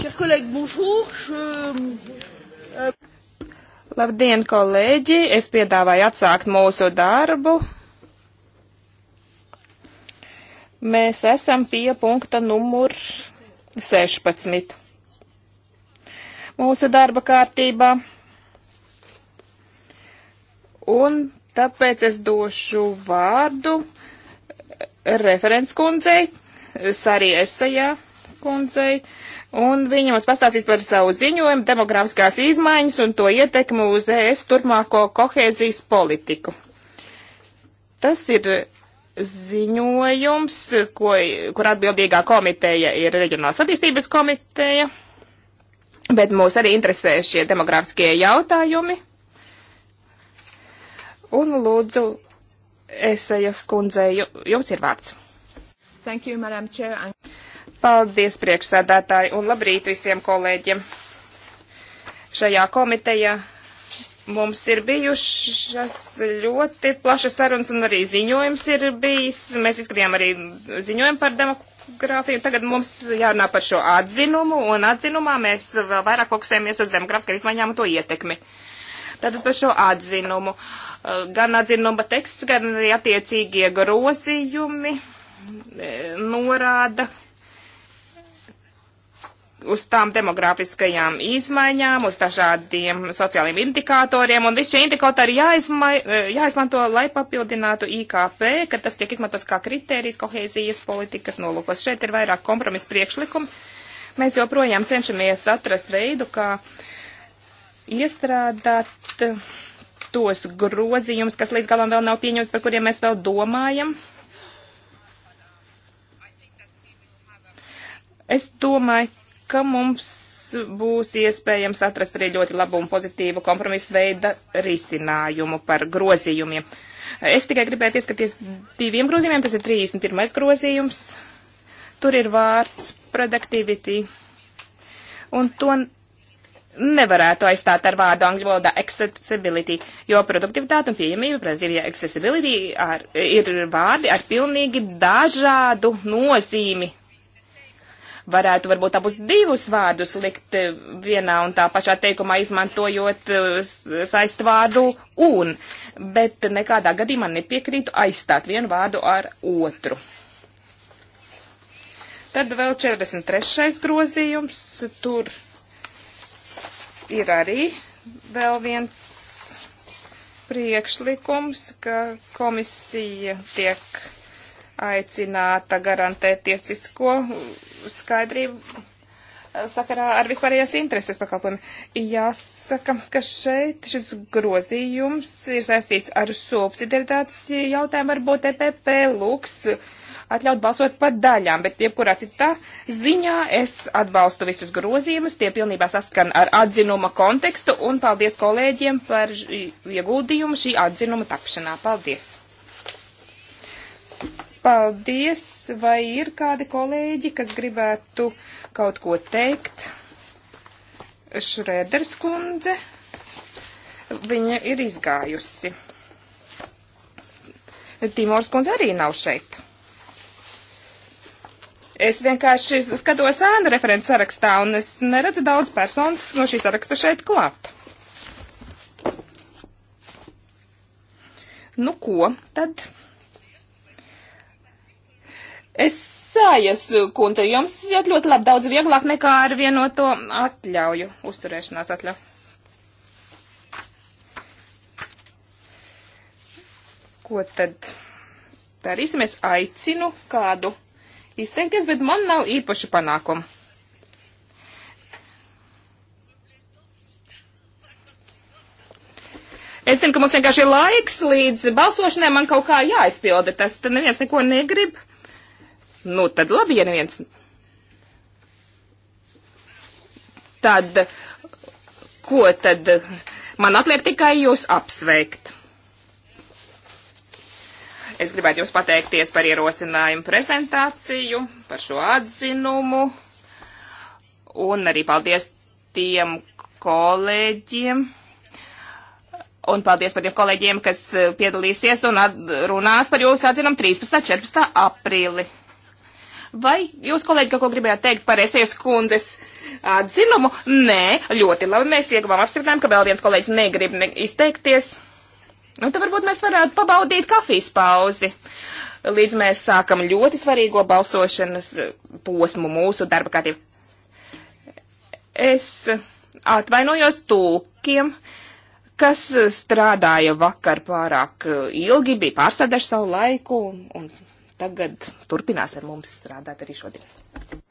Chers collègues, bonjour. Je... Euh, Labdien, kolēģi! Es piedāvāju atsākt mūsu darbu. Mēs esam pie punkta numur 16. Mūsu darba kārtībā. Un tāpēc es došu vārdu referents kundzei Sarija Esajā. Ja kundzei, un viņa mums pastāstīs par savu ziņojumu, demografiskās izmaiņas un to ietekmu uz ES turpmāko kohēzijas politiku. Tas ir ziņojums, ko, kur atbildīgā komiteja ir reģionālās attīstības komiteja, bet mūs arī interesē šie demografiskie jautājumi. Un lūdzu, Esejas kundzei, jums ir vārds. Thank you, Madam Chair. Paldies priekšsēdētāji un labrīt visiem kolēģiem. Šajā komitejā mums ir bijušas ļoti plašas sarunas un arī ziņojums ir bijis. Mēs izskatījām arī ziņojumu par demogrāfiju. Tagad mums jārunā par šo atzinumu un atzinumā mēs vēl vairāk fokusējamies uz demogrāfiskajām izmaiņām un to ietekmi. Tātad par šo atzinumu. Gan atzinuma teksts, gan arī attiecīgie grozījumi e, norāda, uz tām demografiskajām izmaiņām, uz dažādiem sociāliem indikatoriem, un visi šie indikatori jāizma, jāizmanto, lai papildinātu IKP, ka tas tiek izmantots kā kritērijs kohēzijas politikas nolūkos. Šeit ir vairāk kompromisu priekšlikumu. Mēs joprojām cenšamies atrast veidu, kā iestrādāt tos grozījumus, kas līdz galam vēl nav pieņemti, par kuriem mēs vēl domājam. Es domāju, ka mums būs iespējams atrast arī ļoti labu un pozitīvu kompromisu veida risinājumu par grozījumiem. Es tikai gribētu ieskaties diviem grozījumiem, tas ir 31. grozījums. Tur ir vārds productivity. Un to nevarētu aizstāt ar vārdu angļu valodā accessibility, jo produktivitāte un pieejamība, produktīvajā accessibility ar, ir vārdi ar pilnīgi dažādu nozīmi varētu varbūt abus divus vārdus likt eh, vienā un tā pašā teikumā, izmantojot eh, saist vārdu un, bet nekādā gadījumā nepiekrītu aizstāt vienu vārdu ar otru. Tad vēl 43. grozījums, tur ir arī vēl viens priekšlikums, ka komisija tiek aicināta garantēt tiesisko skaidrību eh, sakarā ar vispārējās intereses pakalpojumu. Jāsaka, ka šeit šis grozījums ir saistīts ar subsidiaritātes jautājumu, varbūt EPP lūks atļaut balsot pa daļām, bet jebkurā citā ziņā es atbalstu visus grozījumus, tie pilnībā saskan ar atzinuma kontekstu, un paldies kolēģiem par ieguldījumu šī atzinuma tapšanā. Paldies! Paldies! Vai ir kādi kolēģi, kas gribētu kaut ko teikt? Šrēders kundze, viņa ir izgājusi. Timors kundze arī nav šeit. Es vienkārši skatos ēnu referents sarakstā, un es neredzu daudz personas no šī saraksta šeit klāt. Nu ko, tad Es sājas, kundze, jums iet ļoti labi, daudz vieglāk nekā ar vienoto atļauju, uzturēšanās atļauju. Ko tad darīsim? Es aicinu kādu izteikties, bet man nav īpaši panākumu. Es zinu, ka mums vienkārši ir laiks līdz balsošanai, man kaut kā jāizpilda tas, tad neviens neko negrib. Nu, tad labi, ja neviens. Tad, ko tad man atliek tikai jūs apsveikt? Es gribētu jums pateikties par ierosinājumu prezentāciju, par šo atzinumu, un arī paldies tiem kolēģiem, un paldies par tiem kolēģiem, kas piedalīsies un runās par jūsu atzinumu 13. un 14. aprīli. Vai jūs, kolēģi, kaut ko gribējāt teikt par esies kundzes atzinumu? Nē, ļoti labi, mēs ieguvām apstiprinājumu, ka vēl viens kolēģis negrib ne izteikties. Nu, tad varbūt mēs varētu pabaudīt kafijas pauzi, līdz mēs sākam ļoti svarīgo balsošanas posmu mūsu darba kārtību. Es atvainojos tulkiem, kas strādāja vakar pārāk ilgi, bija pārsadaši savu laiku un tagad turpinās ar mums strādāt arī šodien.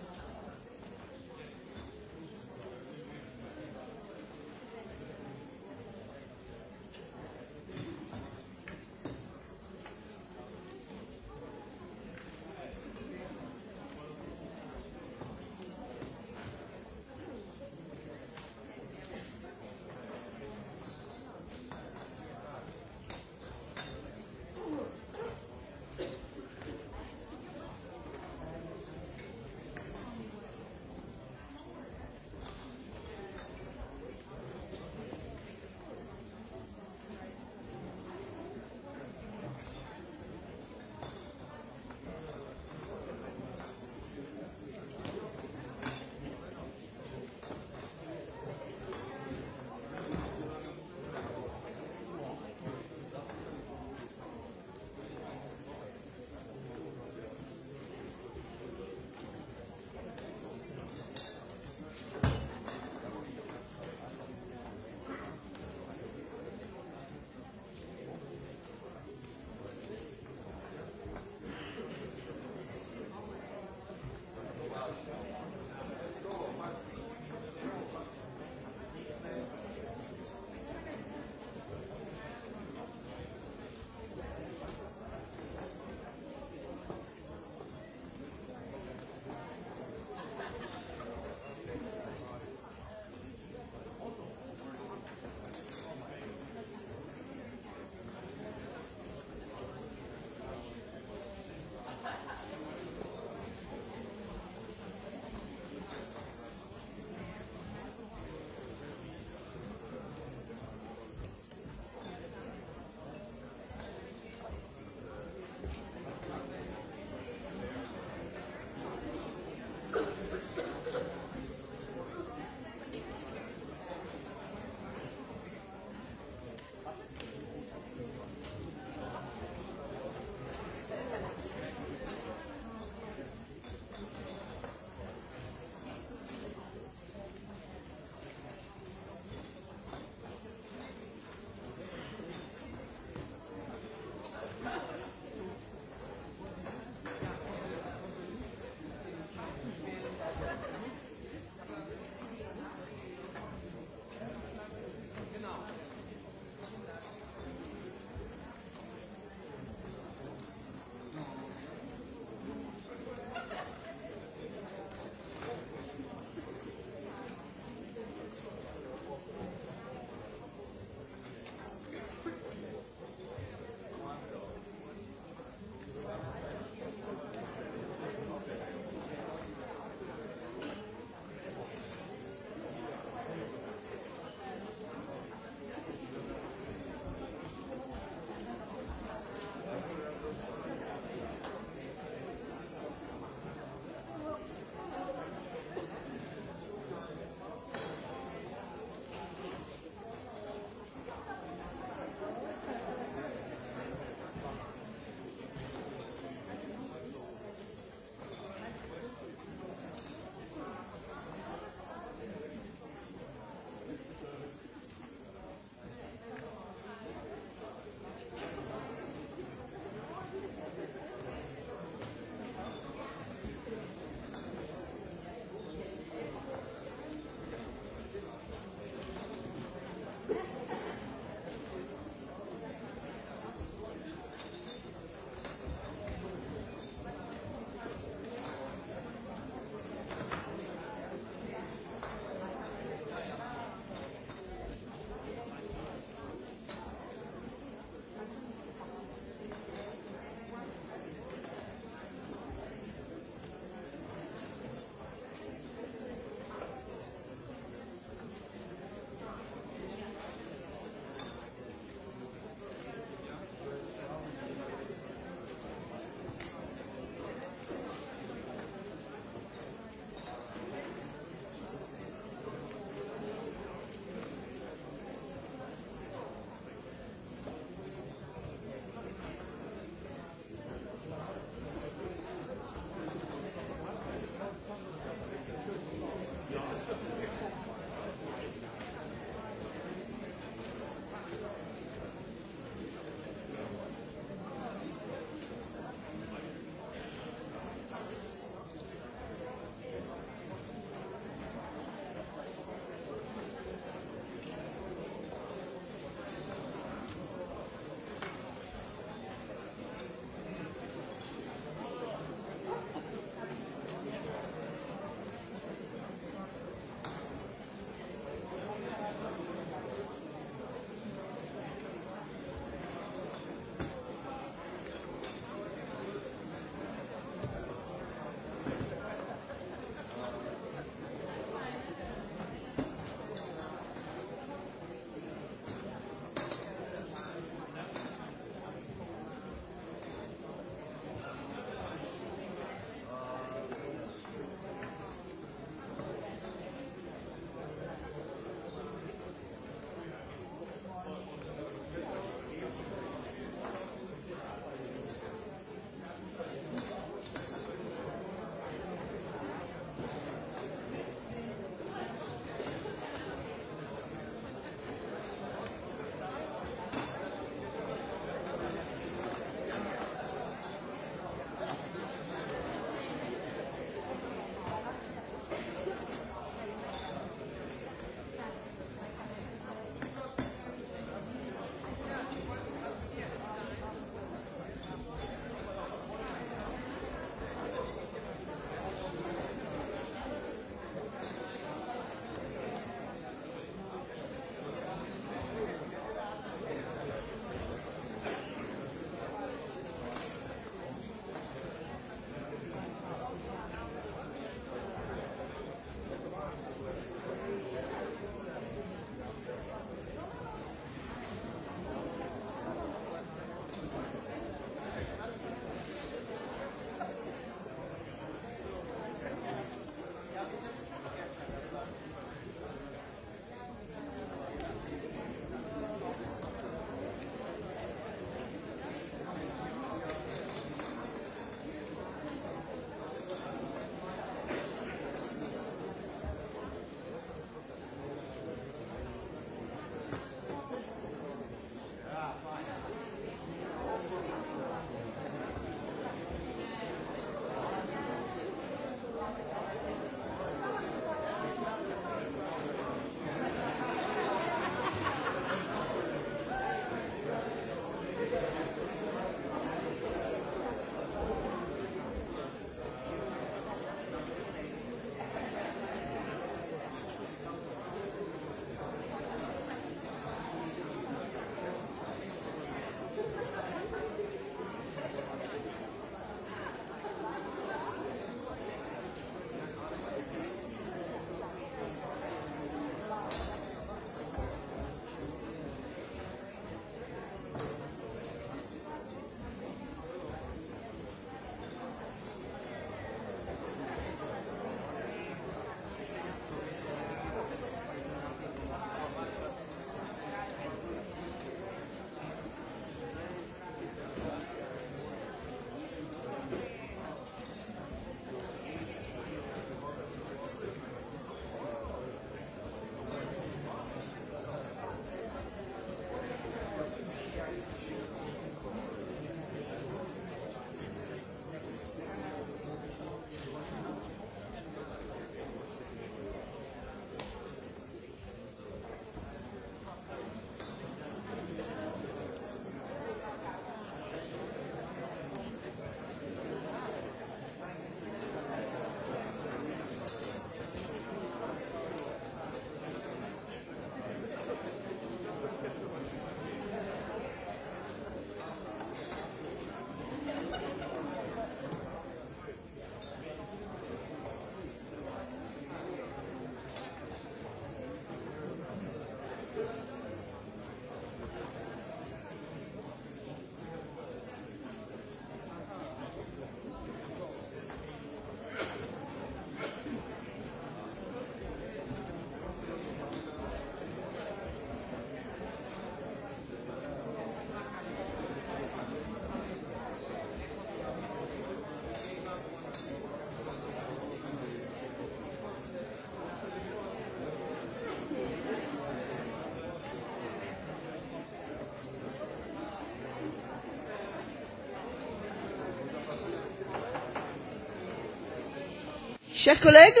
Chers collègues,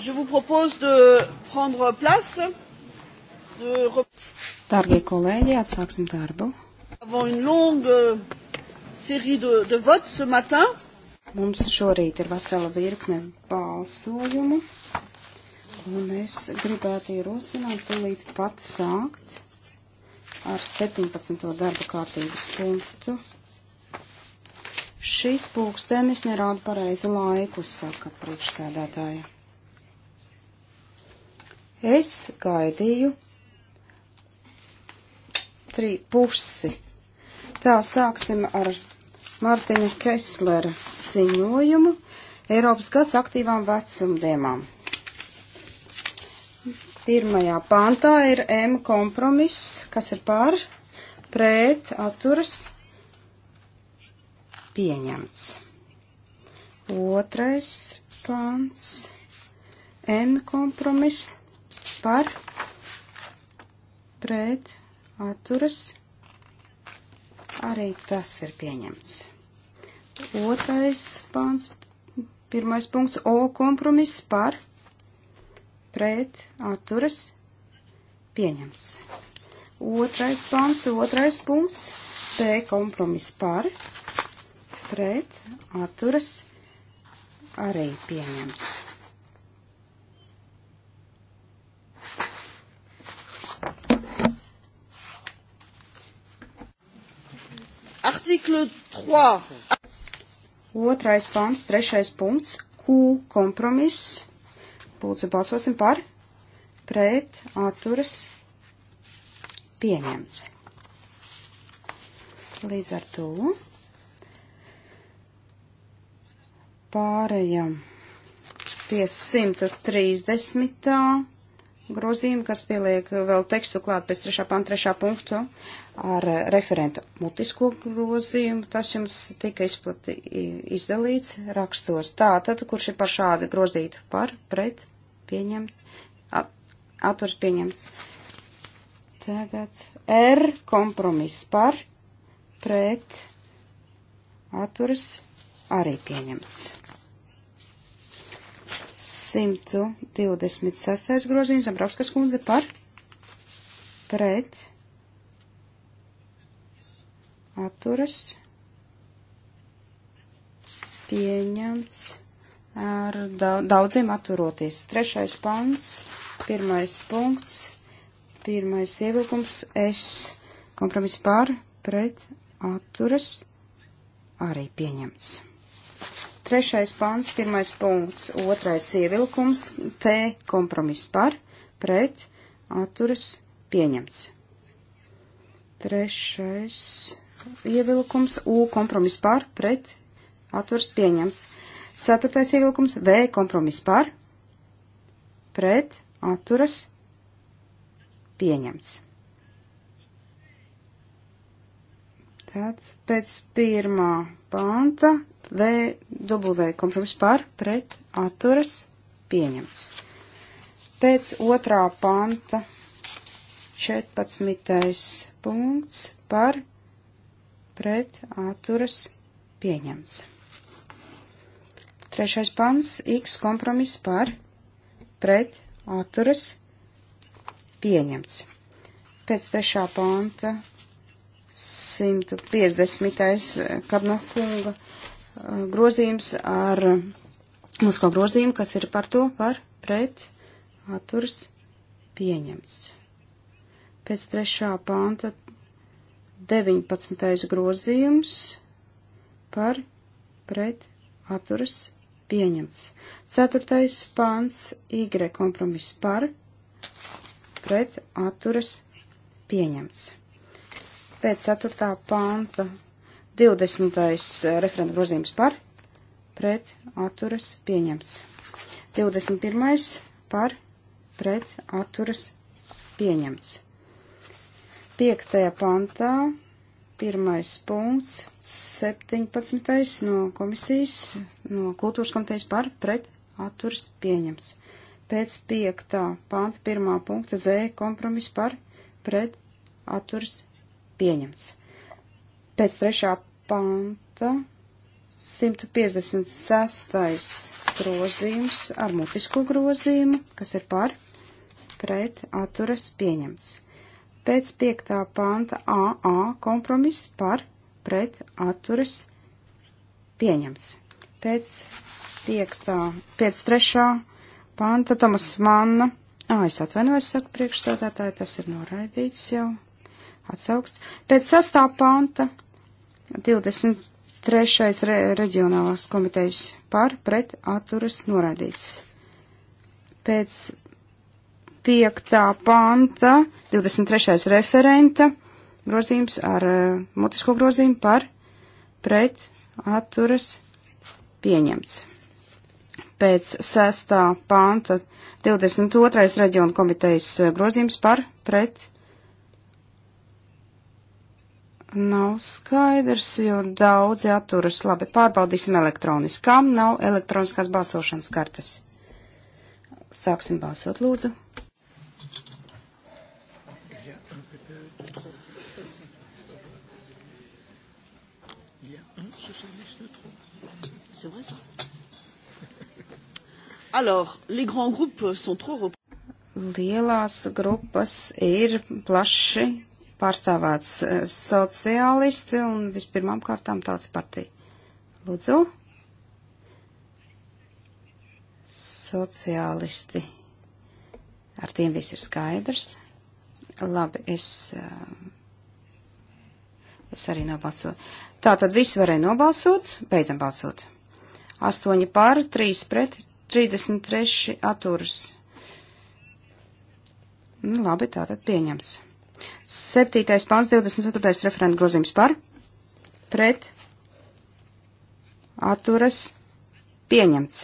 je vous propose de prendre place. De... Dargie kolēģi, atsāksim darbu. Avons une longue euh, série de, de votes ce matin. Mums šorīt ir vesela virkne balsojumu, un es gribētu ierosināt tūlīt pat sākt ar 17. darba kārtības punktu Šīs pulkstenis nerāda pareizi laiku, saka priekšsēdētāja. Es gaidīju trī pusi. Tā sāksim ar Martina Keslera ziņojumu Eiropas gads aktīvām vecumdiemām. Pirmajā pāntā ir M kompromiss, kas ir pār, pret, atturas, pieņemts. Otrais pants N kompromis par pret atturas arī tas ir pieņemts. Otrais pants, pirmais punkts O kompromis par pret atturas pieņemts. Otrais pants, otrais punkts P kompromis par pret pret atturas arī pieņemts. Artiklu 3. Otrais pants, trešais punkts, Q kompromiss. Lūdzu, balsosim par, pret, atturas, pieņemts. Līdz ar to Pārējām pie 130. grozījuma, kas pieliek vēl tekstu klāt pēc 3. pānta 3. punktu ar referenta mutisko grozījumu. Tas jums tika izplati, izdalīts rakstos. Tā tad, kurš ir par šādu grozītu par, pret, pieņemts, atturs pieņemts. Tagad R kompromiss par, pret, atturs arī pieņemts. 126. groziņš Zabravskas kundze par pret atturas pieņemts ar daudziem atturoties. Trešais pants, pirmais punkts, pirmais ievilkums, es kompromiss par pret atturas arī pieņemts. Trešais pāns, pirmais punkts, otrais ievilkums, T kompromiss par, pret, atturas, pieņemts. Trešais ievilkums, U kompromiss par, pret, atturas, pieņemts. Ceturtais ievilkums, V kompromiss par, pret, atturas, pieņemts. Tad pēc pirmā panta V, W kompromiss par, pret, atturas, pieņemts. Pēc otrā panta 14. punkts par, pret, atturas, pieņemts. Trešais pants X kompromiss par, pret, atturas, pieņemts. Pēc trešā panta 150. kabna kunga Eh, grozījums ar musko grozījumu, kas ir par to, par pret atturs pieņemts. Pēc trešā panta 19. grozījums par pret atturs pieņemts. Ceturtais pāns Y kompromiss par pret atturas pieņemts. Pēc ceturtā panta 20. Eh, referenta grozījums par, pret, atturas, pieņems. 21. par, pret, atturas, pieņems. 5. pantā, 1. punkts, 17. no komisijas, no kultūras komitejas par, pret, atturas, pieņems. Pēc 5. panta 1. punkta Z kompromis par, pret, atturas, pieņems pēc trešā panta 156. grozījums ar mutisko grozījumu, kas ir par pret atturas pieņemts. Pēc 5. panta AA kompromiss par pret atturas pieņemts. Pēc 5. pēc 3. panta Tomas Manna, ā, es atvainojos, saku priekšsēdētāji, tas ir noraidīts jau atsaugs. Pēc sastā panta 23. Re reģionālās komitejas par pret atturas noraidīts. Pēc 5. panta 23. referenta grozījums ar uh, mutisko grozījumu par pret atturas pieņemts. Pēc 6. panta 22. reģiona komitejas eh, grozījums par pret nav skaidrs, jo daudzi atturas. Labi, pārbaudīsim elektroniski. Kam nav elektroniskās balsošanas kartes? Sāksim balsot, lūdzu. Alors, les grands groupes sont trop Lielās grupas ir plaši pārstāvēts eh, sociālisti un vispirmām kārtām tāds partija. Lūdzu. Sociālisti. Ar tiem viss ir skaidrs. Labi, es, eh, es arī nobalsoju. Tā tad visi varēja nobalsot, beidzam balsot. 8 pār, 3 pret, 33 atturas. Nu, labi, tā tad pieņems. 7. pāns 24. referenta grozījums par, pret, atturas, pieņemts.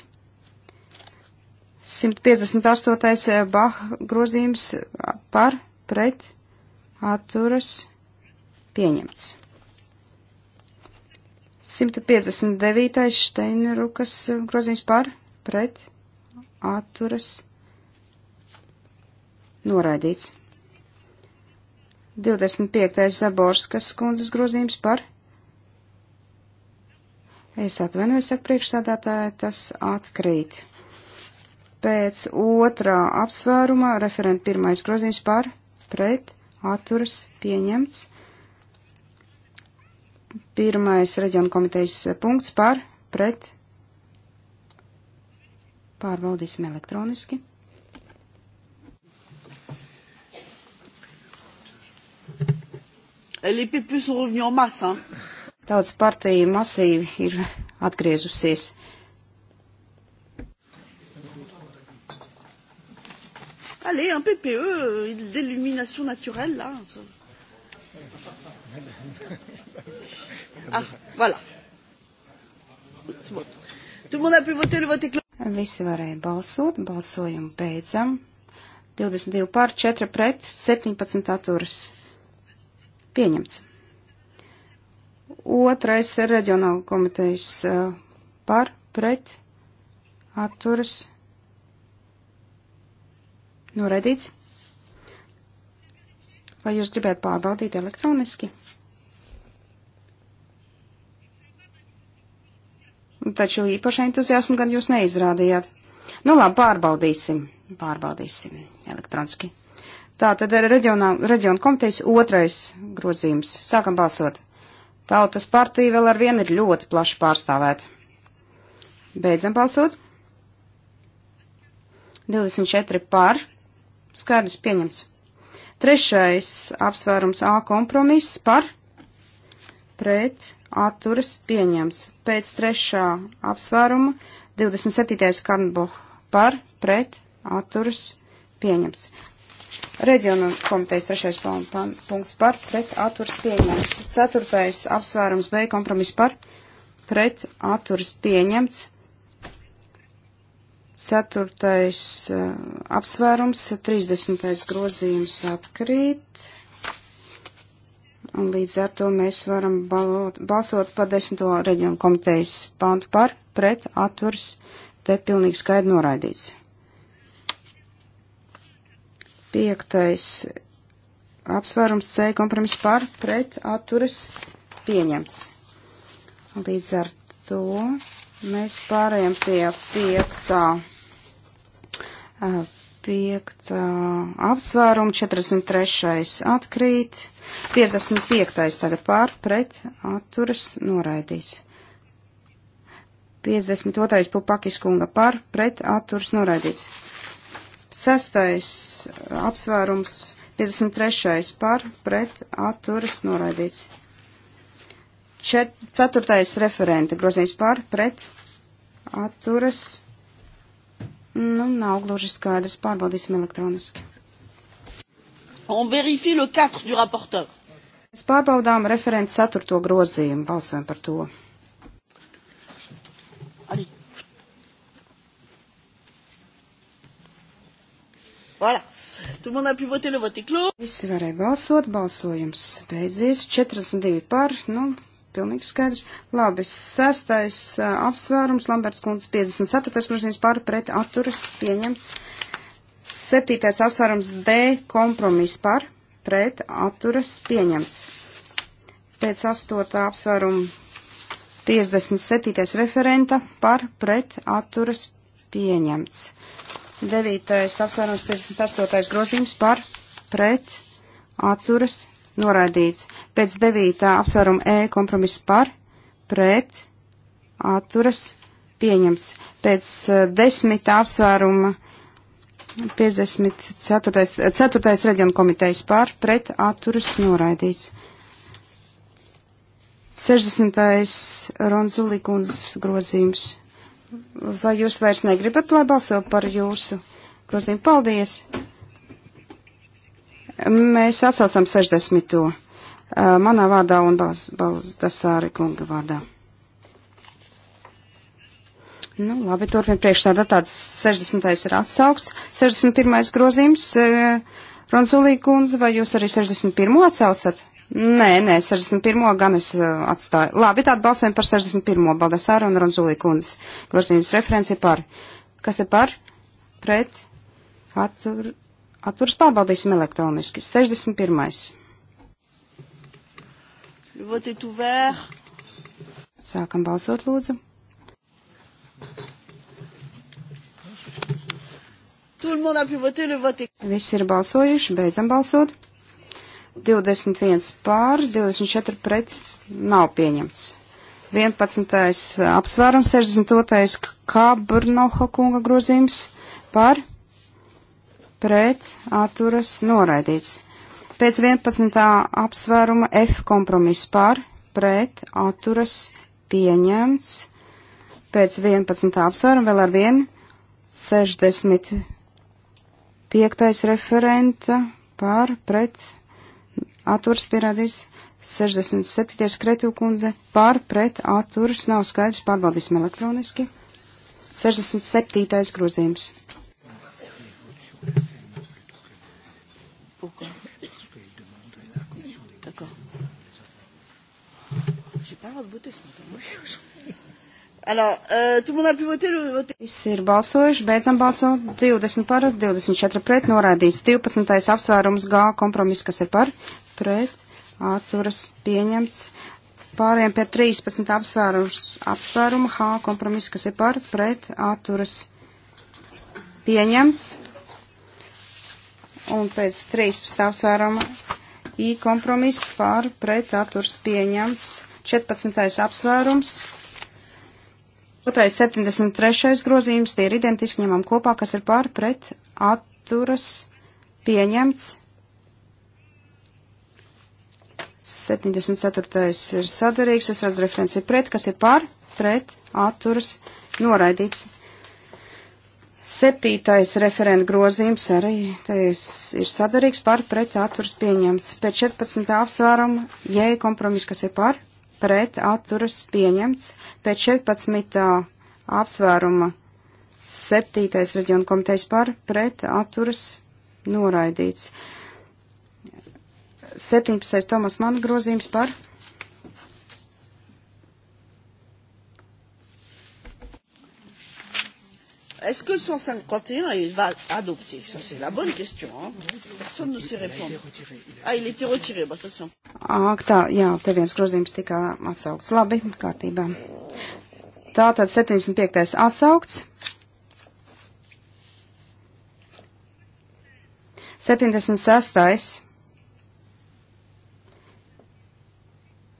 158. Eh, bah grozījums eh, par, pret, atturas, pieņemts. 159. Šteinrukas eh, grozījums par, pret, atturas, noraidīts. 25. Zaborskas skundas grozījums par. Es atvainojos, saka priekšsādātāja, tas atkrīt. Pēc otrā apsvērumā referenta pirmais grozījums par, pret, atturas, pieņemts. Pirmais reģiona komitejas punkts par, pret. Pārbaudīsim elektroniski. Les PPU sont revenus en masse. Hein. Tautas partija masīvi ir atgriezusies. Allez, un PPE, l'illumination naturelle, là. Ah, voilà. Bon. Tout le monde a pu voter, le vote est clos. Visi varēja balsot, balsojumu beidzam. 22 pār 4 pret, 17 atturas. Pieņemts. Otrais ir reģionāla komitejas par, pret, atturas, noredīts. Vai jūs gribētu pārbaudīt elektroniski? Taču īpaši entuziasmu gan jūs neizrādījāt. Nu labi, pārbaudīsim, pārbaudīsim elektroniski. Tā tad ir reģionā, reģiona komitejas otrais grozījums. Sākam balsot. Tautas partija vēl ar vienu ir ļoti plaši pārstāvēta. Beidzam balsot. 24 pār. Skaidrs pieņemts. Trešais apsvērums A kompromiss par pret atturas pieņems. Pēc trešā apsvēruma 27. karnboh par pret atturas pieņems. Reģiona komitejas trešais punkts par pret atturas pieņemts. Ceturtais apsvērums B kompromiss par pret atturas pieņemts. Ceturtais uh, apsvērums, 30. grozījums atkrīt. Un līdz ar to mēs varam balot, balsot pa 10. reģiona komitejas pantu par pret atturas. Te pilnīgi skaidri noraidīts. Piektais apsvērums C kompromiss par pret atturas pieņemts. Līdz ar to mēs pārējām pie piektā, piektā apsvēruma, 43. atkrīt, 55. tagad pār pret atturas noraidīs. 52. pupakis kunga par pret atturas noraidīts. Sestais apsvērums 53. par pret atturas noraidīts. Čet, ceturtais referenta grozījums par pret atturas. Nu, nav gluži skaidrs. Pārbaudīsim elektroniski. On vérifie le 4 du rapporteur. Mēs pārbaudām referents 4. grozījumu. Balsojam par to. Voilà. Tout le monde a pu voter, le vote est clos. Visi varēja balsot, balsojums beidzies, 42 par, nu, pilnīgi skaidrs. Labi, sestais uh, apsvērums, Lamberts kundzes 54. grozījums par pret atturas pieņemts. Septītais apsvērums D kompromis par pret atturas pieņemts. Pēc astotā apsvēruma 57. referenta par pret atturas pieņemts. Devītais apsvērums 58. grozījums par pret atturas noraidīts. Pēc devītā apsvēruma E kompromiss par pret atturas pieņemts. Pēc eh, desmitā apsvēruma 54. 4. Eh, reģionu komitejas par pret atturas noraidīts. 60. Ronzulikunas grozījums Vai jūs vairs negribat, lai balso par jūsu grozījumu? Paldies! Mēs atsaucam 60. manā vārdā un Baldasāri kunga vārdā. Nu, labi, turpin priekšstādā tāds 60. ir atsauks. 61. grozījums, Ronzulī kundze, vai jūs arī 61. atsaucat? Nē, nē, 61. gan es eh, atstāju. Labi, tātad balsojam par 61. Baldasāru un Ronzulī kundas grozījums referenci par. Kas ir par? Pret? Atur, atturs pārbaudīsim elektroniski. 61. Vot ir ouvert. Sākam balsot, lūdzu. Visi ir balsojuši, beidzam balsot. 21 pār, 24 pret nav pieņemts. 11. Eh, apsvērums, 62. Kabrnoha kunga grozījums par, pret, atturas, noraidīts. Pēc 11. apsvēruma F kompromiss par, pret, atturas, pieņemts. Pēc 11. apsvēruma vēl ar vienu 65. referenta par, pret, atturas pierādījis 67. Kretu kundze pār pret atturas nav skaidrs, pārbaudīsim elektroniski. 67. grozījums. Alors, euh, tout le monde a pu voter le vote. Visi ir balsojuši, beidzam balsot 20 par, 24 pret, norādīts 12. apsvērums G kompromiss, kas ir par, pret atturas pieņemts. Pāriem pie 13 apsvērums, apsvērumu H kompromiss, kas ir par pret atturas pieņemts. Un pēc 13 apsvēruma I kompromiss par pret atturas pieņemts. 14. apsvērums. 2. 73. grozījums tie ir identiski ņemam kopā, kas ir pār pret atturas pieņemts. 74. ir sadarīgs, es redzu referenci pret, kas ir par, pret, atturas, noraidīts. Septītais referenta grozījums arī ir sadarīgs par pret atturas pieņemts. Pēc 14. apsvēruma jēja kompromis, kas ir par pret atturas pieņemts. Pēc 14. apsvēruma septītais reģiona komitejas par pret atturas noraidīts. 17. Tomas Manna grozījums par. Est-ce que 151 il va adopter Ça c'est la bonne question. Hein? Personne ne sait répondre. Ah, il était retiré. Bah, ça, Ak, tā, jā, te viens grozījums tika atsaukts. Labi, kārtībā. Tātad 75. atsaukts. 76.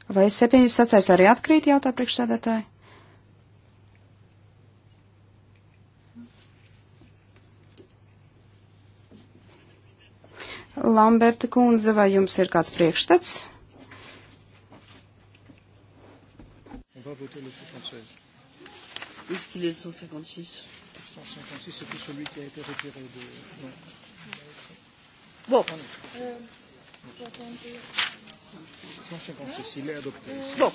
Vai 76. arī atkrīt, jautā priekšsēdētāji? Lamberta kundze, vai jums ir kāds priekšstats? Est-ce qu'il est le 156 156, c'était celui qui a été retiré de... Non. Bon. Euh, 156, il est adopté. Bon.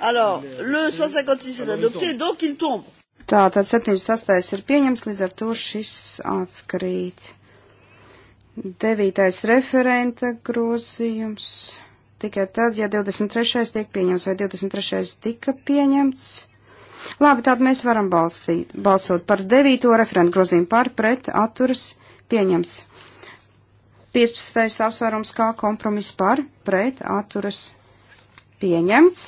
Alors, le 156 est adopté, donc il tombe. Tātad 76. ir pieņems, līdz ar to šis atkrīt. 9. referenta grozījums tikai tad, ja 23. tiek pieņemts vai 23. tika pieņemts. Labi, tad mēs varam balsīt, balsot par 9. referentu grozījumu par pret atturas pieņemts. 15. apsvērums kā kompromiss par, pret, atturas pieņemts.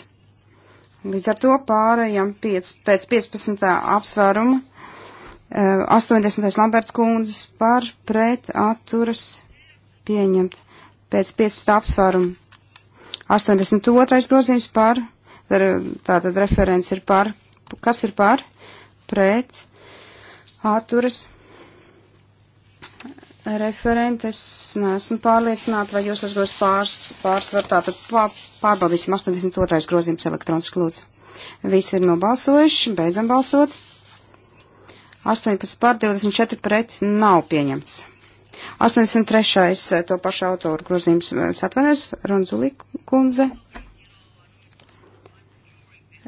Līdz ar to pārējām pēc, pēc 15. apsvēruma 80. Eh, Lamberts kundzes par, pret, atturas pieņemt. Pēc 15. apsvēruma 82. grozījums par, tātad referents ir par, kas ir par, pret, atturas pieņemt referente, es neesmu pārliecināta, vai jūs esat gos pārs, pārsvar, tātad pār, pārbaudīsim 82. grozījums elektroniski lūdzu. Visi ir nobalsojuši, beidzam balsot. 18 pār 24 pret nav pieņemts. 83. Eh, to pašu autoru grozījums eh, atvainojas, Ronzulī kundze.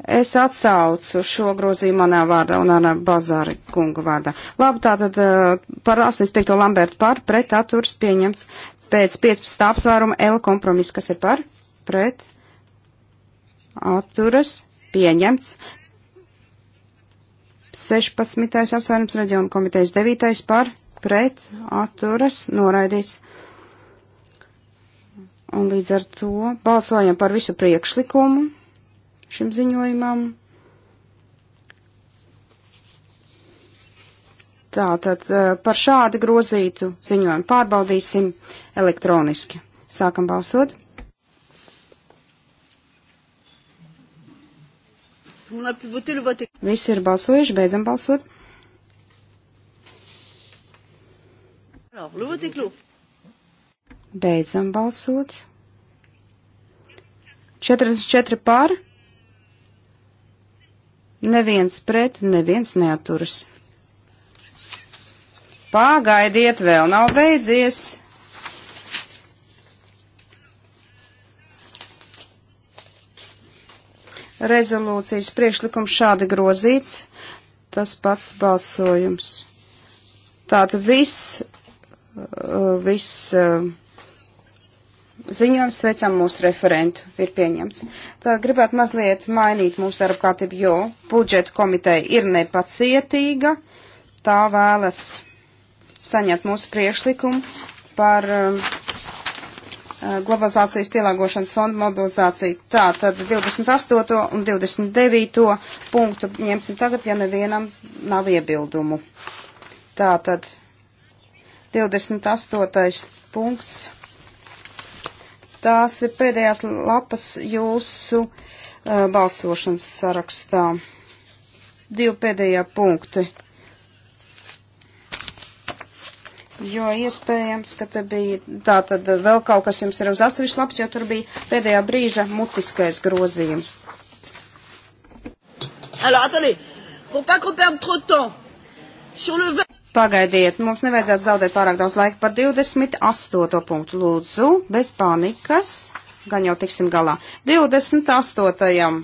Es atsaucu šo grozījumu manā vārdā un Anā Bazāri kunga vārdā. Labi, tātad eh, par 85. Lambertu par pret atturs pieņemts pēc 15. apsvēruma L kompromiss, kas ir par pret atturas pieņemts. 16. apsvērums reģionu komitejas 9. par pret atturas noraidīts. Un līdz ar to balsojam par visu priekšlikumu šim ziņojumam. Tātad eh, par šādi grozītu ziņojumu pārbaudīsim elektroniski. Sākam balsot. Visi ir balsojuši, beidzam balsot. Beidzam balsot. 44 pār, Neviens pret, neviens neaturas. Pagaidiet, vēl nav beidzies. Rezolūcijas priekšlikums šādi grozīts, tas pats balsojums. Tātad viss, uh, viss uh, ziņojums sveicam mūsu referentu, ir pieņemts. Tā gribētu mazliet mainīt mūsu darba kārtību, jo budžeta komiteja ir nepacietīga, tā vēlas saņemt mūsu priešlikumu par um, uh, globalizācijas pielāgošanas fonda mobilizāciju. Tā tad 28. un 29. punktu ņemsim tagad, ja nevienam nav iebildumu. Tā tad 28. punkts Tās ir pēdējās lapas jūsu uh, balsošanas sarakstā. Divi pēdējā punkti. Jo iespējams, ka te bija tā tad vēl kaut kas jums ir uz atsevišķu labs, jo tur bija pēdējā brīža mutiskais grozījums. Alors, attendez, pour pas qu'on perde trop de temps, sur le 20... Pagaidiet, mums nevajadzētu zaudēt pārāk daudz laika par 28. punktu. Lūdzu, bez panikas, gan jau tiksim galā. 28.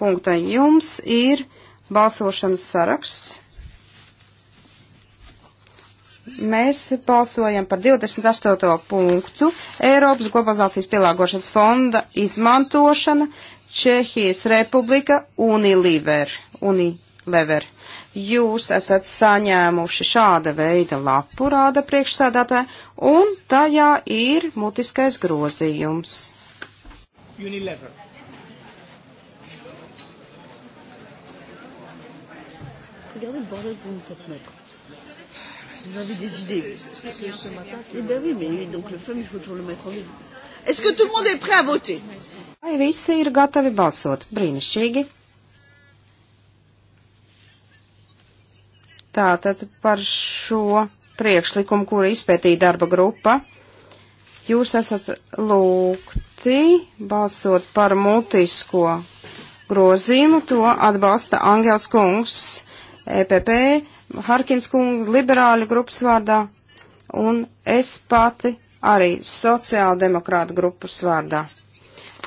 punktai jums ir balsošanas saraksts. Mēs balsojam par 28. punktu Eiropas globalizācijas pielāgošanas fonda izmantošana Čehijas republika Unilever. Unilever jūs esat saņēmuši šāda veida lapu, rāda priekšsēdētāja, un tajā ir mutiskais grozījums. Unilever. Regardez le bordel que vous me faites mettre. Vous avez des idées. Eh bien oui, mais donc le femme, il faut toujours le mettre en ligne. Est-ce que tout le monde est prêt à voter? Vai visi ir gatavi balsot? Brīnišķīgi. Tātad par šo priekšlikumu, kuru izpētīja darba grupa, jūs esat lūgti balsot par mutisko grozījumu, to atbalsta Angels Kungs, EPP, Harkins Kungs, liberāļu grupas vārdā, un es pati arī sociāldemokrāta grupas vārdā.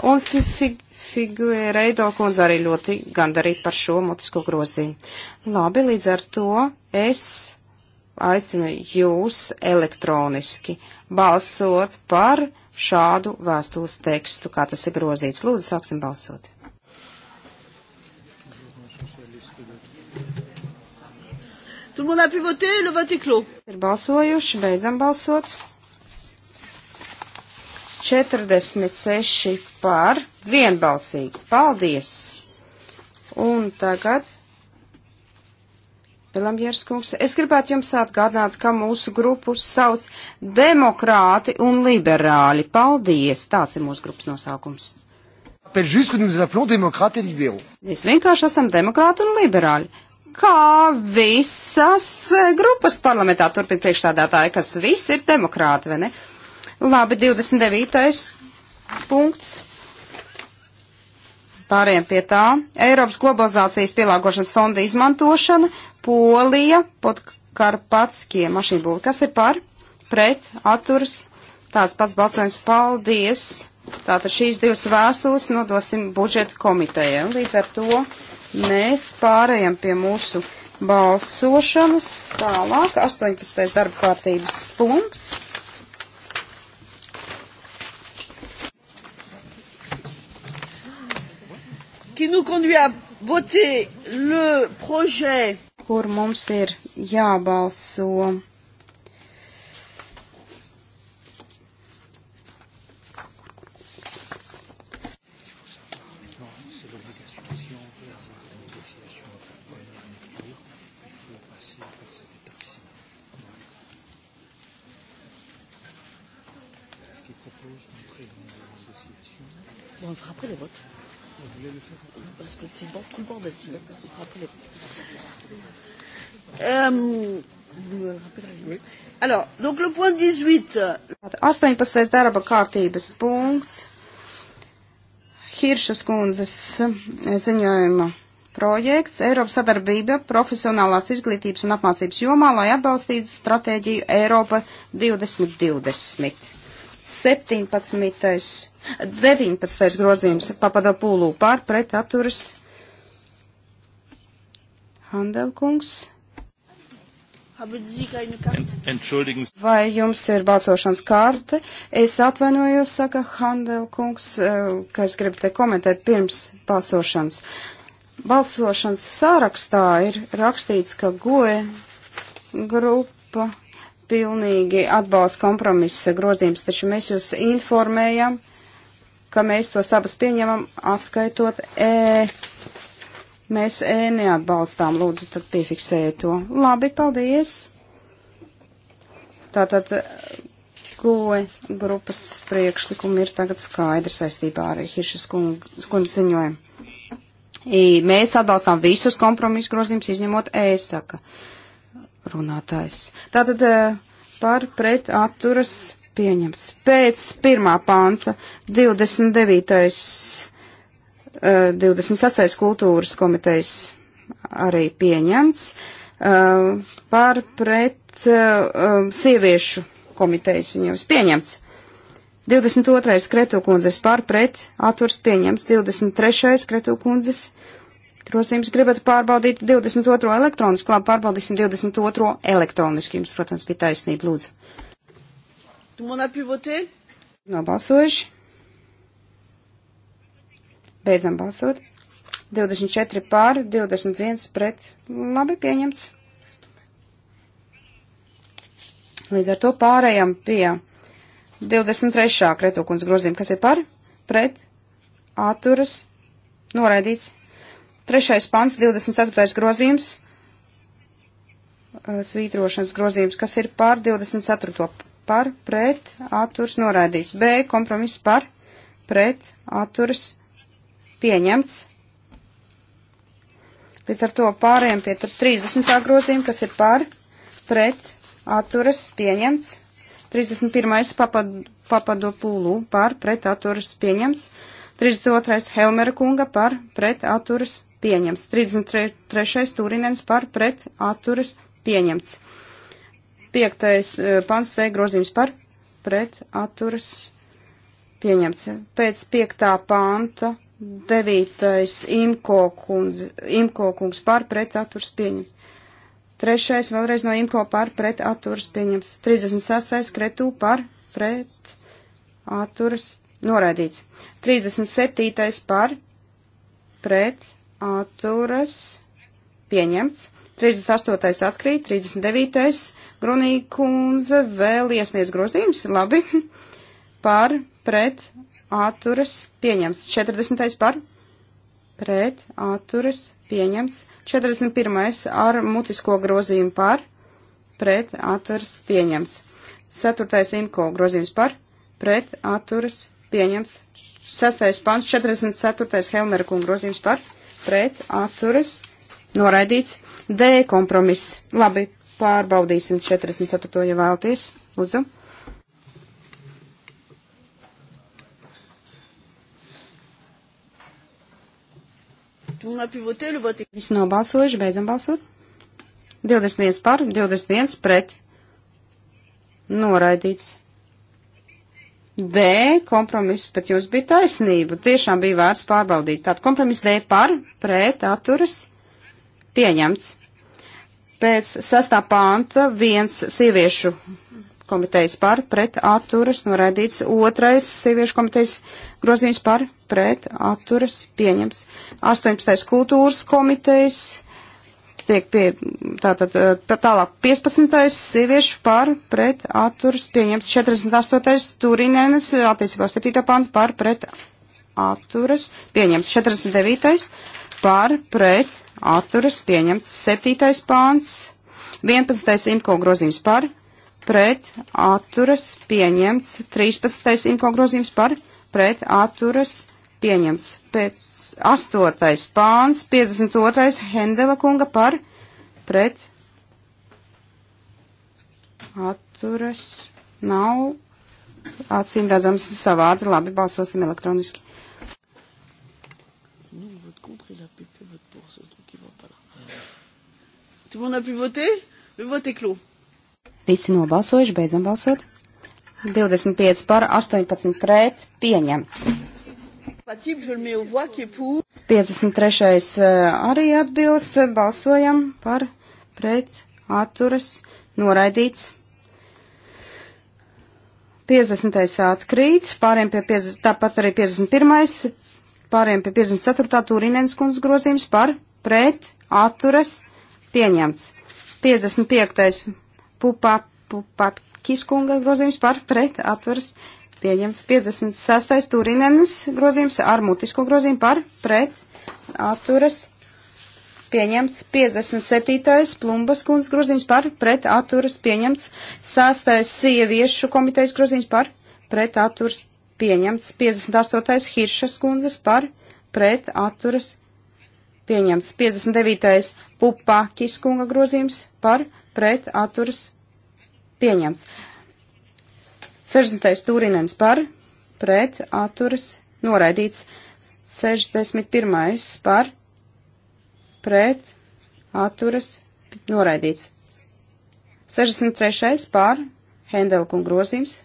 Un fi, fi, Figueiredo kundze arī ļoti gandarīt par šo mutisko grozīmu. Labi, līdz ar to es aicinu jūs elektroniski balsot par šādu vēstules tekstu, kā tas ir grozīts. Lūdzu, sāksim balsot. Ir balsojuši, beidzam balsot. 46 par, vienbalsīgi. Paldies! Un tagad. Belamjērs kungs, es gribētu jums atgādināt, ka mūsu grupu sauc demokrāti un liberāļi. Paldies! Tāds ir mūsu grupas nosaukums. Mēs vienkārši esam demokrāti un liberāļi. Kā visas grupas parlamentā turpina priekšstādātāji, kas visi ir demokrāti, vai ne? Labi, 29. punkts Pāriem pie tā, Eiropas globalizācijas pielāgošanas fonda izmantošana, Polija, Podkarpatskie mašīnbūvi. Kas ir par? Pret, atturs, tās pats balsojums, paldies. Tātad šīs divas vēstules nodosim budžeta komitejai. Līdz ar to mēs pārējām pie mūsu balsošanas. Tālāk, 18. darba kārtības punkts. qui nous conduit à voter le projet. Kur mums ir jābalso Um, alors, donc le point 18. 18. darba kārtības punkts. Hiršas kundzes eh, ziņojuma projekts Eiropas sadarbība profesionālās izglītības un apmācības jomā, lai atbalstītu stratēģiju Eiropa 2020. 17. 19. grozījums papada pūlū pār pret atturas Handelkungs. Vai jums ir balsošanas kārte? Es atvainojos, saka Handelkungs, eh, ka es gribu te komentēt pirms balsošanas. Balsošanas sārakstā ir rakstīts, ka goe grupa pilnīgi atbalsta kompromisa grozījums, taču mēs jūs informējam, ka mēs tos abas pieņemam atskaitot E Mēs E neatbalstām, lūdzu, tad piefiksēju to. Labi, paldies. Tātad eh, goe grupas priekšlikumi ir tagad skaidri saistībā ar Hiršas kundzes ziņojumu. I, mēs atbalstām visus kompromisu grozījumus, izņemot E, saka runātājs. Tātad eh, par pret atturas pieņems. Pēc pirmā panta 29. 26. kultūras komitejas arī pieņemts uh, par pret uh, um, sieviešu komitejas viņam pieņemts. 22. Kretu kundzes par pret atturs pieņems, 23. Kretu kundzes grozījums gribat pārbaudīt 22. elektronisku, labi, pārbaudīsim 22. elektronisku, jums, protams, bija taisnība, lūdzu. Tu man apjūvotie? Nobalsojuši. Beidzam balsot. 24 pār, 21 pret. Labi pieņemts. Līdz ar to pārējām pie 23. kretokuns grozījuma, kas ir par, pret, atturas, noraidīts. Trešais pants, 24. grozījums, svītrošanas grozījums, kas ir par 24. par, pret, atturas, noraidīts. B, kompromiss par, pret, atturas, noraidīts pieņemts. Līdz ar to pārējiem pie 30. grozījuma, kas ir pār, pret, atturas, pieņemts. 31. Papad, papado pūlū pār, pret, atturas, pieņemts. 32. Helmera kunga par, pret, atturas, pieņemts. 33. Turinens par, pret, atturas, pieņemts. 5. Eh, pants C grozījums par, pret, atturas, pieņemts. Pēc 5. panta Devītais Imko, kundz, Imko kungs par pret atturs pieņems. Trešais vēlreiz no Imko par pret atturs pieņems. 36. Kretū par pret atturs noraidīts. 37. par pret atturas pieņemts. 38. atkrīt, 39. Grunīkundze vēl iesniedz grozījums, labi, par pret atturas pieņemts. 40. par pret atturas pieņemts. 41. ar mutisko grozījumu par pret atturas pieņemts. 4. imko grozījums par pret atturas pieņemts. 6. pants 44. Helmera kunga grozījums par pret atturas noraidīts. D kompromiss. Labi, pārbaudīsim 44. ja vēlties. Lūdzu. Visi nobalsojuši, beidzam balsot. 21 par, 21 pret. Noraidīts. D kompromiss, bet jūs bija taisnība. Tiešām bija vērts pārbaudīt. Tātad kompromiss D par, pret, atturas, pieņemts. Pēc sestā panta viens sieviešu komitejas par pret atturas noraidīts. Otrais sieviešu komitejas grozījums par pret atturas pieņems. 18. kultūras komitejas tiek pie, tātad tālāk 15. sieviešu par pret atturas pieņems. 48. turinēnes attiecībā 7. pantu par pret atturas pieņems. 49. par pret atturas pieņems. 7. pāns. 11. imko grozījums par pret atturas pieņemts 13. imko grozījums par pret atturas pieņemts pēc 8. pāns 52. Hendela kunga par pret atturas nav acīm redzams savādi, labi balsosim elektroniski. Tout le monde a pu voter Le vote est clos. Visi nobalsojuši, beidzam balsot. 25 par 18 pret pieņemts. 53. Eh, arī atbilst, balsojam par pret atturas noraidīts. 50. atkrīt, pāriem pie 50, tāpat arī 51. pāriem pie 54. turinens kundzes grozījums par pret atturas pieņemts. 55. Pupakis kunga grozījums par pret atveras pieņemts 56. Turinenes grozījums ar mutisko grozījumu par pret atveras pieņemts 57. Plumbas kundas grozījums par pret atveras pieņemts 6. sieviešu komitejas grozījums par pret atveras pieņemts 58. Hiršas kundzes par pret atveras pieņemts 59. Pupakis kunga grozījums par pret atveras pieņemts. 60. Turinens par, pret, atturas, noraidīts. 61. par, pret, atturas, noraidīts. 63. par, Hendelkunga grozījums,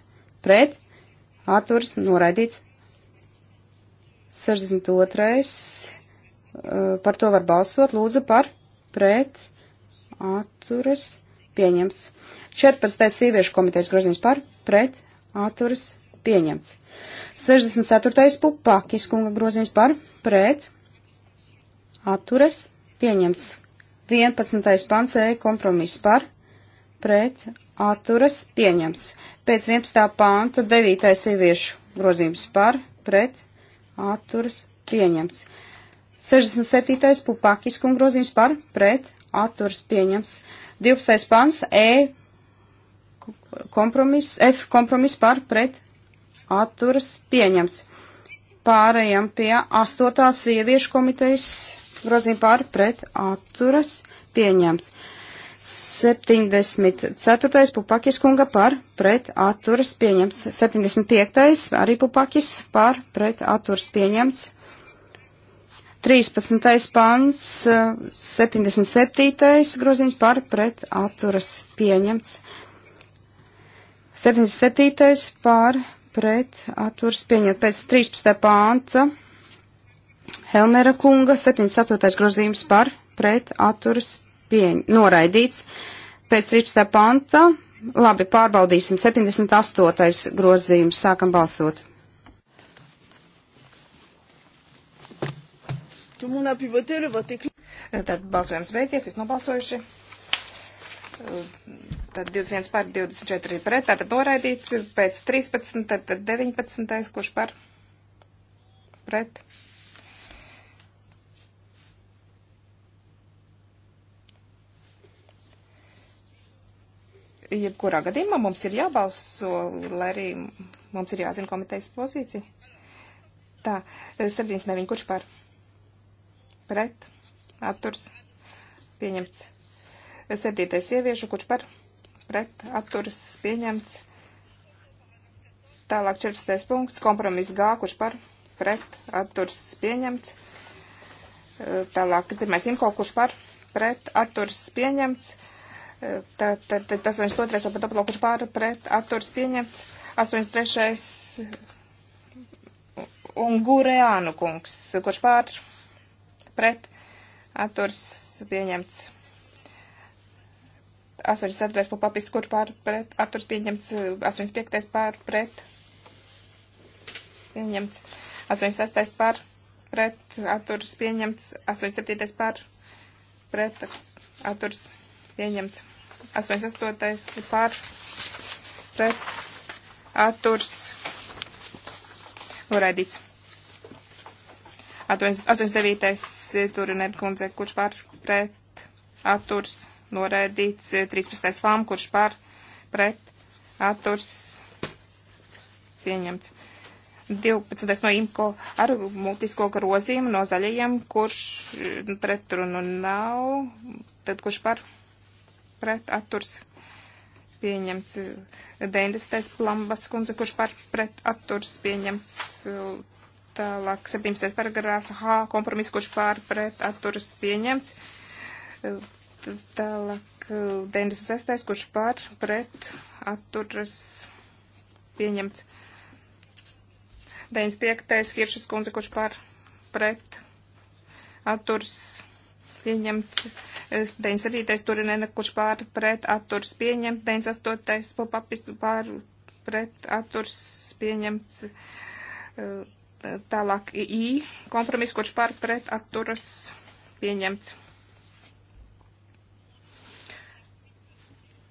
pret, atturas, noraidīts. 62. Eh, par to var balsot, lūdzu par, pret, atturas, pieņems. 14. sieviešu komitejas grozījums par, pret, atturas, pieņemts. 64. pupakis kunga grozījums par, pret, atturas, pieņemts. 11. pants E kompromiss par, pret, atturas, pieņemts. Pēc 11. panta 9. sieviešu grozījums par, pret, atturas, pieņemts. 67. pupakis kunga grozījums par, pret, atturas, pieņemts. 12. pants E kompromiss, F kompromiss par pret atturas pieņems. Pārējām pie astotās sieviešu komitejas grozījuma par pret atturas pieņems. 74. pupakis kunga par pret atturas pieņems. 75. arī pupakis par pret atturas pieņems. 13. pants, 77. Eh, groziņš par pret atturas pieņemts, 77. pār pret atturs pieņemt pēc 13. pānta Helmera kunga 74. grozījums par pret atturs pieņ noraidīts pēc 13. pānta. Labi, pārbaudīsim 78. grozījums. Sākam balsot. Tad balsojums beidzies, viss nobalsojuši tad 21 par 24 pret, tātad noraidīts, pēc 13, tad 19, kurš par pret. Jebkurā gadījumā mums ir jābalso, lai arī mums ir jāzina komitejas pozīcija. Tā, 79, kurš par pret, atturs, pieņemts. Septītais sieviešu, kurš par pret atturas pieņemts. Tālāk 14. punkts, kompromiss G, kurš par pret atturas pieņemts. Eh, tālāk pirmais imko, kurš par pret atturas pieņemts. Tad, tad, tad 82. tāpat aplāk, kurš par pret atturas pieņemts. 83. un Gureānu kungs, kurš par pret atturas pieņemts. 84. papis, kurš pār pret, atturs pieņemts, 85. Eh, pār pret, pieņemts, 86. pār pret, atturs pieņemts, 87. pār pret, atturs pieņemts, 88. pār pret, atturs noraidīts. 89. Eh, turiner kundze, kurš pār pret, atturs pieņemts noraidīts 13. Eh, fām, kurš par pret atturs pieņemts. 12. no imko ar mutisko grozījumu no zaļajiem, kurš eh, pretrunu nav, tad kurš par pret atturs pieņemts. 90. plambas kundze, kurš par pret atturs pieņemts. Tālāk 17. paragrāfs H kompromiss, kurš par pret atturs pieņemts. Tālāk 96. Eh, kurš pār pret atturas pieņemts. 95. Hiršas kundze, kurš pār pret atturas pieņemts. 97. turinēna, kurš pār pret atturas pieņemts. 98. popapis pār pret atturas pieņemts. Eh, tālāk I. Kompromiss, kurš pār pret atturas pieņemts.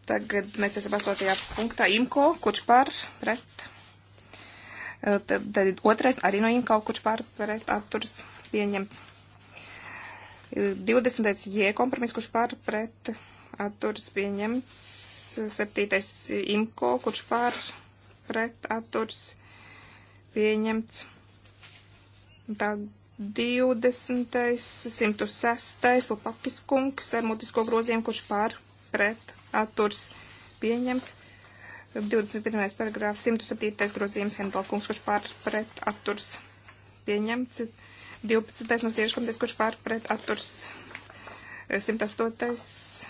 Tagad mēs esam 8. punktā IMCO, kurš par pret. Tad, tad otrais arī no IMCO, kurš par pret atturs pieņemts. 20. J kompromiss, kurš par pret atturs pieņemts. 7. IMCO, kurš par pret atturs pieņemts. Tad 20. 106. Lopakis kungs ar mutisko grozījumu, kurš par pret atturs pieņemts. 21. paragrāfs 107. grozījums Hendalkungs, kurš pār pret atturs pieņemts. 12. no sieviešu komitejas, kurš pār pret atturs 108.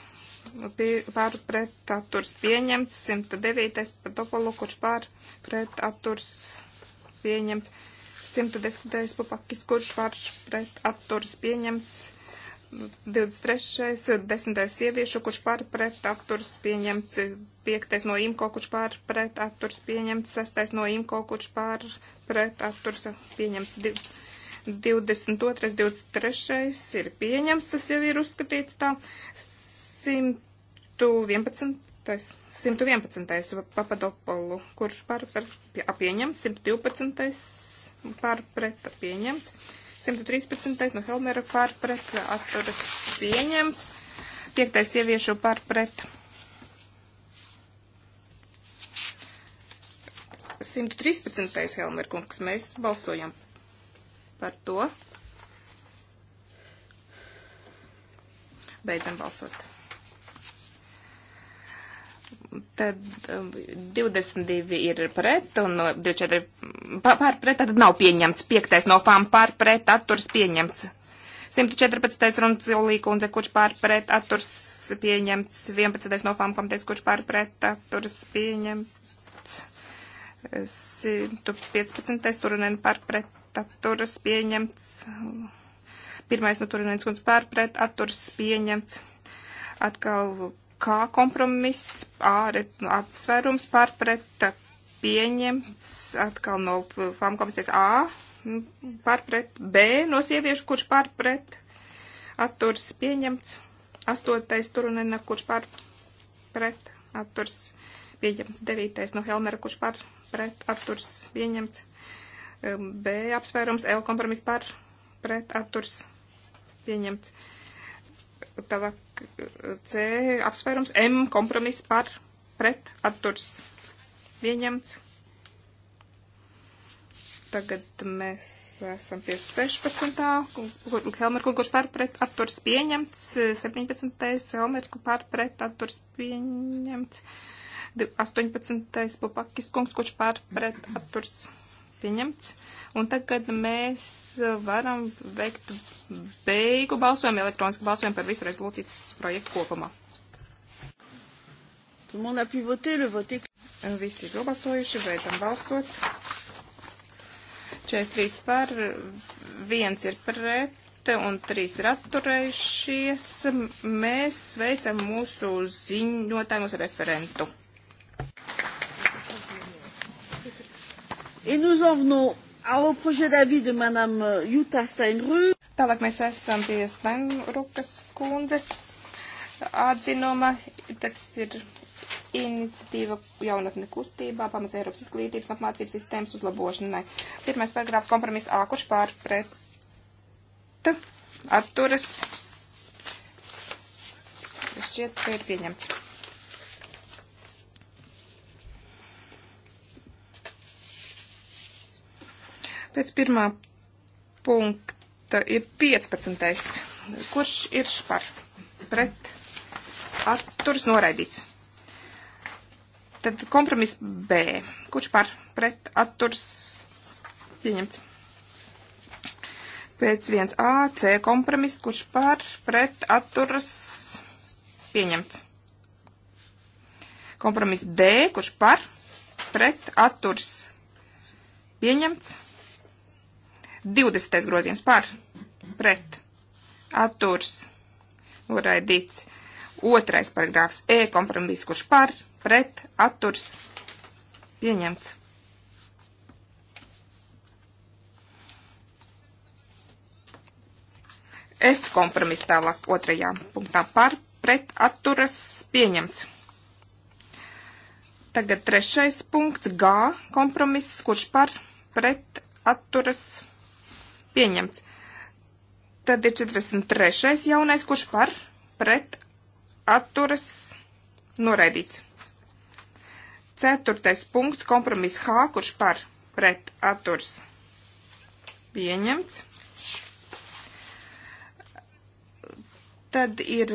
Eh, pār pret atturs pieņemts. 109. par Topolu, kurš pār pret atturs pieņemts. 110. papakis, kurš pār pret atturs pieņemts. 23. desmitais sieviešu, kurš par pret atturs pieņemts, 5. no imko, kurš par pret atturs pieņemts, 6. no imko, kurš par pret atturs pieņemts, 22. 23. ir pieņemts, tas jau ir uzskatīts tā, 111. 111. Papadopolu, kurš par, par pieņemts, 112. par pret pieņemts. 113. no Helmera par pret atturas pieņemts. 5. sieviešu par pret 113. Helmerkungs. Mēs balsojam par to. Beidzam balsot tad 22 um, ir pret un 24 uh, pār pret, tad nav pieņemts. 5. no fām pār pret, atturs pieņemts. 114. runculī kundze, kurš pār pret, atturs pieņemts. 11. no fām komitejas, kurš pār pret, atturs pieņemts. 115. turunen pār pret, atturs pieņemts. 1. no turunenes kundze pār pret, atturs pieņemts. Atkal kā kompromiss, apsvērums pārpreta pieņemts atkal no FAM komisijas A pārpret B no sieviešu, kurš pārpret atturs pieņemts. Astotais turunena, kurš pārpret atturs pieņemts. Devītais no Helmera, kurš pārpret atturs pieņemts. B apsvērums L kompromis pārpret atturs pieņemts. Tālāk C apsvērums M kompromiss par pret atturs pieņemts. Tagad mēs esam pie 16. Kur, Helmer Kungs par pret atturs pieņemts. 17. Helmers Kungs par pret atturs pieņemts. 18. Popakis Kungs, kurš par pret atturs pieņemts pieņemts. Un tagad mēs varam veikt beigu balsojumu, elektronisku balsojumu par visu rezolūcijas projektu kopumā. Visi ir nobalsojuši, beidzam balsot. 43 par, 1 ir pret un 3 ir atturējušies. Mēs sveicam mūsu ziņotājumus referentu. Et nous en venons au projet d'avis de Madame euh, Jutta Steinrück. Tālāk mēs esam pie Steinrukas kundzes atzinuma. Tas ir iniciatīva jaunatne kustībā, pamats Eiropas izglītības un apmācības sistēmas uzlabošanai. Pirmais paragrāfs kompromiss A, kurš pār pret atturas. Šķiet, ka ir pieņemts. Pēc pirmā punkta ir 15. Kurš ir par pret atturas noraidīts? Tad kompromiss B. Kurš par pret atturas pieņemts? Pēc 1A, C kompromiss, kurš par pret atturas pieņemts. Kompromiss D, kurš par pret atturas pieņemts. 20. grozījums par pret atturs noraidīts. Otrais paragrāfs E kompromiss, kurš par pret atturs pieņemts. F kompromiss tālāk otrajā punktā par pret atturas pieņemts. Tagad trešais punkts G kompromiss, kurš par pret atturas pieņemts. Tad ir 43. jaunais, kurš par pret atturas noraidīts. Ceturtais punkts, kompromiss H, kurš par pret atturs pieņemts. Tad ir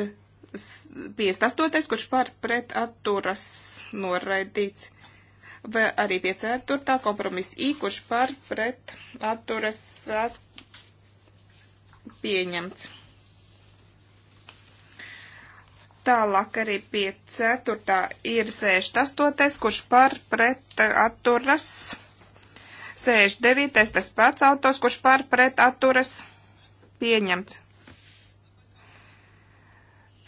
58. kurš par pret atturas noraidīts. Vai arī 54. kompromiss I, kurš par pret atturas at, pieņemts. Tālāk arī pie ceturtā ir 68, kurš par pret atturas. 69, tas pats autors, kurš par pret atturas pieņemts.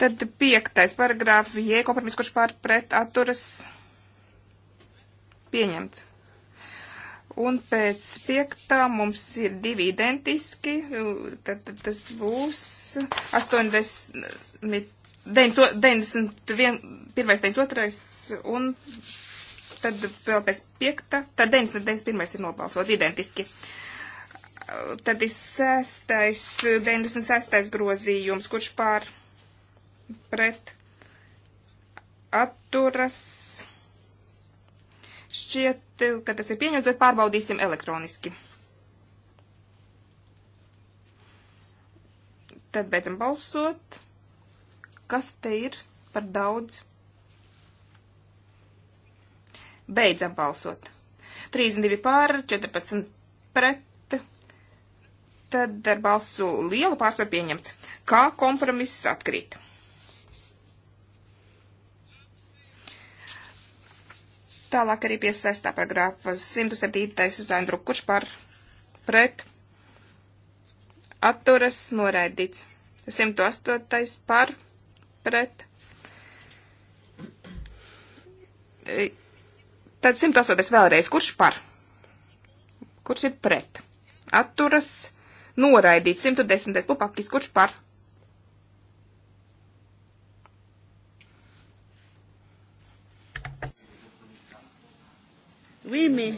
Tad piektais paragrāfs, jē, kompromis, kurš par pret atturas pieņemts. Un pēc piektā mums ir divi identiski, tad, tad tas būs 80, 91, 92 un tad vēl pēc piekta, tad 91 ir nobalsot identiski. Tad ir sestais, 96. grozījums, kurš pār pret atturas Šķiet, ka tas ir pieņemts, bet pārbaudīsim elektroniski. Tad beidzam balsot. Kas te ir par daudz? Beidzam balsot. 32 pār, 14 pret. Tad ar balsu lielu pārsvaru pieņemts. Kā kompromiss atkrīt? Tālāk arī pie 6. paragrāfa 107. Zaindru, kurš par pret atturas noraidīts. 108. par pret. E, tad 108. vēlreiz, kurš par? Kurš ir pret? Atturas noraidīts. 110. pupakis, kurš par? Oui, mais,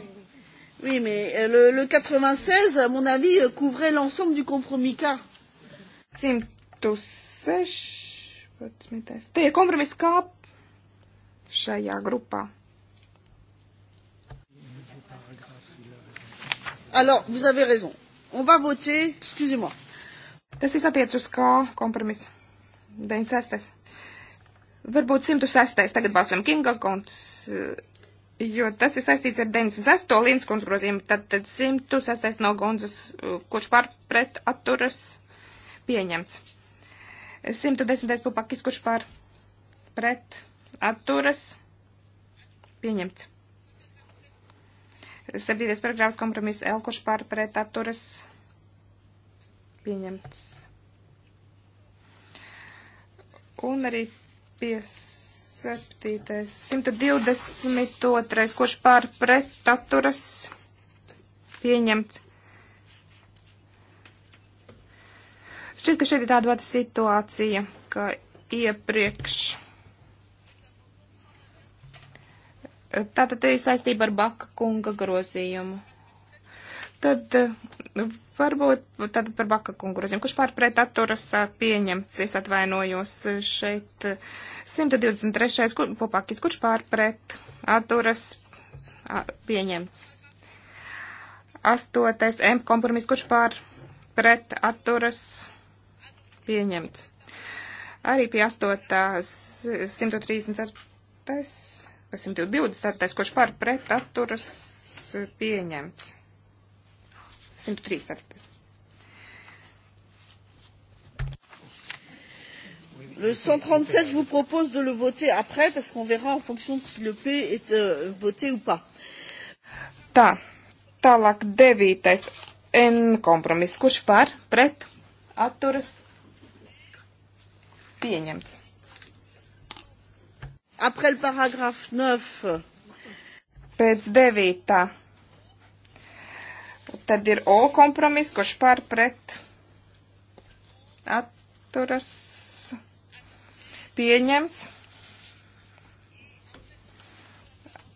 oui, mais euh, le, le 96, à mon avis, euh, couvrait l'ensemble du compromis K. 116. Tie kompromiss K šajā grupā. Alors, vous avez raison. On va voter, excusez-moi. Tas viss attiec uz kā kompromisu. 96. Varbūt 106. Tagad balsojam Kinga konts jo tas ir saistīts ar 96. līnskundas grozījumu, tad, tad 106. no Gunzas, uh, kurš pār pret atturas pieņemts. 110. pupakis, kurš pār pret atturas pieņemts. 7. paragrāfs kompromiss L, kurš pār pret atturas pieņemts. Un arī pies. 122. Kurš pār pret atturas pieņemts? Šķiet, ka šeit ir tāda pati situācija, ka iepriekš. Tātad ir saistība ar Baka kunga grozījumu. Tad eh, varbūt tad par Baka kungu grozījumu. Kurš pārpret atturas eh, pieņemts? Es atvainojos eh, šeit 123. Kur, popakis. Kurš pārpret atturas pieņemts? Astotais M kompromis. Kurš pārpret atturas pieņemts? Arī pie 8. 134. vai 124. Kurš pārpret atturas pieņemts? 113. Le 137, je vous propose de le voter après, parce qu'on verra en fonction de si le P est euh, voté ou pas. Tā, tālāk devītais N kompromiss. Kurš par, pret, atturas, pieņemts. Après le paragraphe 9. Pēc devītā Tad ir O kompromiss, kurš par pret atturas pieņemts.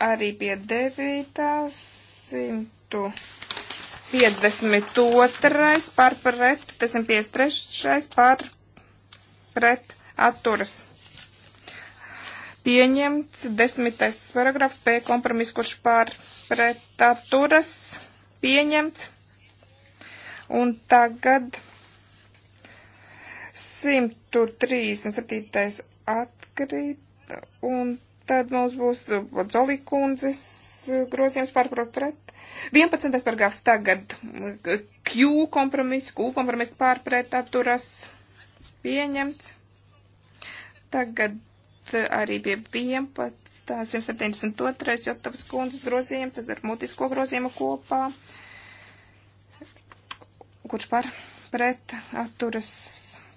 Arī pie 952 par pret, 153 par pret atturas pieņemts. Desmitais paragrafs P kompromiss, kurš par pret atturas pieņemts pieņemts. Un tagad 137. atkrīt, un tad mums būs Dzolikundzes grozījums pārpret. 11. paragrāfs tagad Q kompromiss, Q kompromiss pārpret atturas pieņemts. Tagad arī pie 11. Tā 172. Jotavas kundzes grozījums ar mutisko grozījumu kopā. Kurš par pret atturas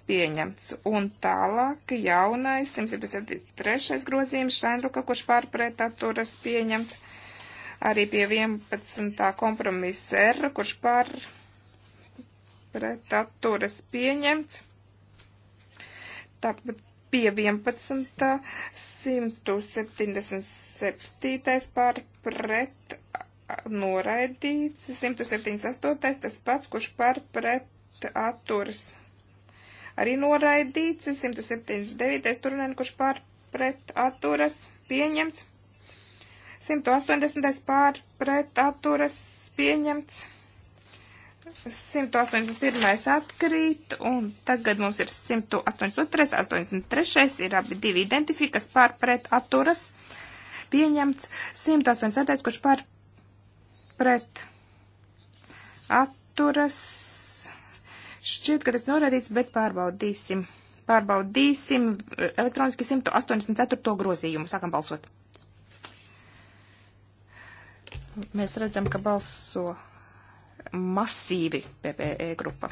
pieņemts. Un tālāk jaunais 173. grozījums Štainruka, kurš par pret atturas pieņemts. Arī pie 11. kompromisa R, kurš par pret atturas pieņemts. Tāpat pie 11. 177. par pret noraidīts. 178. tas pats, kurš par pret atturs arī noraidīts. 179. turunen, kurš par pret atturas pieņemts. 180. pār pret atturas pieņemts. 181. atkrīt, un tagad mums ir 182. 83. ir abi divi identiski, kas pārpret atturas pieņemts. 187. kurš pārpret atturas šķiet, ka tas norādīts, bet pārbaudīsim. Pārbaudīsim elektroniski 184. grozījumu. Sākam balsot. Mēs redzam, ka balso masīvi PPE grupa.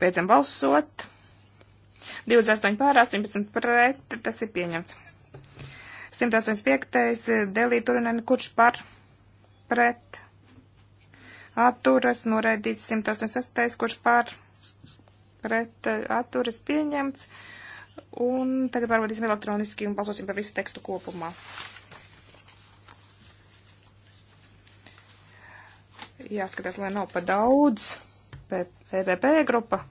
Beidzam balsot. 28 pār 18 pret, tas ir pieņemts. 185. Delī Turinēni, kurš par pret atturas, noraidīts 186. kurš par pret atturas pieņemts. Un tagad pārbaudīsim elektroniski un balsosim par visu tekstu kopumā. jāskatās, lai nav pa daudz PVP grupa,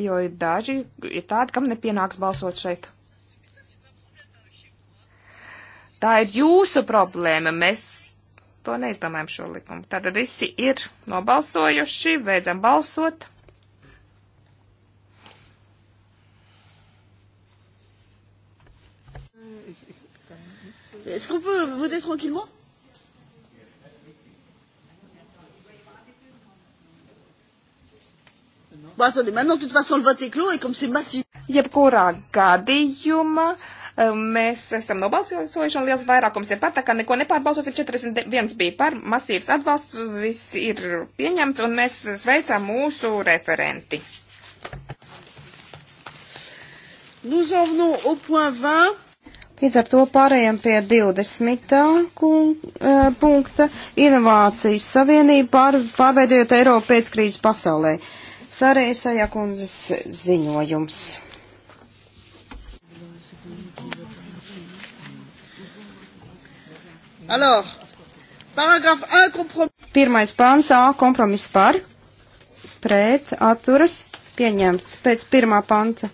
jo ir daži, ir tādi, kam nepienāks balsot šeit. Tā ir jūsu problēma, mēs to neizdomājam šo likumu. Tātad visi ir nobalsojuši, beidzam balsot. Est-ce qu'on peut voter tranquillement Bah, attendez, maintenant, de toute façon, le vote est clos, et comme c'est massif. Jebkurā gadījumā um, mēs esam nobalsojuši, un liels vairākums ir par, tā kā neko nepārbalsosim, 41 bija par, masīvs atbalsts, viss ir pieņemts, un mēs sveicām mūsu referenti. Nous en venons au point 20. Līdz ar to pārējām pie 20. Kung, e, punkta inovācijas savienība pār, pārveidojot Eiropu pēc krīzes pasaulē. Uh, Sārēsā Jakundzes ziņojums. Alors, paragraf 1 kompromis. Pirmais pāns A kompromis par, pret, atturas, pieņemts. Pēc pirmā panta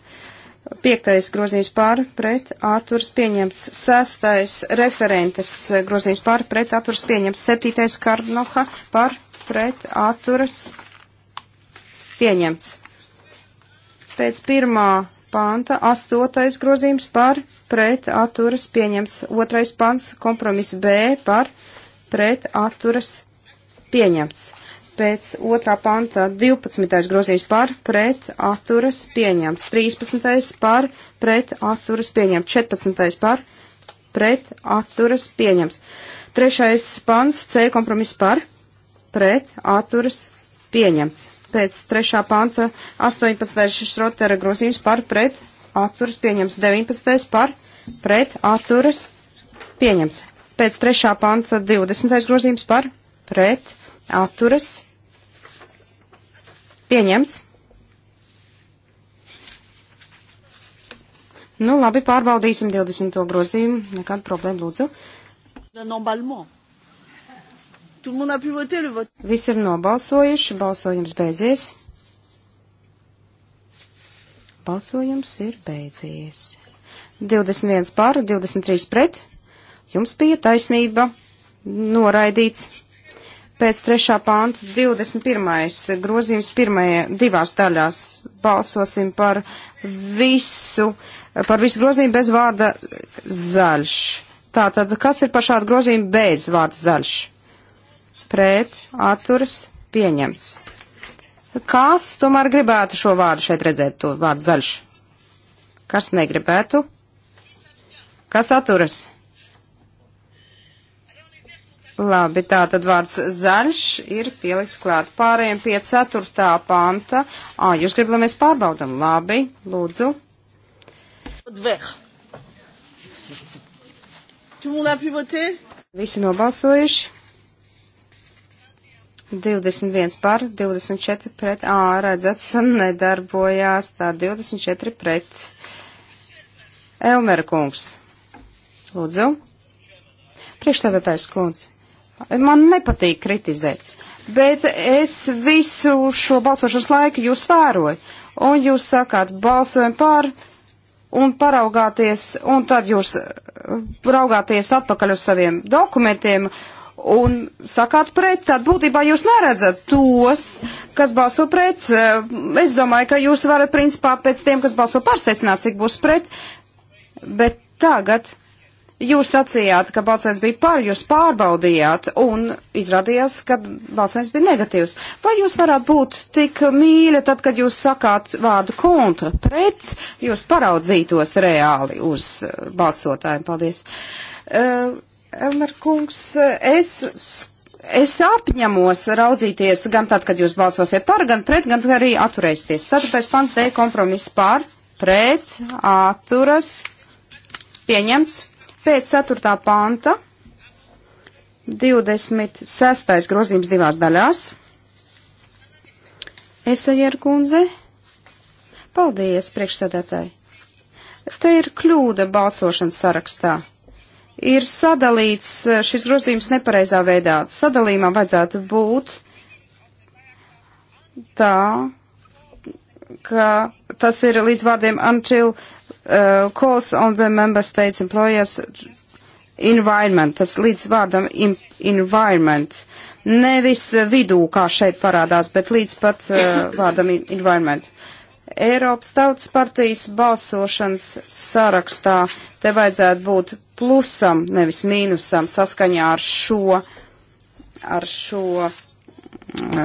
piektais grozījums par, pret, atturas, pieņemts. Sestais referentes grozījums par, pret, atturas, pieņemts. Septītais Karnoha par, pret, atturas, pieņemts Pieņemts. Pēc pirmā panta astotais grozījums par pret atturas pieņemts. Otrais pants kompromiss B par pret atturas pieņemts. Pēc otrā panta 12. grozījums par pret atturas pieņemts. 13. par pret atturas pieņemts. 14. par pret atturas pieņemts. Trešais pants C kompromiss par pret atturas pieņemts pēc 3. panta 18. šrotera grozījums par pret atturas pieņems, 19. par pret atturas pieņems, pēc 3. panta 20. grozījums par pret atturas pieņems. Nu, labi, pārbaudīsim 20. grozījumu, nekāda problēma, lūdzu. Le Visi ir nobalsojuši, balsojums beidzies. Balsojums ir beidzies. 21 pār, 23 pret. Jums bija taisnība. Noraidīts. Pēc 3. pānta 21. grozījums pirmajā divās daļās balsosim par visu, par visu grozījumu bez vārda zaļš. Tātad, kas ir par šādu grozījumu bez vārda zaļš? pret atturas pieņemts. Kas tomēr gribētu šo vārdu šeit redzēt, to vārdu zaļš? Kas negribētu? Kas atturas? Labi, tā tad vārds zaļš ir pieliks klāt pārējiem pie 4. panta. Ā, jūs gribat, lai mēs pārbaudam? Labi, lūdzu. Visi nobalsojuši. 21 par, 24 pret, ā, redzat, nedarbojās, tā 24 pret. Elmera kungs, lūdzu. Priekšstādātājs kundze, man nepatīk kritizēt, bet es visu šo balsošanas laiku jūs vēroju, un jūs sakāt, balsojam par, un paraugāties, un tad jūs raugāties atpakaļ uz saviem dokumentiem, un sakāt pret, tad būtībā jūs neredzat tos, kas balso pret. Eh, es domāju, ka jūs varat principā pēc tiem, kas balso par, secināt, cik būs pret. Bet tagad jūs sacījāt, ka balsojums bija par, jūs pārbaudījāt un izrādījās, ka balsojums bija negatīvs. Vai jūs varat būt tik mīļa tad, kad jūs sakāt vārdu kontra pret, jūs paraudzītos reāli uz balsotājiem? Paldies. Uh, Elmer kungs, es, es apņemos raudzīties gan tad, kad jūs balsosiet par, gan pret, gan arī atturēsties. Ceturtais pants D kompromiss par, pret, atturas, pieņemts. Pēc ceturtā panta 26. grozījums divās daļās. Esajer kundze. Paldies, priekšstādātāji. Te ir kļūda balsošanas sarakstā ir sadalīts eh, šis grozījums nepareizā veidā. Sadalījumam vajadzētu būt tā, ka tas ir līdz vārdiem until uh, calls on the member states employers environment, tas līdz vārdam im, environment. Nevis vidū, kā šeit parādās, bet līdz pat uh, vārdam environment. Eiropas tautas partijas balsošanas sarakstā te vajadzētu būt plusam, nevis mīnusam saskaņā ar šo, ar šo uh,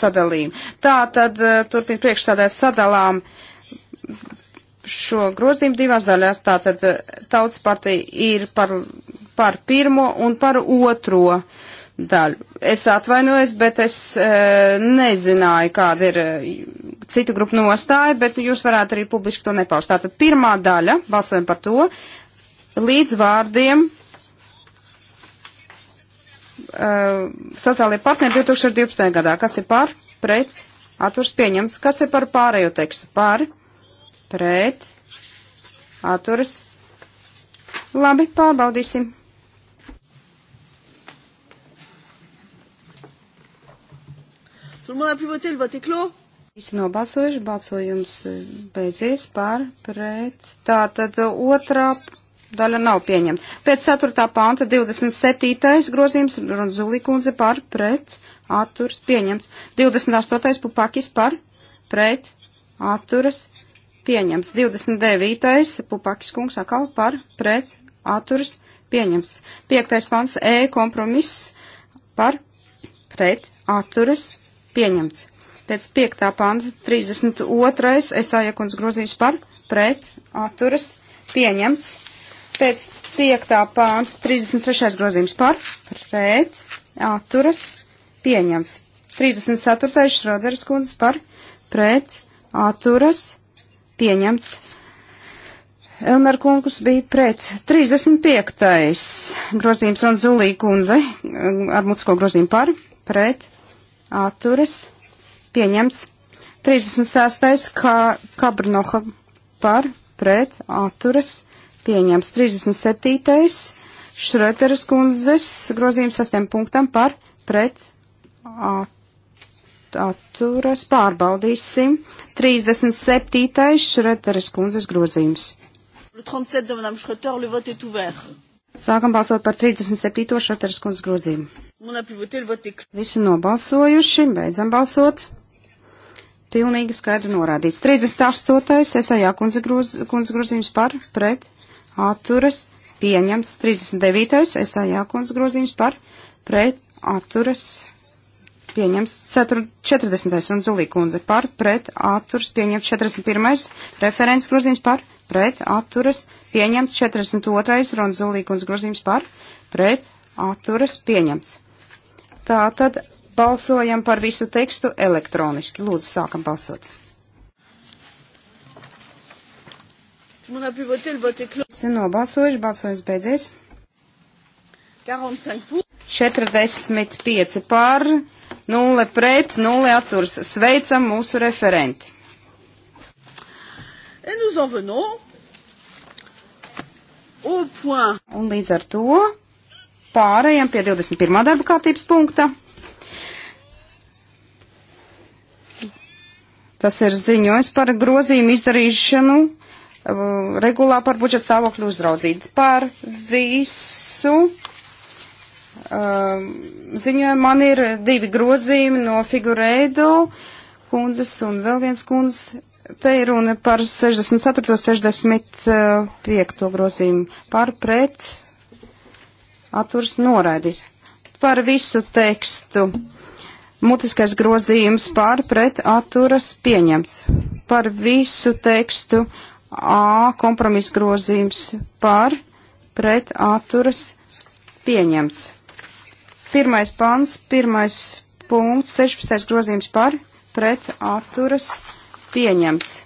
sadalījumu. Tā tad uh, turpin priekšstādē sadalām šo grozījumu divās daļās. Tā tad eh, tautas partija ir par, par pirmo un par otro daļu. Es atvainojos, bet es uh, nezināju, kāda ir citu grupu nostāja, bet jūs varētu arī publiski to nepaust. Tātad pirmā daļa, balsojam par to, līdz vārdiem uh, eh, sociālajie partneri 2012. gadā. Kas ir par, pret, atturs pieņemts. Kas ir par pārējo tekstu? Par, pret, atturs. Labi, pārbaudīsim. Tout le monde a pu voter, le vote est clos. Visi nobalsojuši, balsojums eh, beidzies par pret. Tā tad otrā daļa nav pieņemta. Pēc 4. panta 27. grozījums Runzulikundze par pret atturas pieņemts. 28. pupakis par pret atturas pieņemts. 29. pupakis kungs atkal par pret atturas pieņemts. 5. pants E kompromiss par pret atturas pieņemts. Pēc 5. panta 32. esājakunds grozījums par pret atturas pieņemts. Pēc 5. pānta 33. grozījums par, pret, atturas, pieņems. 34. Šroderis kundzes par, pret, atturas, pieņemts. Elmer kungs bija pret 35. grozījums un Zulī kundze ar mutisko grozījumu par, pret, atturas, pieņemts. 36. Kā Kabrnoha par, pret, atturas, pieņemts pieņems 37. Šreteras kundzes grozījums 6. punktam par pret atturas pārbaudīsim. 37. Šreteras kundzes grozījums. Sākam balsot par 37. Šreteras kundzes grozījumu. Visi nobalsojuši, beidzam balsot pilnīgi skaidri norādīts. 38. esajā kundze, grūz, kundze grozījums par pret atturas pieņemts. 39. esā jākons grozījums par pret atturas pieņemts. 40. un zulīkundze par pret atturas pieņemts. 41. referents grozījums par pret atturas pieņemts. 42. ronzulīkundze grozījums par pret atturas pieņemts. Tātad balsojam par visu tekstu elektroniski. Lūdzu, sākam balsot. Visi nobalsojuši, balsojums beidzies. 45 pār, 0 pret, 0 atturs. Sveicam mūsu referenti. Un līdz ar to pārējām pie 21. darba kārtības punkta. Tas ir ziņojums par grozījumu izdarīšanu regulā э, par budžeta stāvokļu uzraudzību. Par visu э, ziņojumu man ir divi grozījumi no figurēdu kundzes un vēl viens kundzes. Te ir runa par 64. 65. grozījumu par pret atturs noraidīs. Par visu tekstu mutiskais grozījums par pret atturas pieņemts. Par visu tekstu A kompromisa grozījums par pret atturas pieņemts. Pirmais pants, pirmais punkts, 16. grozījums par pret atturas pieņemts.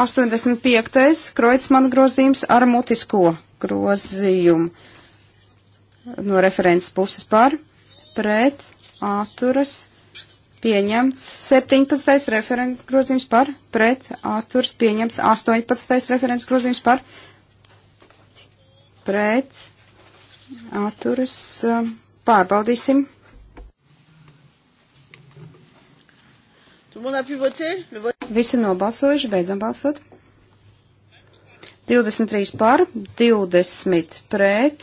85. Kreutzmann grozījums ar mutisko grozījumu no referents puses par pret atturas pieņemts 17. referents grozījums par, pret atturs pieņemts 18. referents grozījums par, pret atturs um, pārbaudīsim. Visi nobalsojuši, beidzam balsot. 23 par, 20 pret.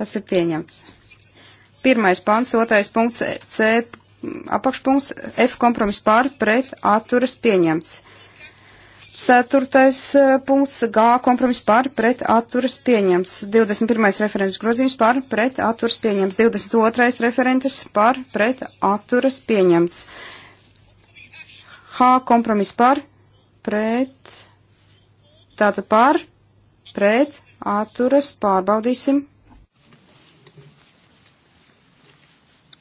Tas ir pieņemts. Pirmais pants, otrais punkts, C apakšpunkts F kompromiss pār pret atturas pieņemts. Ceturtais eh, punkts G kompromiss pār pret atturas pieņemts. 21. referents grozījums pār pret atturas pieņemts. 22. referentes pār pret atturas pieņemts. H kompromiss pār pret tātad pār pret atturas pārbaudīsim.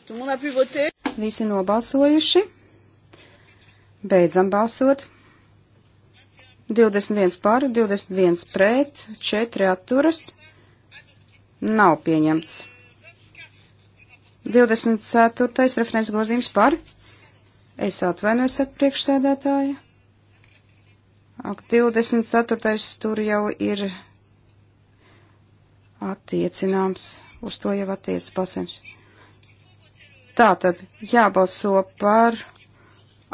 Tout le monde a pu voter? visi nobalsojuši. Beidzam balsot. 21 pār, 21 pret, 4 atturas. Nav pieņemts. 24. referents grozījums par. Es atvainojos, saka priekšsēdētāja. Ak, 24. tur jau ir attiecināms, uz to jau attiec pasēms. Tātad jābalso par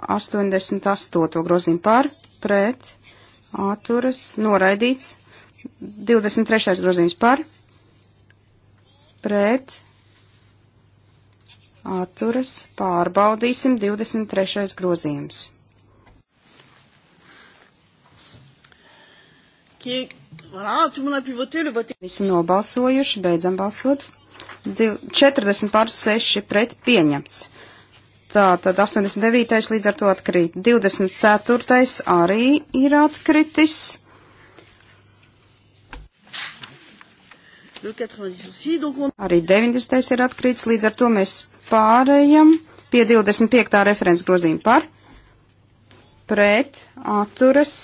88. grozījumu par, pret, atturas, noraidīts, 23. grozījums par, pret, atturas, pārbaudīsim 23. grozījums. Ah, Visi nobalsojuši, beidzam balsot. 40 pār 6 pret pieņemts. Tātad 89. līdz ar to atkrīt. 24. arī ir atkritis. Arī 90. ir atkrīts, līdz ar to mēs pārējam pie 25. referents grozījuma par, pret, atturas,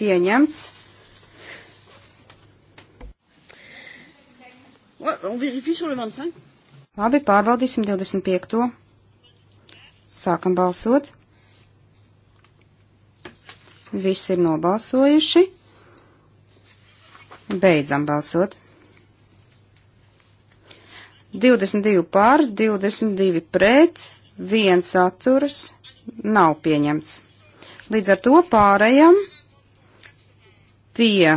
pieņemts, On vérifie sur le 25. Labi, pārbaudīsim 25. To. Sākam balsot. Visi ir nobalsojuši. Beidzam balsot. 22 pār, 22 pret, 1 atturas nav pieņemts. Līdz ar to pārējām pie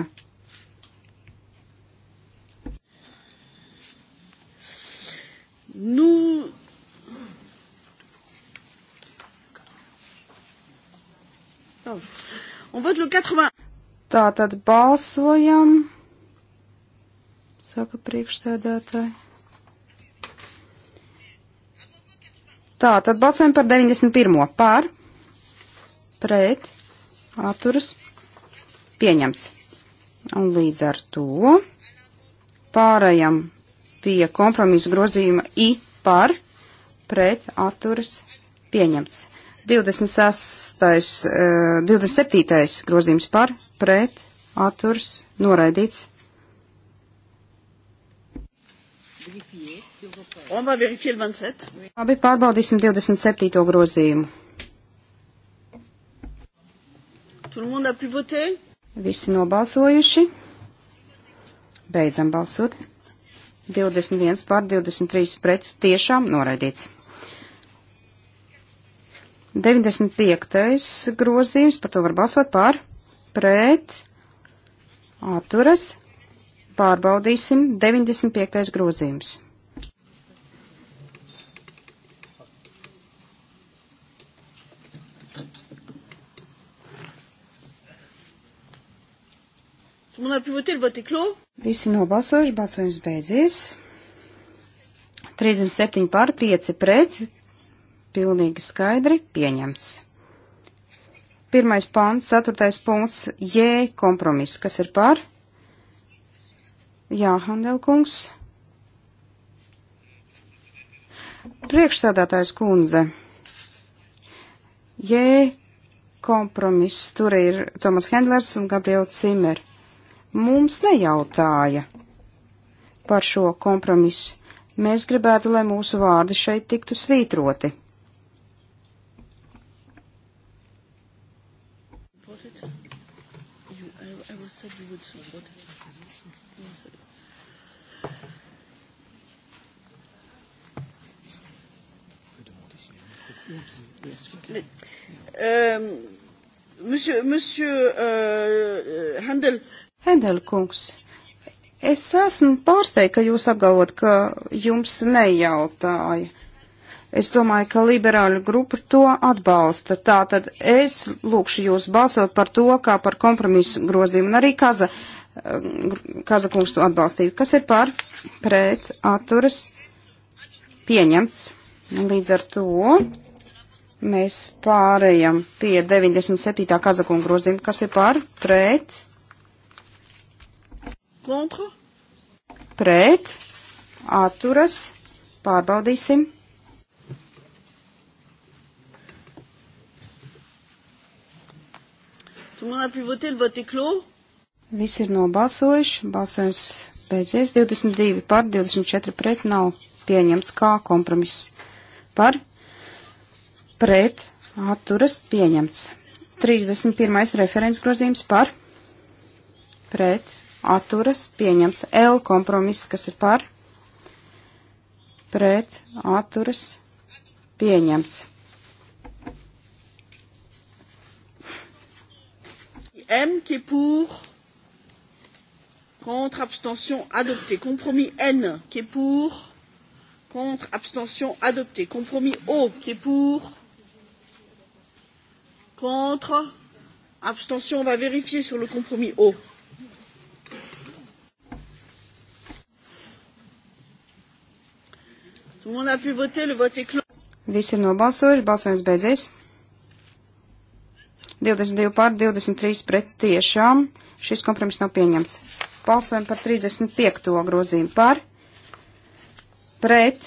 Nous Un vote le 80. Tā tad balsojam, saka priekšsēdētāji. Tā, tad balsojam par 91. Pār, pret, atturas, pieņemts. Un līdz ar to pārējam pie kompromisa grozījuma I par pret atturas pieņemts. 26, 27. Eh, grozījums par pret atturas noraidīts. Labi, pārbaudīsim 27. grozījumu. Visi nobalsojuši. Beidzam balsot. 21 pār 23 pret tiešām noraidīts. 95. grozījums, par to var balsot pār, pret, atturas, pārbaudīsim 95. grozījums. Visi nobalsojuši, balsojums beidzies. 37 pār 5 pret, pilnīgi skaidri pieņemts. Pirmais pants, ceturtais punkts, J kompromiss, kas ir pār? Jā, Handelkungs. Priekšstādātājs kundze. J kompromiss, tur ir Tomas Hendlers un Gabriela Cimer mums nejautāja par šo kompromisu. Mēs gribētu, lai mūsu vārdi šeit tiktu svītroti. Yes, yes, we can. Um, monsieur, monsieur uh, Handel, uh, Endel kungs, es esmu pārsteigta, ka jūs apgalvot, ka jums nejautāja. Es domāju, ka liberāļu grupa to atbalsta. Tātad es lūkšu jūs balsot par to, kā par kompromisu grozījumu. Un arī Kaza, eh, Kaza kungs to atbalstīja. Kas ir par pret atturas pieņemts? Līdz ar to mēs pārējam pie 97. Kaza kunga grozījuma. Kas ir par pret? Contre. Pret. Atturas. Pārbaudīsim. Visi ir nobalsojuši. Balsojums beidzies. 22 par, 24 pret nav pieņemts kā kompromiss. Par, pret, atturas pieņemts. 31. referents grozījums par, pret, atturas pieņems L kompromiss, kas ir par, pret, atturas pieņemts. M qui est pour, contre, abstention, adopté. Compromis N qui est pour, contre, abstention, adopté. Compromis O qui est pour, contre, abstention, on va vérifier sur le compromis O. Visi ir nobalsojuši, balsojums beidzies. 22 pār 23 pret tiešām. Šis kompromiss nav pieņems. Balsojam par 35. grozījumu pār. Pret.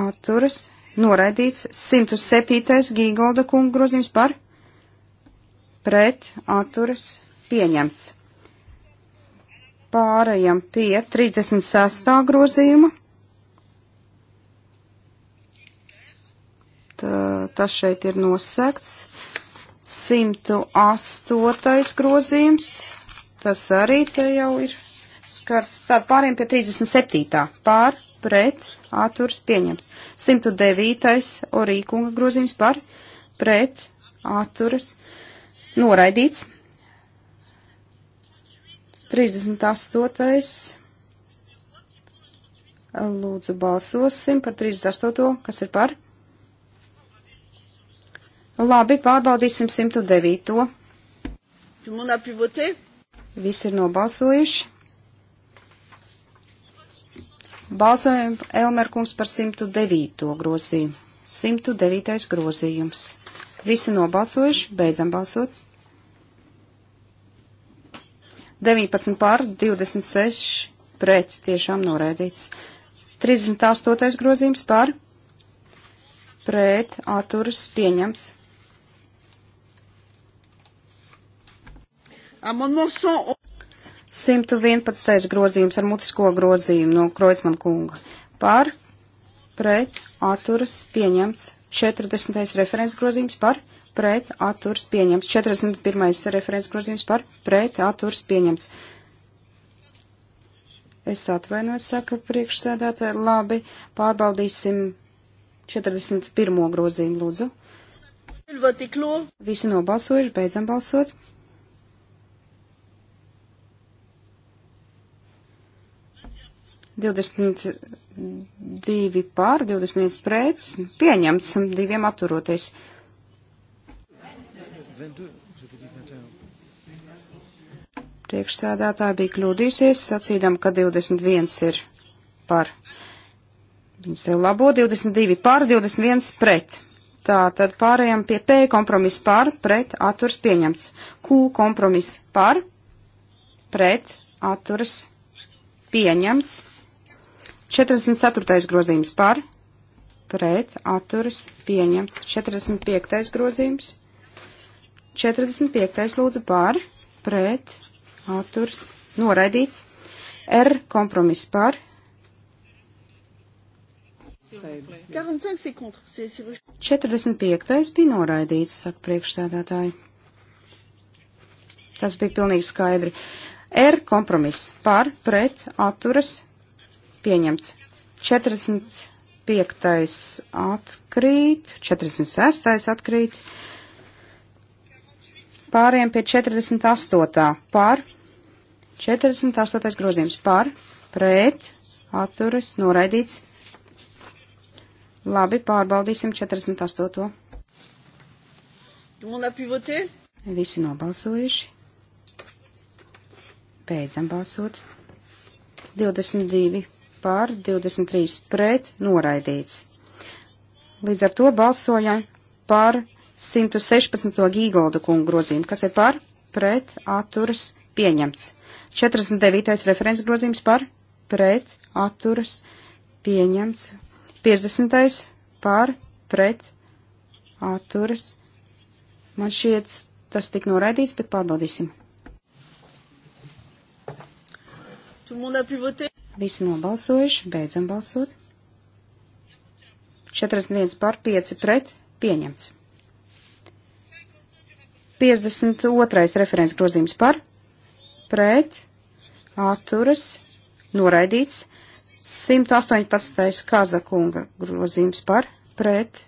Atturas. Noraidīts. 107. Gīgolda kunga grozījums par. Pret. Atturas. Pieņemts. Pārējam pie 36. grozījuma Eh, tas šeit ir nosekts. 108. grozījums, tas arī te jau ir skars. Tātad pāriem pie 37. pār, pret, atturs pieņems. 109. orīkunga grozījums par, pret, atturs noraidīts. 38. Lūdzu balsosim par 38. kas ir par, Labi, pārbaudīsim 109. Visi ir nobalsojuši. Balsojam Elmerkums par 109. grozījumu. 109. grozījums. Visi nobalsojuši, beidzam balsot. 19 pār 26 pret, tiešām noraidīts. 38. grozījums pār pret, atturas pieņemts. 111. grozījums ar mutisko grozījumu no Kreutzmann kunga. Par, pret, atturas, pieņemts. 40. referents grozījums par, pret, atturas, pieņemts. 41. referents grozījums par, pret, atturas, pieņemts. Es atvainojos, saka priekšsēdētāji, labi, pārbaudīsim 41. grozījumu, lūdzu. Visi nobalsojuši, beidzam balsot. 22 pār, 21 pret, pieņemts diviem apturoties. 22 priekšsēdētāja bija kļūdījusies, sacīdam, ka 21 ir par. Viņa sev labo 22 par, 21 pret. Tā tad pārējām pie P kompromis par, pret, atturs pieņemts. Q kompromis par, pret, atturs pieņemts. 44. grozījums par, pret, atturas, pieņemts. 45. grozījums. 45. lūdzu par, pret, atturas, noraidīts. R kompromiss par. 45. bija noraidīts, saka priekšsēdētāji. Tas bija pilnīgi skaidri. R kompromiss par, pret, atturas, pieņemts. 45. atkrīt, 46. atkrīt. Pāriem pie 48. par, 48. grozījums par, pret, atturas, noraidīts. Labi, pārbaudīsim 48. Visi nobalsojuši. Beidzam balsot. 22 pār 23 pret noraidīts. Līdz ar to balsojam par 116. gīgolda kungu grozījumu, kas ir par pret atturas pieņemts. 49. referents grozījums par pret atturas pieņemts. 50. par pret atturas. Man šķiet, tas tik noraidīts, bet pārbaudīsim. Tout le monde a pu voter? Visi nobalsojuši, beidzam balsot. 41 par 5 pret pieņemts. 52. referents grozījums par, pret, atturas, noraidīts. 118. Kazakunga grozījums par, pret.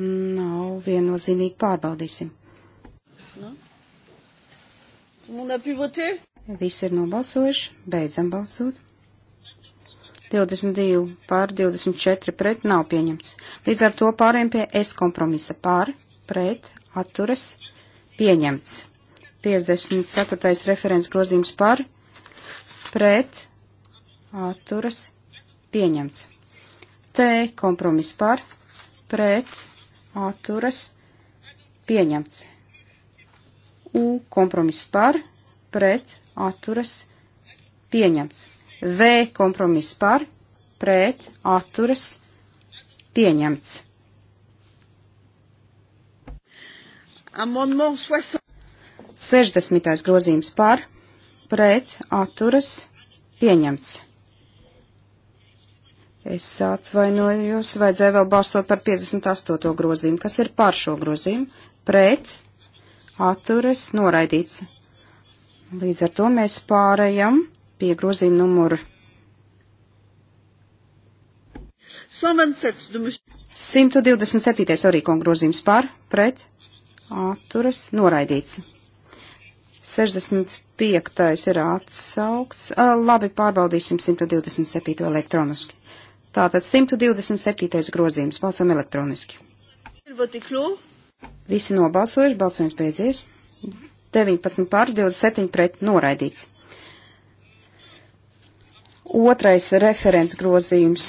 Nav viennozīmīgi pārbaudīsim. No? Visi ir nobalsojuši, beidzam balsot. 22 pār 24 pret nav pieņemts. Līdz ar to pārējiem pie S kompromisa pār, pret, atturas, pieņemts. 54. referents grozījums pār, pret, atturas, pieņemts. T kompromis pār, pret, atturas, pieņemts. U kompromis pār, pret, atturas pieņemts. V kompromiss par, pret, atturas pieņemts. Amendment 60. grozījums par, pret, atturas pieņemts. Es atvainojos, vajadzēja vēl balsot par 58. grozījumu, kas ir par šo grozījumu, pret, atturas noraidīts. Līdz ar to mēs pārējam pie grozījuma numuru 127. orīkon grozījums par, pret, atturas, noraidīts. 65. ir atsaukts. Labi, pārbaudīsim 127. elektroniski. Tātad 127. grozījums. Balsojam elektroniski. Visi nobalsojuši, balsojums beidzies. 19 pār 27 pret noraidīts. Otrais referents grozījums.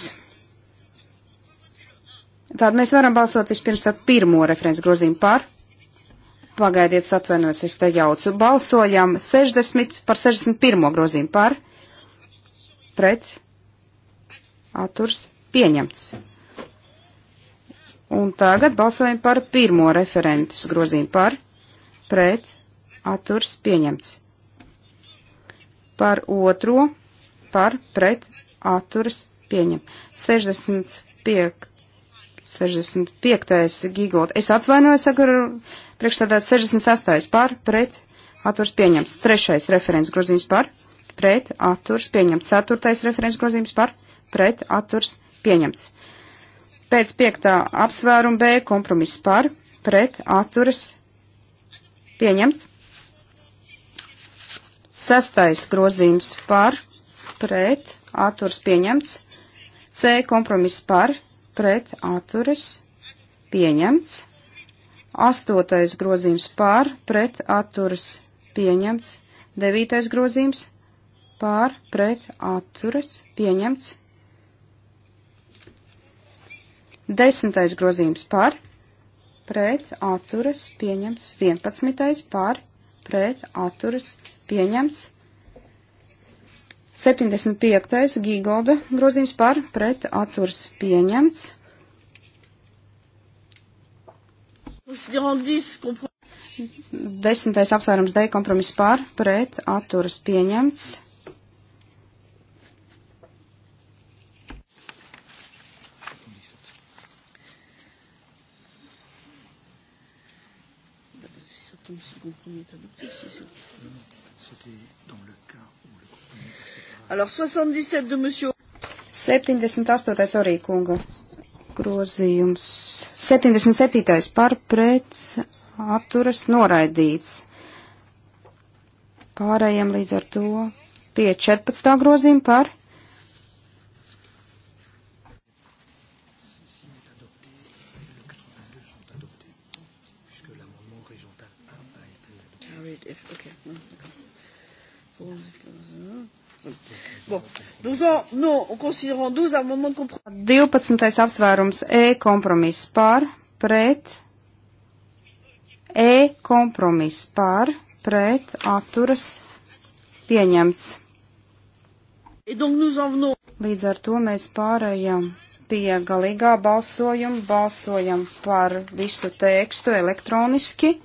Tātad mēs varam balsot vispirms ar pirmo referents grozījumu par. Pagaidiet, atvainojos, es te jaucu. Balsojam 60 par 61 grozījumu par. Pret. Atturs pieņemts. Un tagad balsojam par pirmo referentus grozījumu par. Pret atturs pieņemts. Par otro, par pret atturs pieņemt. 65. 65. gigot. Es atvainojos, saku, priekšstādāt 68. par, pret, atturs pieņemts. Trešais referents grozījums par, pret, atturs pieņemts. Ceturtais referents grozījums par, pret, atturs pieņemts. Pēc piektā apsvēruma B kompromiss par, pret, atturs pieņemts. Sestais grozījums par, pret, atturs pieņemts. C kompromiss par, pret, atturs pieņemts. Astotais grozījums par, pret, atturs pieņemts. Devītais grozījums par, pret, atturs pieņemts. Desmitais grozījums par, pret, atturas, pieņems, vienpadsmitais par, pret atturas pieņemts. 75. Gīgolda grozījums par pret atturs pieņemts. Desmitais apsvērums D kompromiss par pret atturs pieņemts. Alors, 77 de monsieur. 78. arī kunga grozījums. 77. par pret atturas noraidīts. Pārējiem līdz ar to pie 14. grozījuma par Bon, 12 ans, non, on considérant 12 amendements de compromis. 12. apsvērums E kompromiss par, pret, E kompromiss par, pret, atturas, pieņemts. Līdz ar to mēs pārējām pie galīgā balsojuma, balsojam par visu tekstu elektroniski.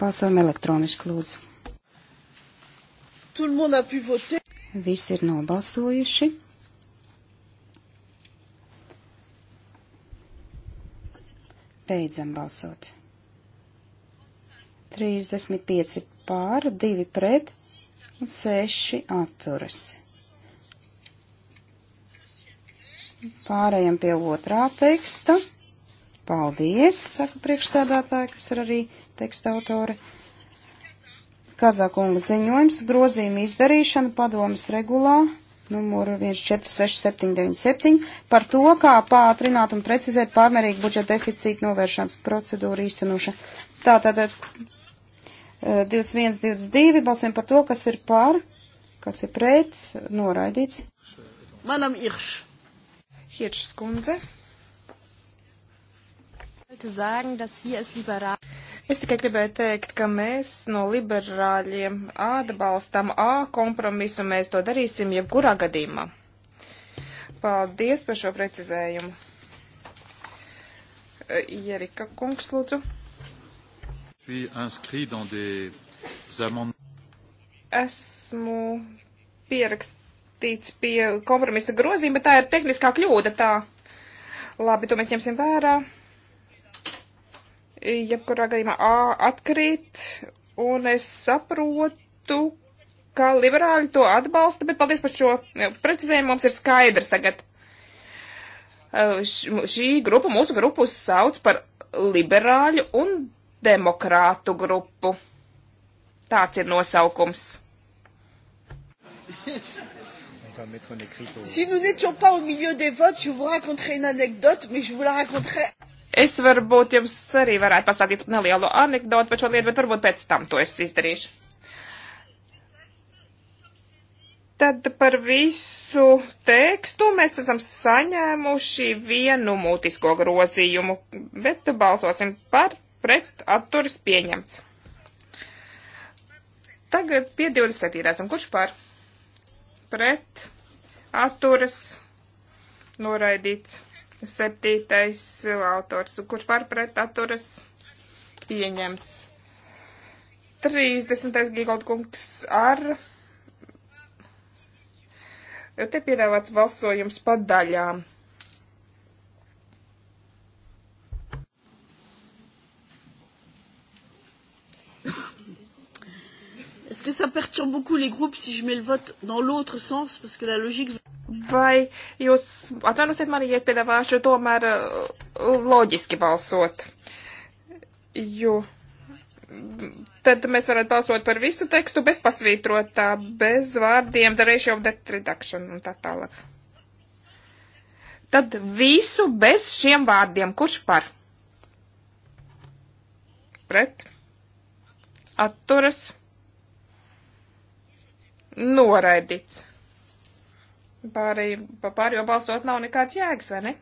Balsojam elektroniski, lūdzu. Tout le monde a pu voter. Visi ir nobalsojuši. Beidzam balsot. 35 pār, 2 pret un 6 atturas. Pārējām pie otrā teksta. Paldies, saka priekšsēdētāja, kas ir arī teksta autore. Kazakunga ziņojums grozījuma izdarīšana padomas regulā numuru 146797 par to, kā pātrināt un precizēt pārmērīgu budžeta deficītu novēršanas procedūru īstenošanu. Tātad 21, eh, 22 balsojam par to, kas ir pār, kas ir pret, noraidīts. Manam Irš. Hirš skundze. Sagen, dass hier es liberal. Es tikai gribēju teikt, ka mēs no liberāļiem atbalstam A kompromisu, mēs to darīsim jebkurā gadījumā. Paldies par šo precizējumu. Jerika eh, kungs, lūdzu. Esmu pierakstīts pie kompromisa grozījuma, bet tā ir tehniskā kļūda tā. Labi, to mēs ņemsim vērā jebkurā gadījumā A atkrīt, un es saprotu, ka liberāļi to atbalsta, bet paldies par šo eh, precizējumu, mums ir skaidrs tagad. Eh, šī grupa, mūsu grupu sauc par liberāļu un demokrātu grupu. Tāds ir nosaukums. Si nous n'étions pas au milieu des votes, je vous raconterai une anecdote, mais je vous la raconterai. Es varbūt jums arī varētu pastāstīt nelielu anekdotu par šo lietu, bet varbūt pēc tam to es izdarīšu. Tad par visu tekstu mēs esam saņēmuši vienu mutisko grozījumu, bet balsosim par pret atturis pieņemts. Tagad pie 27. esam kurš par pret atturis noraidīts. Septītais uh, autors, kurš pārpret atturas pieņemts. 30. Gigoldkungs ar. Te piedāvāts balsojums pa daļām. Est-ce que ça perturbe beaucoup les groupes si je mets le vote dans l'autre sens Parce que la logique. Vai jūs atvainosiet mani, ja es piedāvāšu tomēr uh, loģiski balsot? Jo tad mēs varētu balsot par visu tekstu bez pasvītrotā, bez vārdiem, the ratio of debt reduction un tā tālāk. Tad visu bez šiem vārdiem. Kurš par? Pret? Atturas? noraidīts. Pārējo, pa pārējo balsot nav nekāds jēgas, vai ne?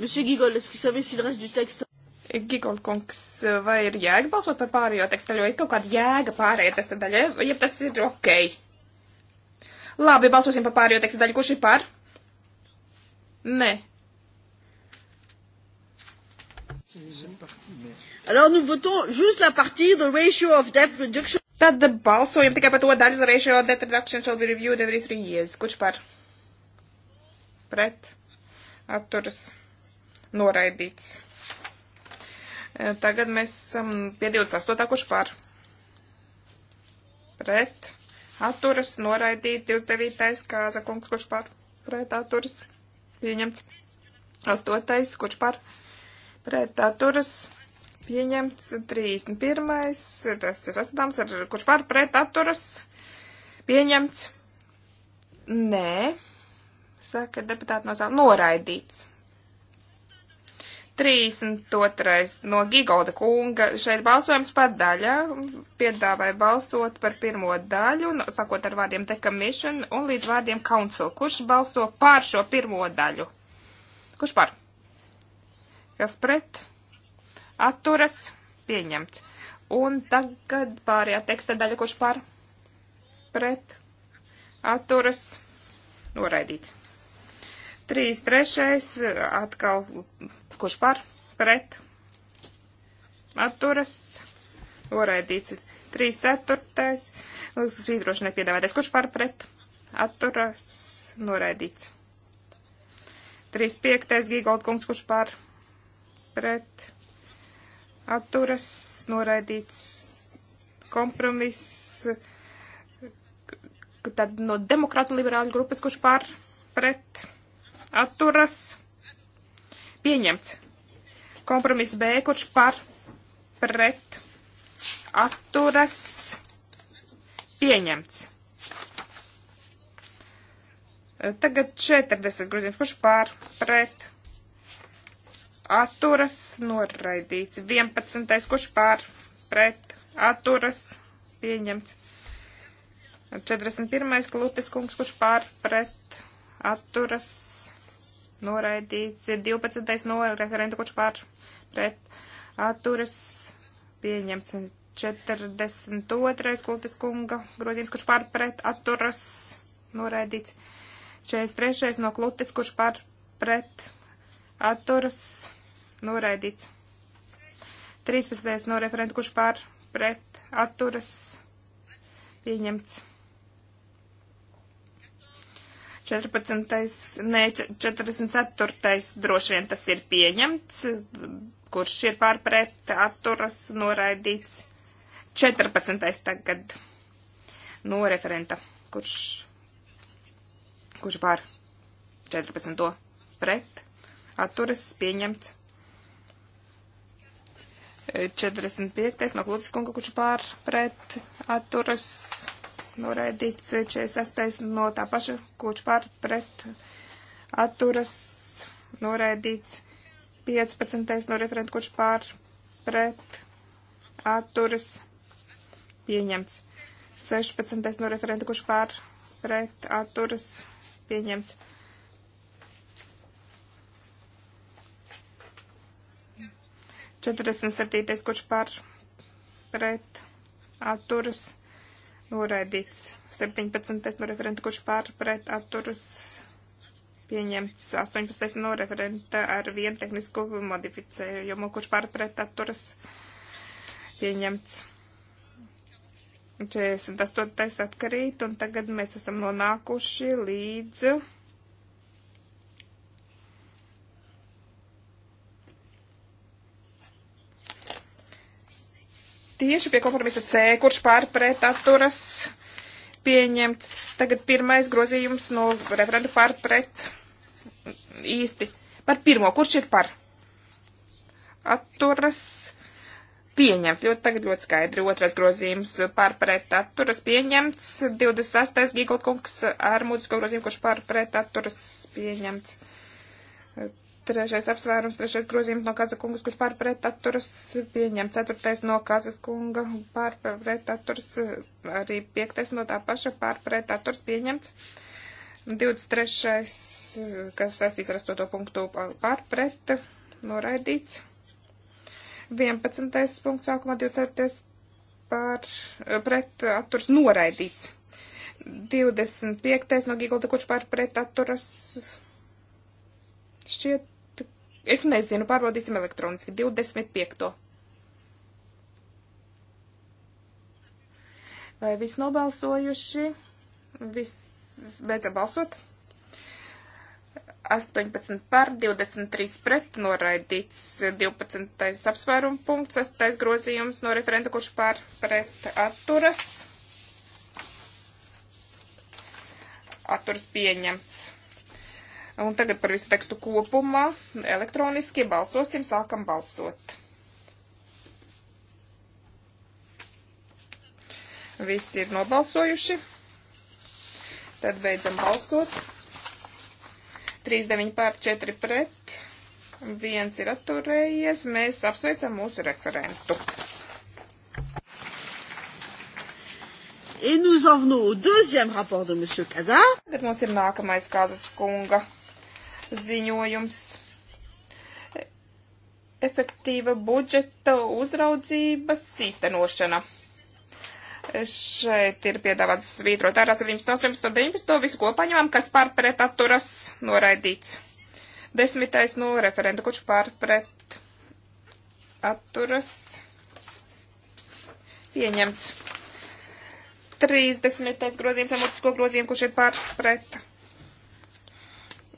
Monsieur Gigol, est-ce que vous savez si le reste du texte... Gigol kungs, vai ir jēga balsot par pārējo tekstu daļu, vai ir kaut kāda jēga pārējai testa daļai, ja tas ir ok? Labi, balsosim par pārējo tekstu daļu, kurš ir par? Nē. Alors nous votons juste la partie the ratio of debt reduction. Tad balsojam tikai par to daļas ratio of debt reduction shall be reviewed every three years. Kurš par? Pret. Atturas. Noraidīts. E, tagad mēs esam pie 28. kurš par? Pret. Atturas. Noraidīt. 29. kāza kungs kurš par? Pret. Atturas pieņemts. Astotais, kurš par pret atturas pieņemts. 31. Tas ir sastatāms ar kurš par pret atturas pieņemts. Nē, saka deputāti no zāles, noraidīts. 32. no Gigolda kunga. Šeit balsojums par daļā. Piedāvāja balsot par pirmo daļu, sakot ar vārdiem decommission un līdz vārdiem council. Kurš balso pār šo pirmo daļu? Kurš par? Kas pret? Atturas? Pieņemts. Un tagad pārējā teksta daļa, kurš par? Pret? Atturas? Noraidīts. 3. trešais atkal kurš par, pret, atturas, noraidīts. 3 ceturtais, svītroši nepiedāvātais, kurš par, pret, atturas, noraidīts. 3 piektais, Gigaut kungs, kurš par, pret, atturas, noraidīts. Kompromiss, tad no demokrātu liberāļu grupas, kurš par, pret, atturas, noraidīts Pieņemts. Kompromiss B, kurš par pret atturas pieņemts. E, tagad 40 grozījums, kurš pār pret atturas noraidīts. 11, kurš pār pret atturas pieņemts. 41. Klutis kungs, kurš pār pret atturas noraidīts. 12. no referenta, kurš pār pret atturas pieņemts. 42. kultas kunga grozījums, kurš pār pret atturas noraidīts. 43. no klutis, kurš pār pret atturas noraidīts. 13. no referenta, kurš pār pret atturas pieņemts. 14. Nē, 44. droši vien tas ir pieņemts, kurš ir pārpret atturas noraidīts. 14. tagad no nu, referenta, kurš, kurš pār 14. pret atturas pieņemts. 45. no Klūtas kunga, kurš pārpret atturas pieņemts noraidīts 46. Eh, no tā paša, kurš par pret atturas noraidīts 15. no referenta, kurš par pret atturas pieņemts. 16. no referenta, kurš par pret atturas pieņemts. Četrdesmit septītais, kurš par pret atturas pieņemts noraidīts 17. no referenta, kurš pārpret atturus pieņemts 18. no referenta ar vienu tehnisku modificējumu, kurš pārpret atturus pieņemts 48. atkarīt, un tagad mēs esam nonākuši līdz tieši pie kompromisa C, kurš pārpret atturas pieņemts. Tagad pirmais grozījums no referenta pārpret īsti par pirmo. Kurš ir par? Atturas pieņemts. Ļoti tagad ļoti skaidri. Otrais grozījums pārpret atturas pieņemts. 28. Gīgolkungs ar mūzisko grozījumu, kurš pārpret atturas pieņemts. Trešais apsvērums, trešais grozījums no Kazas kungas, kurš pārpret atturas pieņemts. Ceturtais no Kazas kunga pārpret atturas, arī piektais no tā paša pārpret atturas pieņemts. 23. kas saistīts ar 8. punktu pārpret, noraidīts. 11. punkts sākumā 24. pārpret atturas noraidīts. 25. no Gigolda, kurš pārpret atturas šķiet Es nezinu, pārbaudīsim elektroniski. 25. Vai viss nobalsojuši? Viss beidzam balsot. 18 par, 23 pret, noraidīts 12. apsvērumu punkts, 6. grozījums no referenta, kurš pār pret atturas. Atturas pieņemts. Un tagad par visu tekstu kopumā elektroniski balsosim, sākam balsot. Visi ir nobalsojuši. Tad beidzam balsot. 3,9 pār 4 pret. Viens ir atturējies. Mēs apsveicam mūsu referentu. Et nous en venons au deuxième rapport de M. Kazar. Tad mums ir nākamais Kazas kunga ziņojums. Efektīva budžeta uzraudzības īstenošana. Šeit ir piedāvāts svītrot ārā 17, 18, 19, visu kopā ņemam, kas pārpret atturas noraidīts. Desmitais no referenta, kurš pārpret atturas pieņemts. 30. grozījums ar mutisko grozījumu, kurš ir pārpret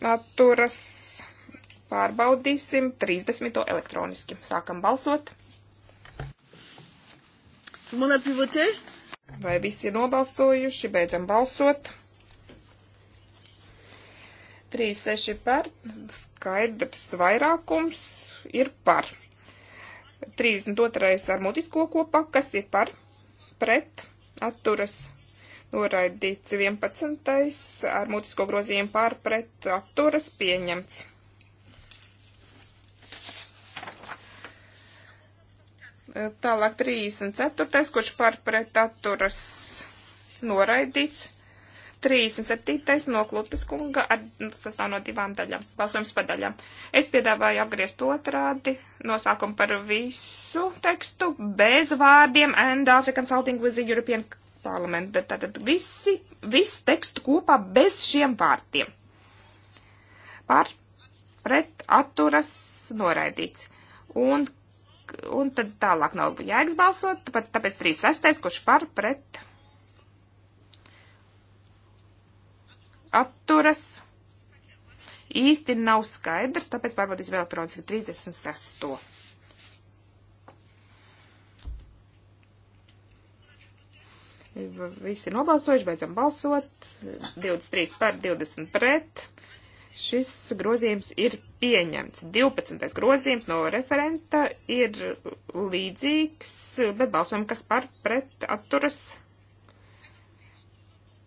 atturas pārbaudīsim 30. elektroniski. Sākam balsot. Vai visi ir nobalsojuši? Beidzam balsot. 3-6 par, skaidrs vairākums ir par. 32. ar mutisko kopā, kas ir par, pret, atturas noraidīts 11. ar mutisko grozījumu pārpret atturas pieņemts. E, Tālāk 34. kurš pārpret atturas noraidīts. 37. noklutas kunga, ar, sastāv nu, no divām daļām, balsojums par daļām. Es piedāvāju apgriezt otrādi, nosākumu par visu tekstu, bez vārdiem, and African Salting with the European parlamenta. Tātad visi, viss tekstu kopā bez šiem vārtiem. Par, pret, atturas, noraidīts. Un, un tad tālāk nav jēgas balsot, tāpēc 36. kurš par, pret, atturas. Īsti nav skaidrs, tāpēc pārbaudīsim elektroniski 36. Visi nobalsojuši, beidzam balsot. 23 par, 20 pret. Šis grozījums ir pieņemts. 12. grozījums no referenta ir līdzīgs, bet balsojam, kas par pret atturas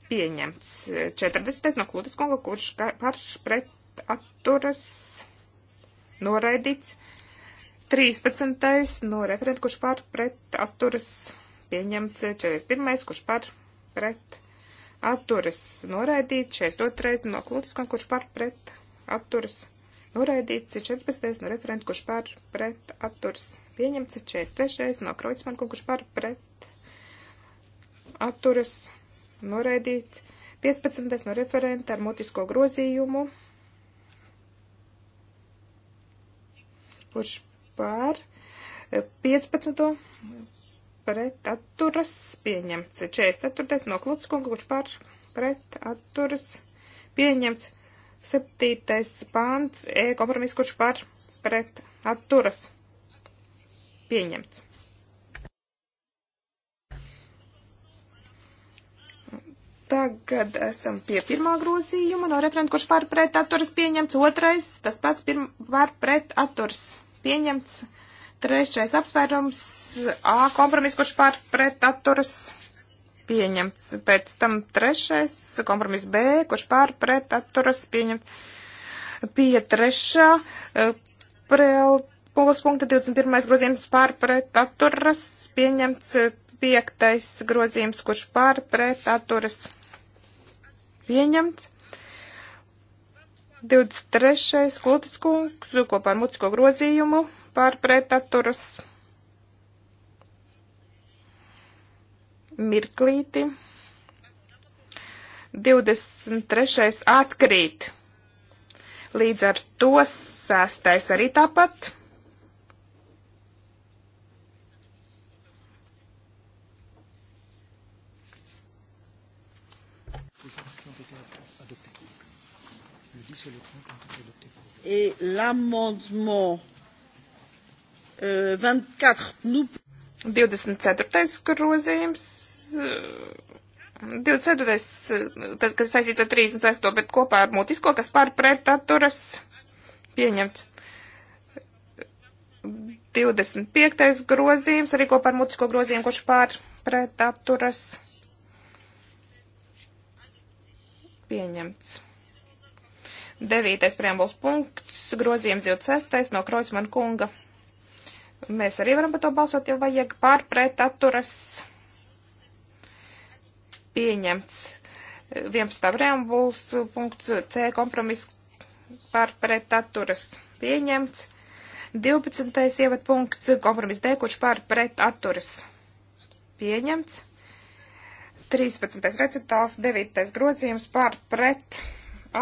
pieņemts. 40. no Klūtas kunga, kurš par pret atturas noraidīts. 13. no referenta, kurš par pret atturas noraidīts pieņemts 41. kurš par pret atturas noraidīts, 42. no Klutiskam, kurš par pret atturas noraidīts, 14. no referenta, kurš par pret atturas pieņemts, 43. no Kreutzmann, kurš par pret atturas noraidīts, 15. no referenta ar mutisko grozījumu, kurš par 15 pret atturas pieņemts. 44. no Klutskunga, kurš par pret atturas pieņemts. 7. pāns, E kompromiss, kurš par pret atturas pieņemts. Tagad esam pie pirmā grozījuma no referenta, kurš pārpret atturas pieņemts. Otrais, tas pats pārpret atturas pieņemts. Trešais apsvērums A kompromiss, kurš pār pret atturas pieņemts. Pēc tam trešais kompromiss B, kurš pār pret atturas pieņemts. Pie trešā e, pulas punkta 21. grozījums pār pret atturas pieņemts. Piektais grozījums, kurš pār pret atturas pieņemts. 23. klūtiskungs kopā ar mutisko grozījumu par pretaturas mirklīti. 23. atkrīt. Līdz ar to sēstais arī tāpat. Et l'amendement 24. Nu, grozījums. 24. Tas, kas saistīts ar 36. bet kopā ar mutisko, kas pārpret atturas pieņemts. 25. grozījums, arī kopā ar mutisko grozījumu, kurš pārpret atturas pieņemts. 9. preambuls punkts, grozījums 26. no Kroisman kunga Mēs arī varam par to balsot, ja vajag pārpret atturas pieņemts. 11. preambuls punkts C kompromiss pārpret atturas pieņemts. 12. ievad punkts kompromiss D, kurš pārpret atturas pieņemts. 13. recitāls, 9. grozījums pārpret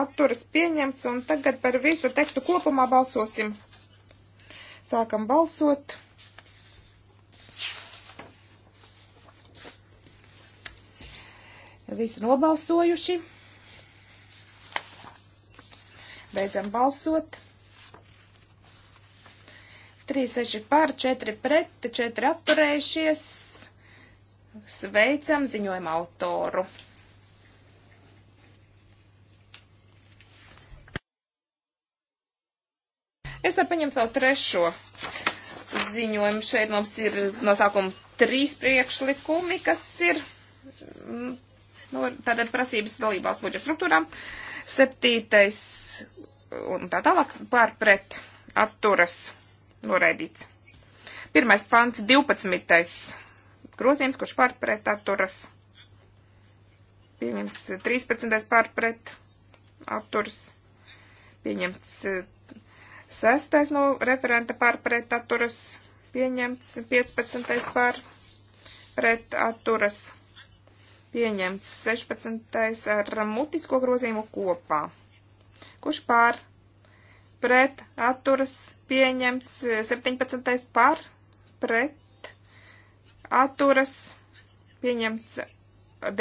atturas pieņemts. Un tagad par visu tekstu kopumā balsosim. Sākam balsot. Visi nobalsojuši. Beidzam balsot. 3, 6 pār, 4 pret, 4 atturējušies. Sveicam ziņojumu autoru. Es varu paņemt vēl trešo ziņojumu. Šeit mums ir no sākuma trīs priekšlikumi, kas ir mm, nu, tātad prasības dalībās budžeta struktūrām. Septītais un tā tālāk pārpret atturas noraidīts. Pirmais pants, 12. grozījums, kurš pārpret atturas. Pieņemts 13. pārpret atturas. Pieņemts Sestais no referenta par pret atturas pieņemts. 15. par pret atturas pieņemts. 16. ar mutisko grozījumu kopā. Kurš pār pret atturas pieņemts. 17. par pret atturas pieņemts.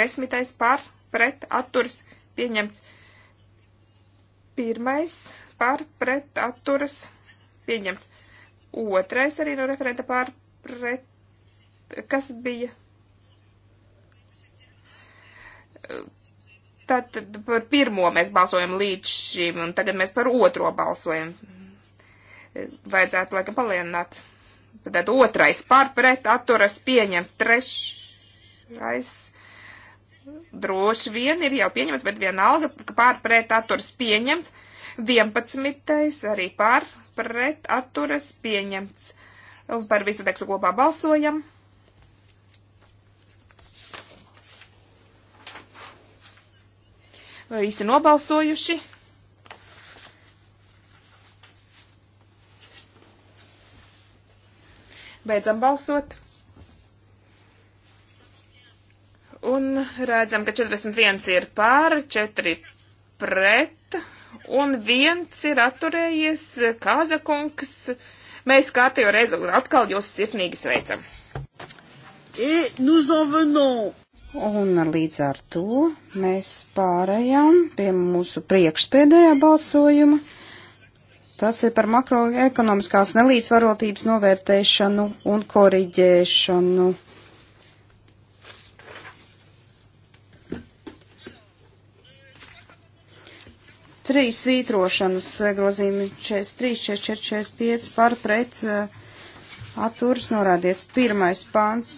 10. par pret atturas pieņemts. Pirmais par pret atturas pieņemts. Otrais arī no referenta par pret, kas bija. Tātad par pirmo mēs balsojam līdz šim, un tagad mēs par otro balsojam. Vajadzētu laikam palielināt. Tad otrais par pret atturas pieņemts. Trešais droši vien ir jau pieņemts, bet vienalga, ka pārpret atturs pieņemts. 11. arī par, pret, atturas, pieņemts. Par visu tekstu kopā balsojam. Vai visi nobalsojuši? Beidzam balsot. Un redzam, ka 41 ir pār, 4 pret, un viens ir atturējies Kāzakungs. Mēs kārtējo reizi atkal jūs sirsnīgi sveicam. E, un līdz ar to mēs pārējām pie mūsu priekšpēdējā balsojuma. Tas ir par makroekonomiskās nelīdzvarotības novērtēšanu un koriģēšanu. Trīs svītrošanas eh, grozījumi 43, 44, 45 par pret eh, atturas norādies. Pirmais pāns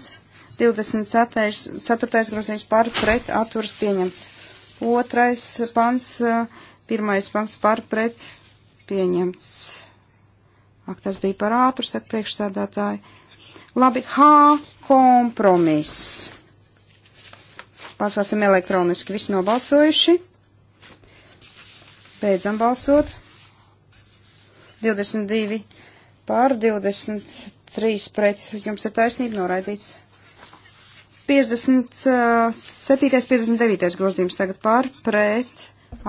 24. 4. grozījums par pret atturas pieņemts. Otrais pāns, eh, pirmais pāns par pret pieņemts. Ak, tas bija par ātru, saka priekšsādātāji. Labi, H kompromiss. Balsosim elektroniski, visi nobalsojuši. Beidzam balsot. 22 pār 23 pret. Jums ir taisnība noraidīts. 57. 59. grozījums tagad pār pret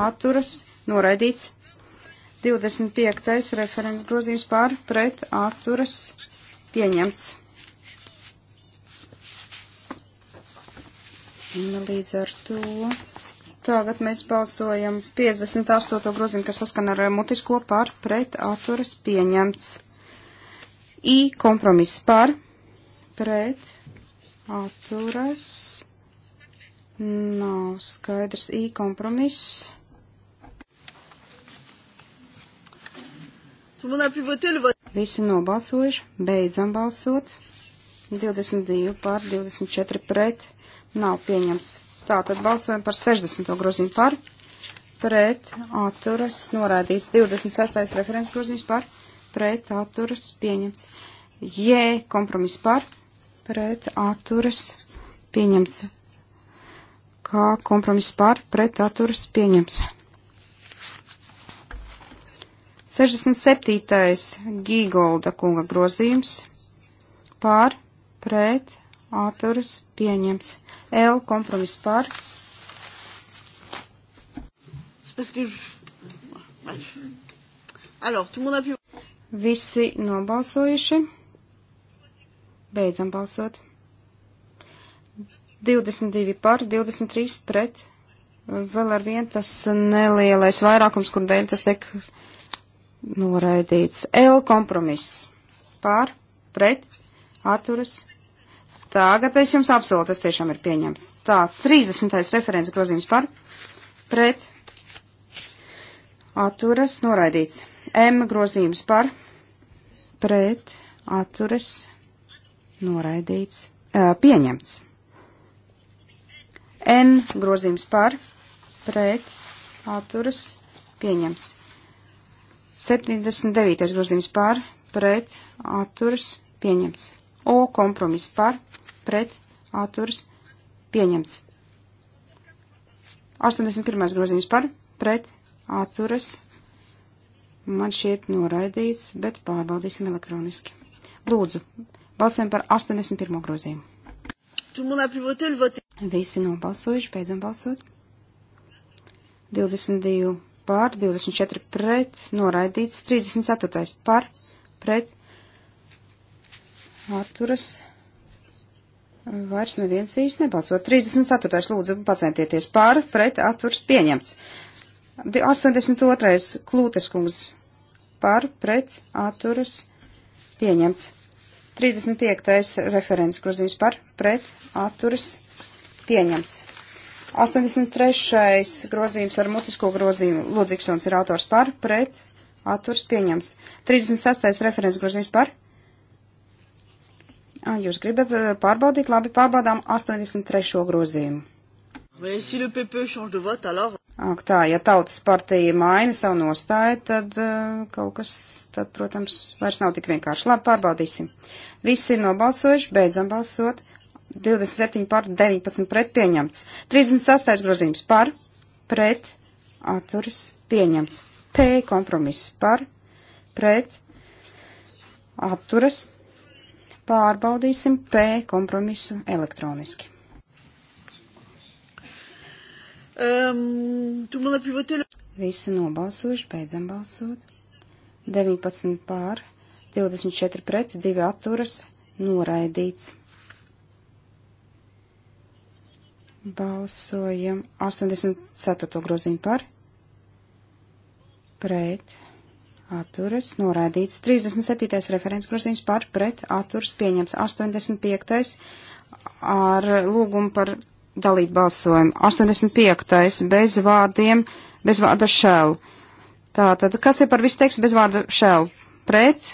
atturas noraidīts. 25. referenta grozījums pār pret atturas pieņemts. Un līdz ar to. Tagad mēs balsojam 58. grozījumu, kas saskan ar eh, mutisko par pret atturas pieņemts. I kompromiss par pret atturas nav skaidrs. I kompromiss. Visi nobalsojuši, beidzam balsot. 22 pār 24 pret nav pieņemts Tātad balsojam par 60. grozījumu par, pret, atturas, norādīts. 26. referents grozījums par, pret, atturas, pieņemts. J, kompromiss par, pret, atturas, pieņemts. Kā kompromiss par, pret, atturas, pieņemts. 67. Gīgolda kunga grozījums pār pret atturas pieņemts. L kompromiss par. Visi nobalsojuši. Beidzam balsot. 22 par, 23 pret. Vēl ar vien tas nelielais vairākums, kur dēļ tas tiek noraidīts. L kompromiss. Pār, pret, atturas, Tagad es jums apsolu, tas tiešām ir pieņemts. Tā, 30. referents grozījums par, pret, atturas, noraidīts. M grozījums par, pret, atturas, noraidīts, uh, pieņemts. N grozījums par, pret, atturas, pieņemts. 79. grozījums par, pret, atturas, pieņemts. O kompromiss par, pret atturs pieņemts. 81. grozījums par pret atturas man šķiet noraidīts, bet pārbaudīsim elektroniski. Lūdzu, balsojam par 81. grozījumu. Visi nobalsojuši, beidzam balsot. 22 pār, 24 pret, noraidīts, 34 par, pret, atturas, Vairs neviens īsti nebalso. 34. lūdzu pacentieties pār, pret atturs pieņemts. 82. klūtes kungs pār, pret atturs pieņemts. 35. referents grozījums par, pret atturs pieņemts. 83. grozījums ar mutisko grozījumu Ludvigsons ir autors par, pret atturs pieņemts. 36. referents grozījums par, Ā, jūs gribat pārbaudīt? Labi, pārbaudām 83. grozījumu. E Ak tā, ja tautas partija maina savu nostāju, tad kaut kas, tad, protams, vairs nav tik vienkārši. Labi, pārbaudīsim. Visi ir nobalsojuši, beidzam balsot. 27 par 19 pret pieņemts. 38. grozījums par, pret, atturis pieņemts. P kompromiss par, pret, atturis pieņemts Pārbaudīsim P kompromisu elektroniski. Um, Visi nobalsojuši, beidzam balsot. 19 pār, 24 pret, 2 atturas, noraidīts. Balsojam 84. grozīmu par, pret, atturas noraidīts. 37. referents grozījums par pret atturas pieņemts. 85. ar lūgumu par dalītu balsojumu. 85. bez vārdiem, bez vārda shell. Tātad, kas ir par visu tekstu bez vārda shell? Pret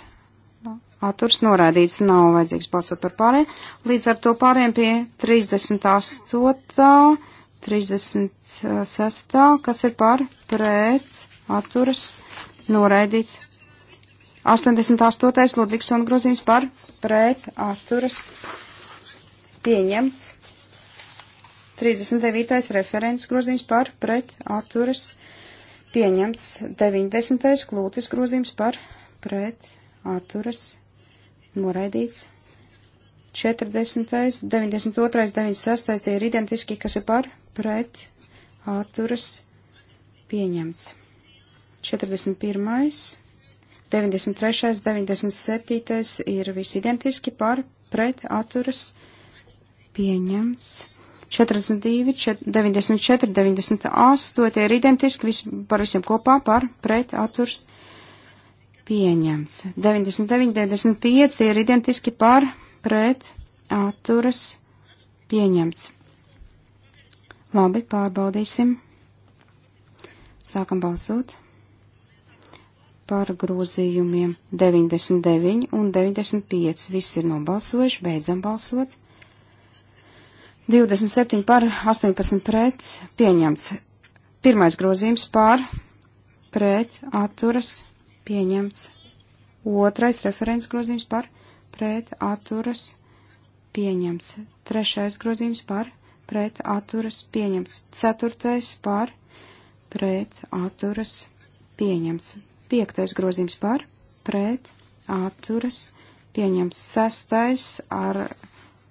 atturs noraidīts, nav vajadzīgs balsot par pārējiem. Līdz ar to pārējiem pie 38. 36. kas ir par pret atturas noraidīts. 88. Ludvigsona grozījums par pret atturas pieņemts. 39. referents grozījums par pret atturas pieņemts. 90. klūtis grozījums par pret atturas noraidīts. 40. 92. 96. tie ir identiski, kas ir par pret atturas pieņemts. 41. 93. 97. ir visi identiski par pret atturas pieņemts. 42, 94, 98, tie ir identiski vis, par visiem kopā par pret atturas pieņemts. 99, 95, tie ir identiski par pret atturas pieņemts. Labi, pārbaudīsim. Sākam balsot par grozījumiem 99 un 95. Visi ir nobalsojuši, beidzam balsot. 27 par 18 pret pieņemts. Pirmais grozījums par pret atturas pieņemts. Otrais referents grozījums par pret atturas pieņemts. Trešais grozījums par pret atturas pieņemts. Ceturtais par pret atturas pieņemts Piektais grozījums par, pret, atturas, pieņemts. Sestais ar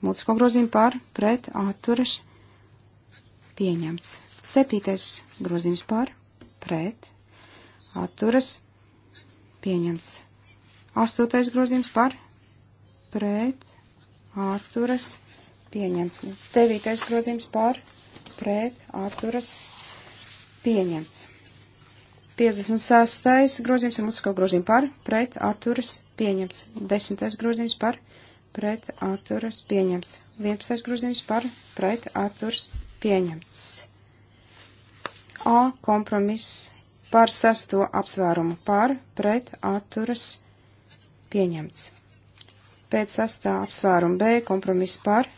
mutisko grozījumu par, pret, atturas, pieņemts. Septītais grozījums par, pret, atturas, pieņemts. Astotais grozījums par, pret, atturas, pieņemts. Devītais grozījums par, pret, atturas, pieņemts. 56. grozījums ar mutisko grozījumu par, pret atturas pieņemts. 10. grozījums par, pret atturas pieņemts. 11. grozījums par, pret atturas pieņemts. A kompromiss par sesto apsvērumu par, pret atturas pieņemts. Pēc sastā apsvēruma B kompromiss par,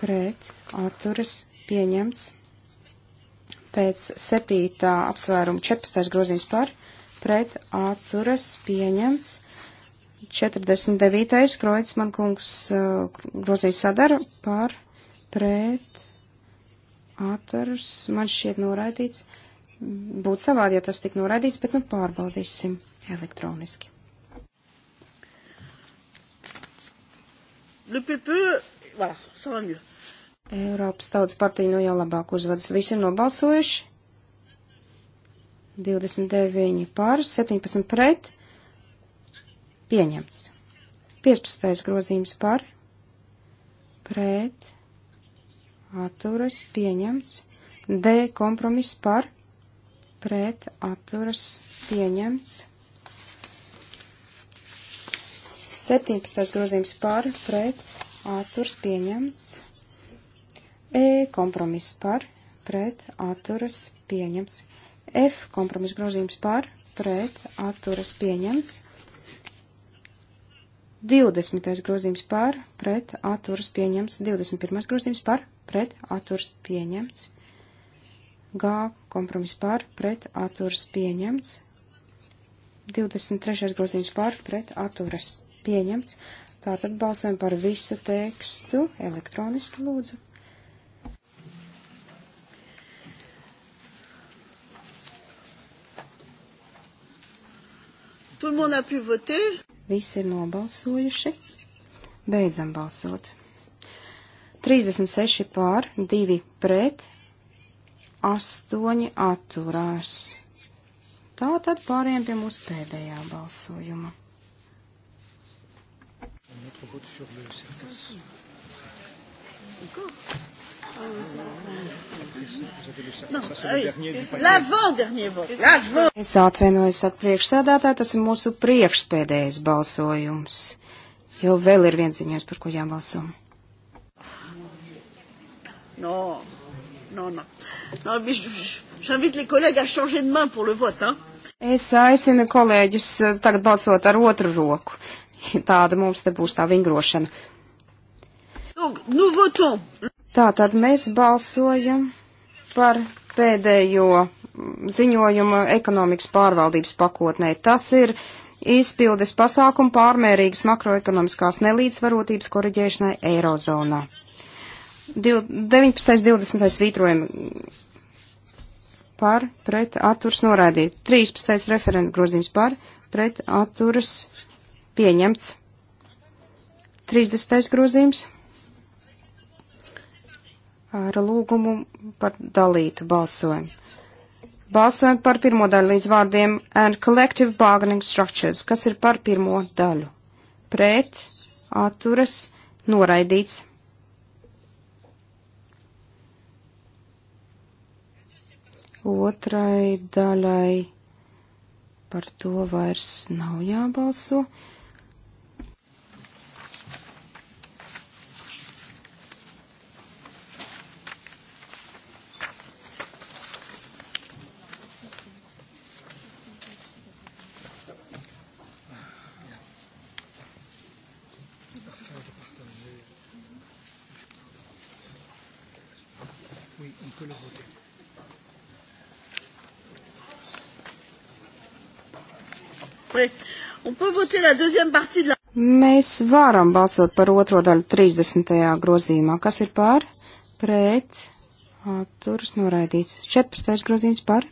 pret atturas pieņemts pēc 7. apsvēruma 14. grozījums par pret atturas pieņemts. 49. kroits man kungs uh, grozījis sadara par pret atturas. Man šķiet noraidīts. Būtu savādi, ja tas tik noraidīts, bet nu pārbaudīsim elektroniski. Le PPE, voilà, ça va mieux. Eiropas tautas partija nu jau labāk uzvedas. Visi ir nobalsojuši. 29 pār, 17 pret. Pieņemts. 15. grozījums par. Pret. Atturas. Pieņemts. D. Kompromiss par. Pret. Atturas. Pieņemts. 17. grozījums par. Pret. Atturas. Pieņemts. E kompromiss par, pret, atturas, pieņemts. F kompromiss grozījums par, pret, atturas, pieņemts. 20. grozījums par, pret, atturas, pieņemts. 21. grozījums par, pret, atturas, pieņemts. G kompromiss par, pret, atturas, pieņemts. 23. grozījums par, pret, atturas, pieņemts. Tātad balsojam par visu tekstu elektroniski lūdzu. Tout le monde a pu voter. Visi ir nobalsojuši. Beidzam balsot. 36 pār, 2 pret, 8 atturās. Tā tad pāriem pie mūsu pēdējā balsojuma. Notre vote sur le circus. D'accord. Es atvainojos, saka priekšsēdētāji, tas ir mūsu priekšspēdējais balsojums, jo vēl ir viens ziņojums, par ko jābalso. No, no, no. no J'invite les collègues à changer de main pour le vote. Hein? Es aicinu kolēģus eh, tagad balsot ar otru roku. Tāda mums te būs tā vingrošana. Donc, nous votons. Tā tad mēs balsojam par pēdējo ziņojumu ekonomikas pārvaldības pakotnē. Tas ir izpildes pasākumu pārmērīgas makroekonomiskās nelīdzvarotības koriģēšanai Eirozonā. 19. 20. vītrojumi par, pret, atturs noraidīt. 13. referenta grozījums par, pret, atturs pieņemts. 30. grozījums par ar lūgumu par dalītu balsojumu. Balsojam par pirmo daļu līdz vārdiem and collective bargaining structures, kas ir par pirmo daļu. Pret, atturas, noraidīts. Otrai daļai par to vairs nav jābalso. Uh, Mēs varam balsot par otro daļu 30. grozījumā. Kas ir pār? Pret. Atturas noraidīts. 14. grozījums par.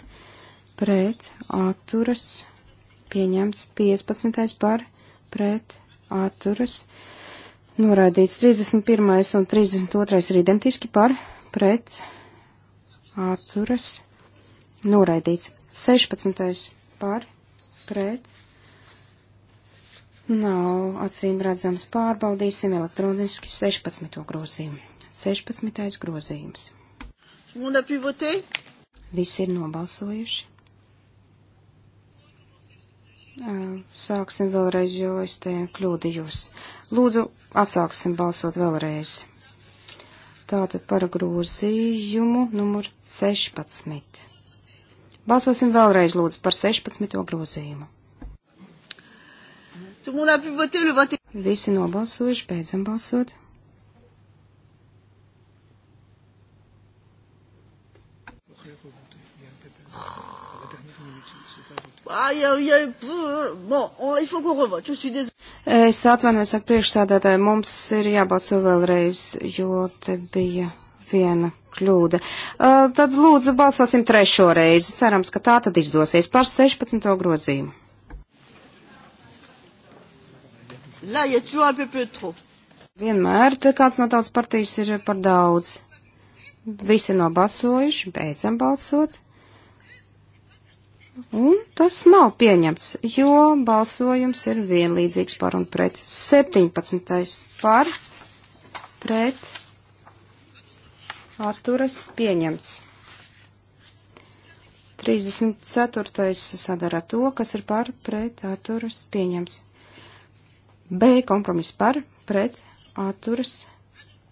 Pret. Atturas. Pieņemts. 15. par. Pret. Atturas. Noraidīts. 31. un 32. ir identiski par. Pret. Atturas. Noraidīts. 16. par. Pret Nav acīm redzams, pārbaudīsim elektroniski 16. grozījumu. 16. grozījums. Visi ir nobalsojuši. Sāksim vēlreiz, jo es te kļūdījos. Lūdzu, atsāksim balsot vēlreiz. Tātad par grozījumu numur 16. Balsosim vēlreiz, lūdzu, par 16. grozījumu. Visi nobalsojuši, beidzam balsot. Es atvainojos ar priekšsādātāju, mums ir jābalso vēlreiz, jo te bija viena kļūda. Uh, tad lūdzu balsosim trešo reizi, cerams, ka tā tad izdosies par 16. grozījumu. Là, il y a toujours un peu plus trop. Vienmēr te kāds no tautas partijas ir par daudz. Visi nobalsojuši, beidzam balsot. Un tas nav pieņemts, jo balsojums ir vienlīdzīgs par un pret. 17. par, pret, atturas pieņemts. 34. sadara to, kas ir par, pret, atturas pieņemts. B kompromiss par, pret, atturas,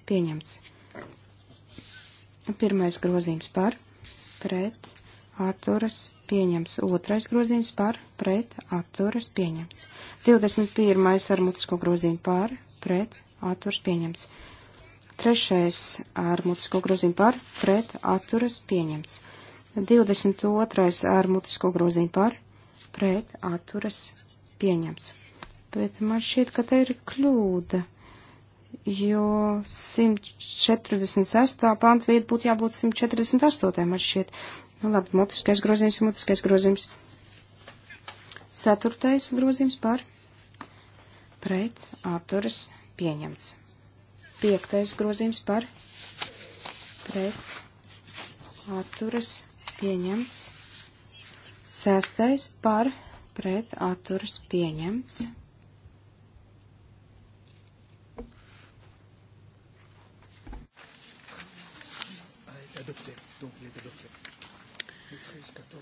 pieņemts. Pirmais grozījums par, pret, atturas, pieņemts. Otrais grozījums par, pret, atturas, pieņemts. 21. ar mutisko grozījumu par, pret, atturas, pieņemts. Trešais ar mutisko grozījumu par, pret, atturas, pieņemts. 22. ar mutisko grozījumu par, pret, atturas, pieņemts bet man šķiet, ka te ir kļūda, jo 146. pantu vietu būtu jābūt 148. man šķiet. Nu labi, mutiskais grozījums, mutiskais grozījums. Ceturtais grozījums par pret atturas pieņemts. Piektais grozījums par pret atturas pieņemts. Sestais par pret atturas pieņemts. adopté. Donc, il est adopté.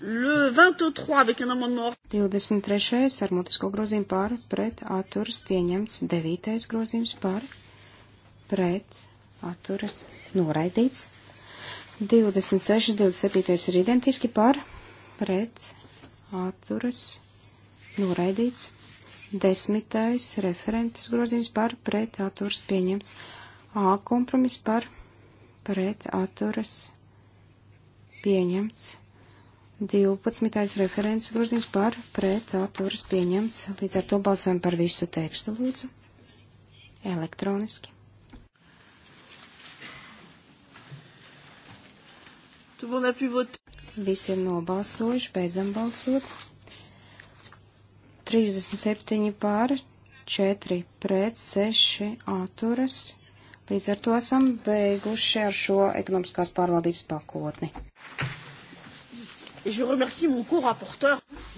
Le 23 avec un amendement. 23. ar mutisko grozījumu par pret atturas pieņemts. 9. grozījums par pret atturas noraidīts. 26, 27 ir identiski par pret atturas noraidīts. 10. referentes grozījums par pret atturas pieņemts. A kompromis par pret atturas noraidīts pieņemts. 12. referents grozījums par pret atturas pieņemts. Līdz ar to balsojam par visu tekstu, lūdzu. Elektroniski. Visi ir nobalsojuši, beidzam balsot. 37 pār, 4 pret, 6 atturas. Līdz ar to esam beiguši ar šo ekonomiskās pārvaldības pakotni.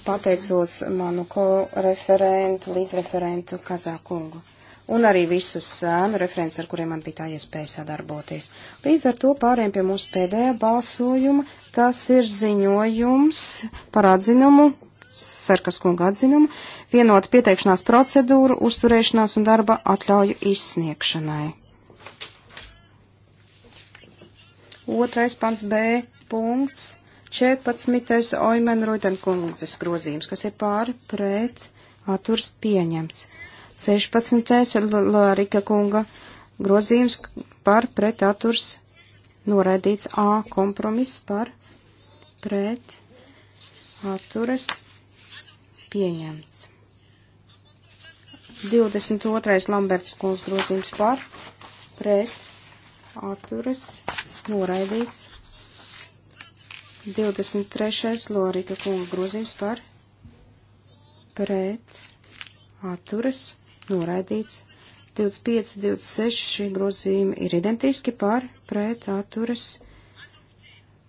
Pateicos manu referentu, līdzreferentu Kazākungu un arī visus sēnu referents, ar kuriem man bija tā iespēja sadarboties. Līdz ar to pāriem pie mūsu pēdējā balsojuma. Tas ir ziņojums par atzinumu Sarkas kunga atzinumu, vienot pieteikšanās procedūru, uzturēšanās un darba atļauju izsniegšanai. Otrais pants B punkts 14. Oimen Rudenkundzes grozījums, kas ir pār pret atturs pieņems. 16. Lārika kunga grozījums par pret atturs noraidīts A kompromiss par pret atturas pieņemts. 22. Lamberts kungs grozījums par pret atturas noraidīts. 23. Lorika kunga grozījums par pret atturas noraidīts. 25, 26 šie grozījumi ir identiski par pret atturas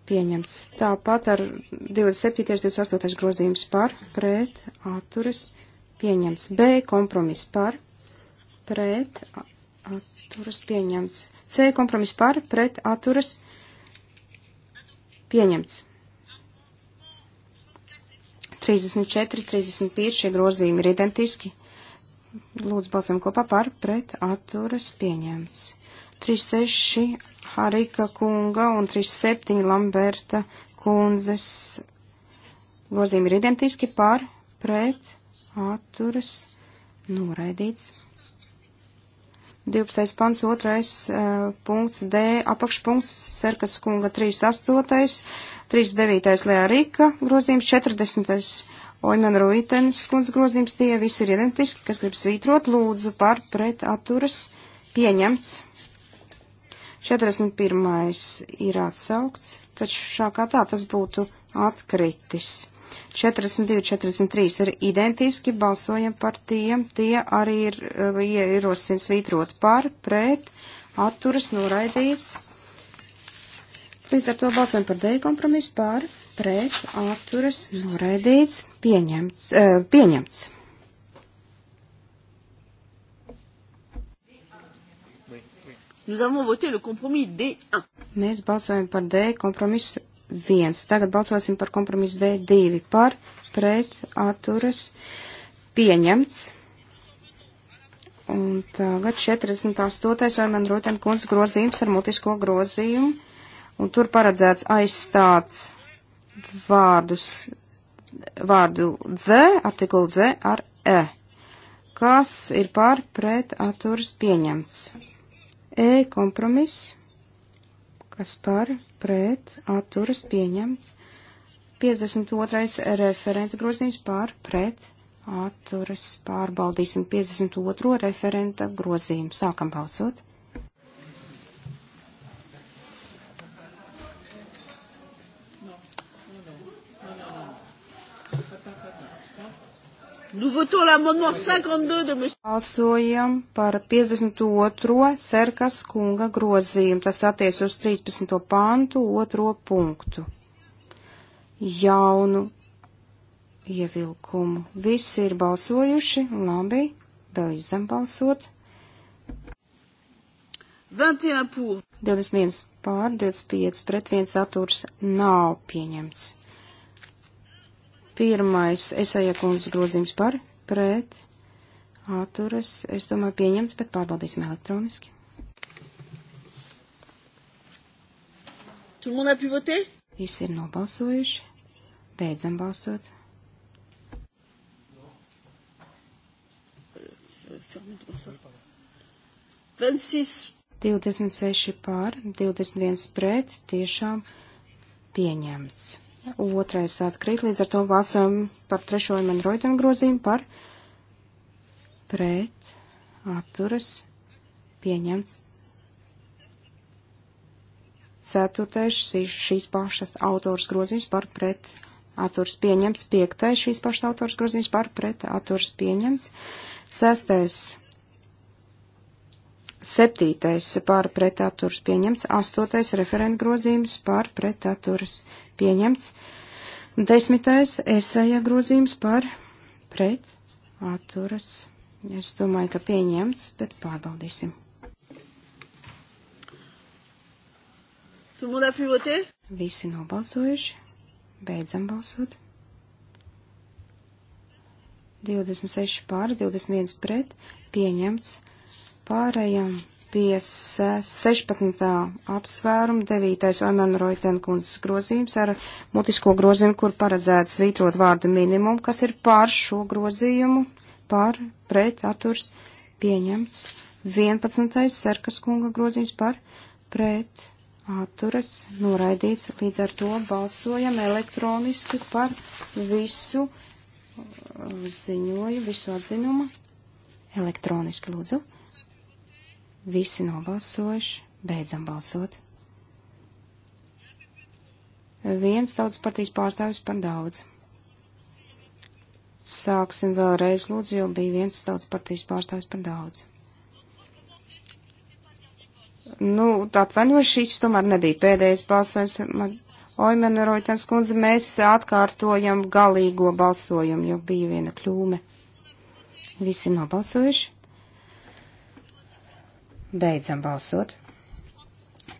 pieņemts. Tāpat ar 27, 28 grozījums par pret atturas pieņemts. B kompromiss par pret atturas pieņemts. C kompromiss par pret atturas pieņemts. 34, 35 šie grozījumi ir identiski. Lūdzu, balsojam kopā par pret atturas pieņemts. 36 Harika kunga un 37 Lamberta kundzes grozījumi ir identiski par pret atturas noraidīts. 12. pants, 2. Eh, punkts, D, apakšpunkts, Serkas kunga 38. 39. Lea Rika grozījums, 40. Oimen Ruitenes kundz grozījums, tie visi ir identiski, kas grib svītrot, lūdzu par pret atturas pieņemts. 41. ir atsaukts, taču šā kā tā tas būtu atkritis. 42, 43 ir identiski, balsojam par tiem, tie arī ir uh, ierosina svītrot par, pret, atturas noraidīts. Līdz ar to balsojam par D kompromisu par, pret, atturas noraidīts, pieņemts. Uh, pieņemts. Nous avons voté le compromis D1. Mēs balsojam par D kompromisu 1. Tagad balsosim par kompromisu D2 par pret atturas pieņemts. Un tagad 48. Oimen Rotenkundz grozījums ar mutisko grozījumu. Un tur paredzēts aizstāt vārdus, vārdu dze, artikulu dze ar e. Kas ir pār pret atturas pieņemts? E kompromiss kas par pret atturas pieņemts. 52. referenta grozījums par pret atturas pārbaudīsim 52. referenta grozījumu. Sākam balsot. Balsojam par 52. Cerkas kunga grozījumu. Tas attiec uz 13. pantu, otro punktu. Jaunu ievilkumu. Visi ir balsojuši. Labi, vēl izem balsot. 21 pār, 25 pret 1 atturs nav pieņemts. Pirmais esēja kundzes grozījums par, pret, atturas, es domāju, pieņemts, bet pārbaudīsim elektroniski. Visi ir nobalsojuši. Beidzam balsot. Vensis. 26 pār, 21 pret, tiešām pieņemts. Otrais atkrīt, līdz ar to balsojam par trešo imenu roitenu grozījumu par pret atturas pieņemts. Ceturtais šīs pašas autors grozījums par pret atturs pieņemts, piektais šīs pašas autors grozījums par pret atturs pieņemts, sestais Septītais pār pretaturas pieņemts, astotais referenta grozījums pār pretaturas pieņemts, desmitais esēja grozījums pār pretaturas. Es domāju, ka pieņemts, bet pārbaudīsim. Visi nobalsojuši. Beidzam balsot. 26 pār, 21 pret, pieņemts Pārējām pie 16. apsvērumu 9. Oimena Roitenkundzes grozījums ar mutisko grozījumu, kur paredzēts svītrot vārdu minimumu, kas ir pār šo grozījumu, pār pret atturs pieņemts. 11. Serkas kunga grozījums par pret atturas noraidīts. Līdz ar to balsojam elektroniski par visu uh, ziņoju, visu atzinumu elektroniski lūdzu. Visi nobalsojuši. Beidzam balsot. Viens tautas partijas pārstāvis par daudz. Sāksim vēlreiz, lūdzu, jo bija viens tautas partijas pārstāvis par daudz. Nu, atvainoši, šis tomēr nebija pēdējais balsojums. Man... Oimena Roitens kundze, mēs atkārtojam galīgo balsojumu, jo bija viena kļūme. Visi nobalsojuši? Beidzam balsot.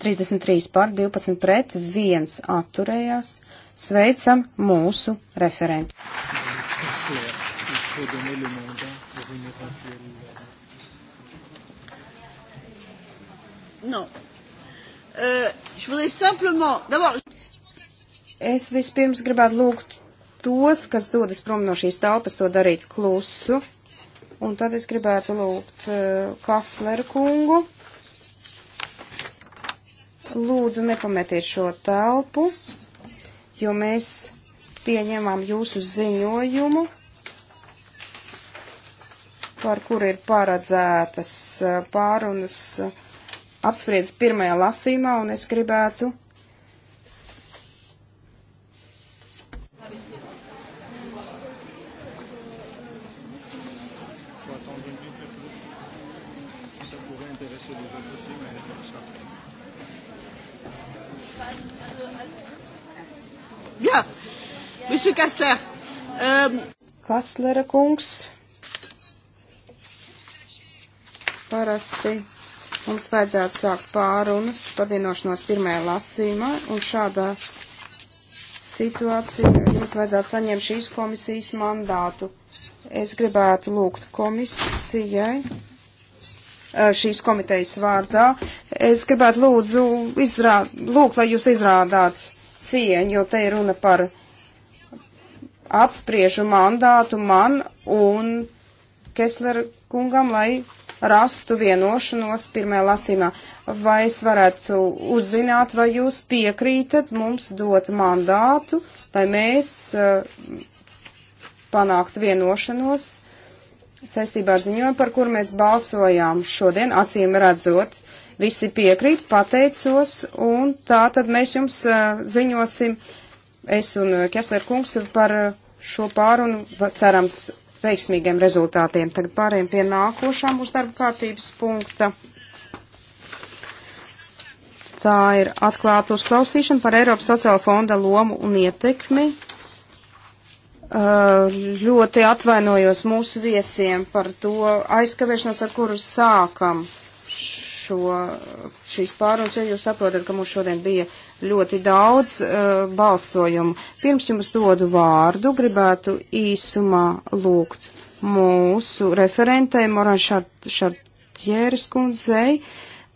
33 pār 12 pret, 1 atturējās. Sveicam mūsu referentu. Non. Euh, je voudrais simplement, d'abord. Es vispirms gribētu lūgt tos, kas dodas prom no šīs telpas, to darīt klusu. Un tad es gribētu lūgt eh, Kasleru kungu. Lūdzu, nepametiet šo telpu, jo mēs pieņemam jūsu ziņojumu, par kur ir paredzētas eh, pārunas eh, apspriedzes pirmajā lasīmā, un es gribētu Monsieur Kastler. Um... Euh, Kastlera kungs. Parasti mums vajadzētu sākt pārunas par vienošanos pirmajā lasīmā, un šādā situācijā jums vajadzētu saņemt šīs komisijas mandātu. Es gribētu lūgt komisijai eh, šīs komitejas vārdā. Es gribētu lūdzu, izrā, lūgt, lai jūs izrādāt cieņu, jo te ir runa par apspriežu mandātu man un Kesler kungam, lai rastu vienošanos pirmajā lasīmā. Vai es varētu uzzināt, vai jūs piekrītat mums dot mandātu, lai mēs uh, panāktu vienošanos saistībā ar ziņojumu, par kur mēs balsojām šodien, acīm redzot, visi piekrīt, pateicos, un tā tad mēs jums uh, ziņosim es un eh, Kesler kungs par eh, šo pārunu cerams veiksmīgiem rezultātiem. Tagad pārējiem pie nākošā mūsu darba kārtības punkta. Tā ir atklāta uzklausīšana par Eiropas sociāla fonda lomu un ietekmi. Eh, ļoti atvainojos mūsu viesiem par to aizkavēšanos, ar kuru sākam šo, šīs pārunas, jo jūs saprotat, ka mums šodien bija uh, ļoti daudz uh, balsojumu. Pirms jums dodu vārdu, gribētu īsumā lūgt mūsu referentei Moran Šartjēras kundzei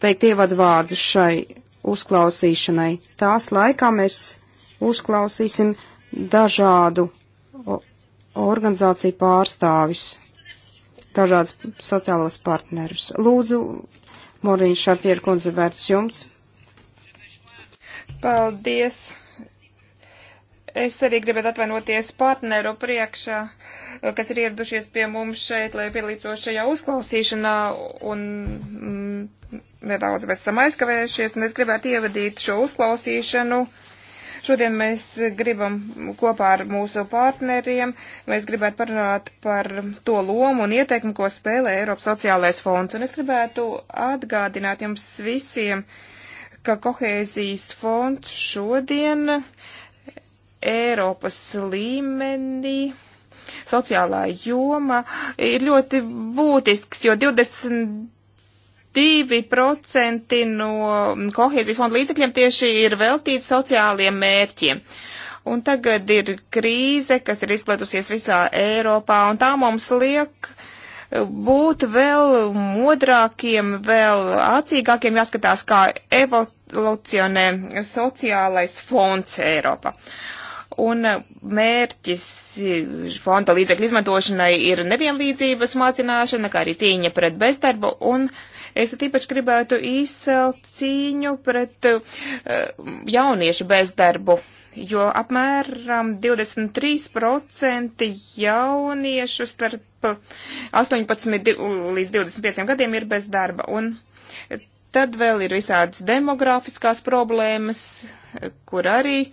teikt ievadu vārdu šai uzklausīšanai. Tās laikā mēs uzklausīsim dažādu organizāciju pārstāvis, dažādas sociālos partnerus. Lūdzu, Morīna Šartjēra kundze vērts jums. Paldies! Es arī gribētu atvainoties partneru priekšā, kas ir ieradušies pie mums šeit, lai piedalītos šajā uzklausīšanā, un mm, nedaudz mēs esam aizkavējušies, un es gribētu ievadīt šo uzklausīšanu. Šodien mēs gribam kopā ar mūsu partneriem, mēs gribētu parunāt par to lomu un ieteikumu, ko spēlē Eiropas sociālais fonds, un es gribētu atgādināt jums visiem, uh, ka kohēzijas fonds šodien Eiropas līmenī sociālā joma ir ļoti būtisks, jo 22% no kohēzijas fonda līdzekļiem tieši ir veltīti sociāliem mērķiem. Un tagad ir krīze, kas ir izplatusies visā Eiropā, un tā mums liek uh, būt vēl modrākiem, vēl acīgākiem, jāskatās, kā evolucionē sociālais fonds Eiropā. Un mērķis fonda līdzekļu izmantošanai ir nevienlīdzības mācināšana, kā arī cīņa pret bezdarbu un es tīpaši gribētu izcelt cīņu pret uh, jauniešu bezdarbu. Uh, jo apmēram 23% jauniešu starp 18 līdz 25 gadiem ir bez darba. Un tad vēl ir visādas demografiskās problēmas, kur arī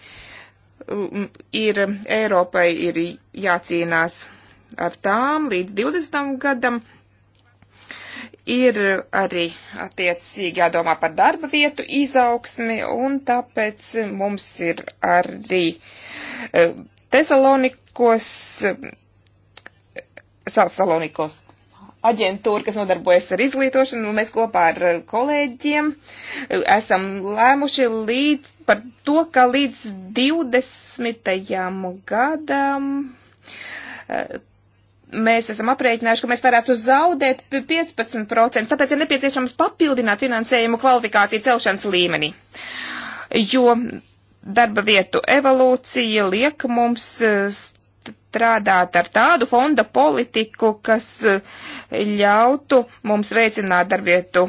mm, ir Eiropai ir jācīnās ar tām līdz 20 gadam ir arī attiecīgi jādomā par darba vietu izaugsmi, un tāpēc mums ir arī e, Tesalonikos, e, Salonikos aģentūra, kas nodarbojas ar izglītošanu, un mēs kopā ar kolēģiem e, esam lēmuši līdz par to, ka līdz 20. gadam mēs esam aprēķinājuši, ka mēs varētu zaudēt 15%, tāpēc ir nepieciešams papildināt finansējumu kvalifikāciju celšanas līmenī. Jo darba vietu evolūcija liek mums eh, strādāt ar tādu fonda politiku, kas eh, ļautu mums veicināt darbvietu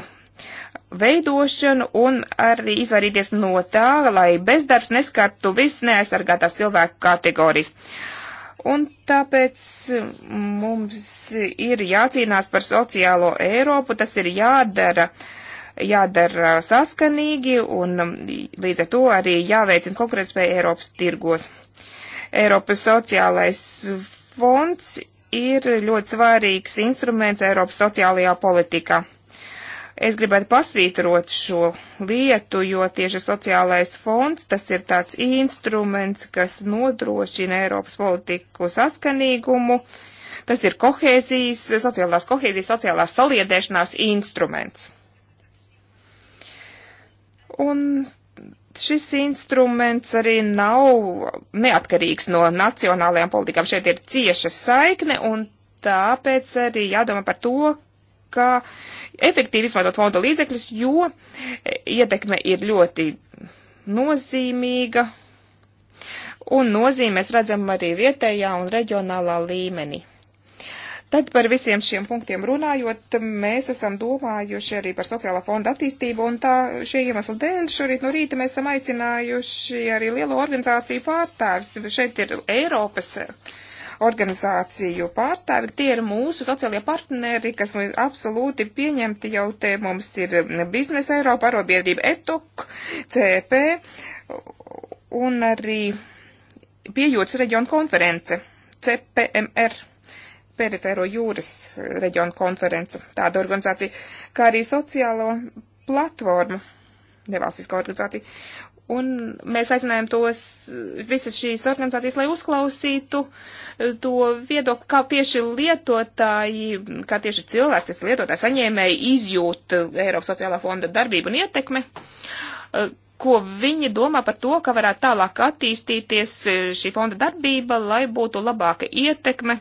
veidošanu un arī izvairīties no tā, lai bezdarbs neskartu viss neaizsargātās cilvēku kategorijas. Uh, Un tāpēc mm, mums ir jācīnās par sociālo Eiropu, tas ir jādara, jādara saskanīgi un mm, līdz ar to arī jāveicina konkurētspēja Eiropas tirgos. Eiropas sociālais fonds ir ļoti svarīgs instruments Eiropas sociālajā politikā. Es gribētu pasvītrot šo lietu, jo tieši sociālais fonds tas ir tāds instruments, kas nodrošina Eiropas politiku saskanīgumu. Tas ir kohēzijas, sociālās kohēzijas, sociālās saliedēšanās instruments. Un šis instruments arī nav neatkarīgs no nacionālajām politikām. Šeit ir cieša saikne, un tāpēc arī jādomā par to, kā efektīvi izmantot fonda līdzekļus, jo ietekme ir ļoti nozīmīga un nozīme mēs redzam arī vietējā un reģionālā līmenī. Tad par visiem šiem punktiem runājot, mēs esam domājuši arī par sociālā fonda attīstību, un tā šie iemesli dēļ šorīt no rīta mēs esam aicinājuši arī lielo organizāciju pārstāvis. Šeit ir Eiropas uh, organizāciju pārstāvi. Tie ir mūsu sociālie partneri, kas ir absolūti pieņemti jau te. Mums ir mm, biznesa Eiropa, arobiedrība ETUK, CP e un arī piejūtas reģiona konference CPMR perifēro jūras reģionu konference, tāda organizācija, kā arī sociālo platformu, nevalstiskā organizācija. Un mēs aicinājām tos, visas šīs organizācijas, lai uzklausītu to viedokli, kā tieši lietotāji, kā tieši cilvēki, tas lietotāji saņēmēji izjūt eh, Eiropas sociālā fonda darbību un ietekmi eh, ko viņi domā par to, ka varētu tālāk attīstīties eh, šī fonda darbība, lai būtu labāka ietekme.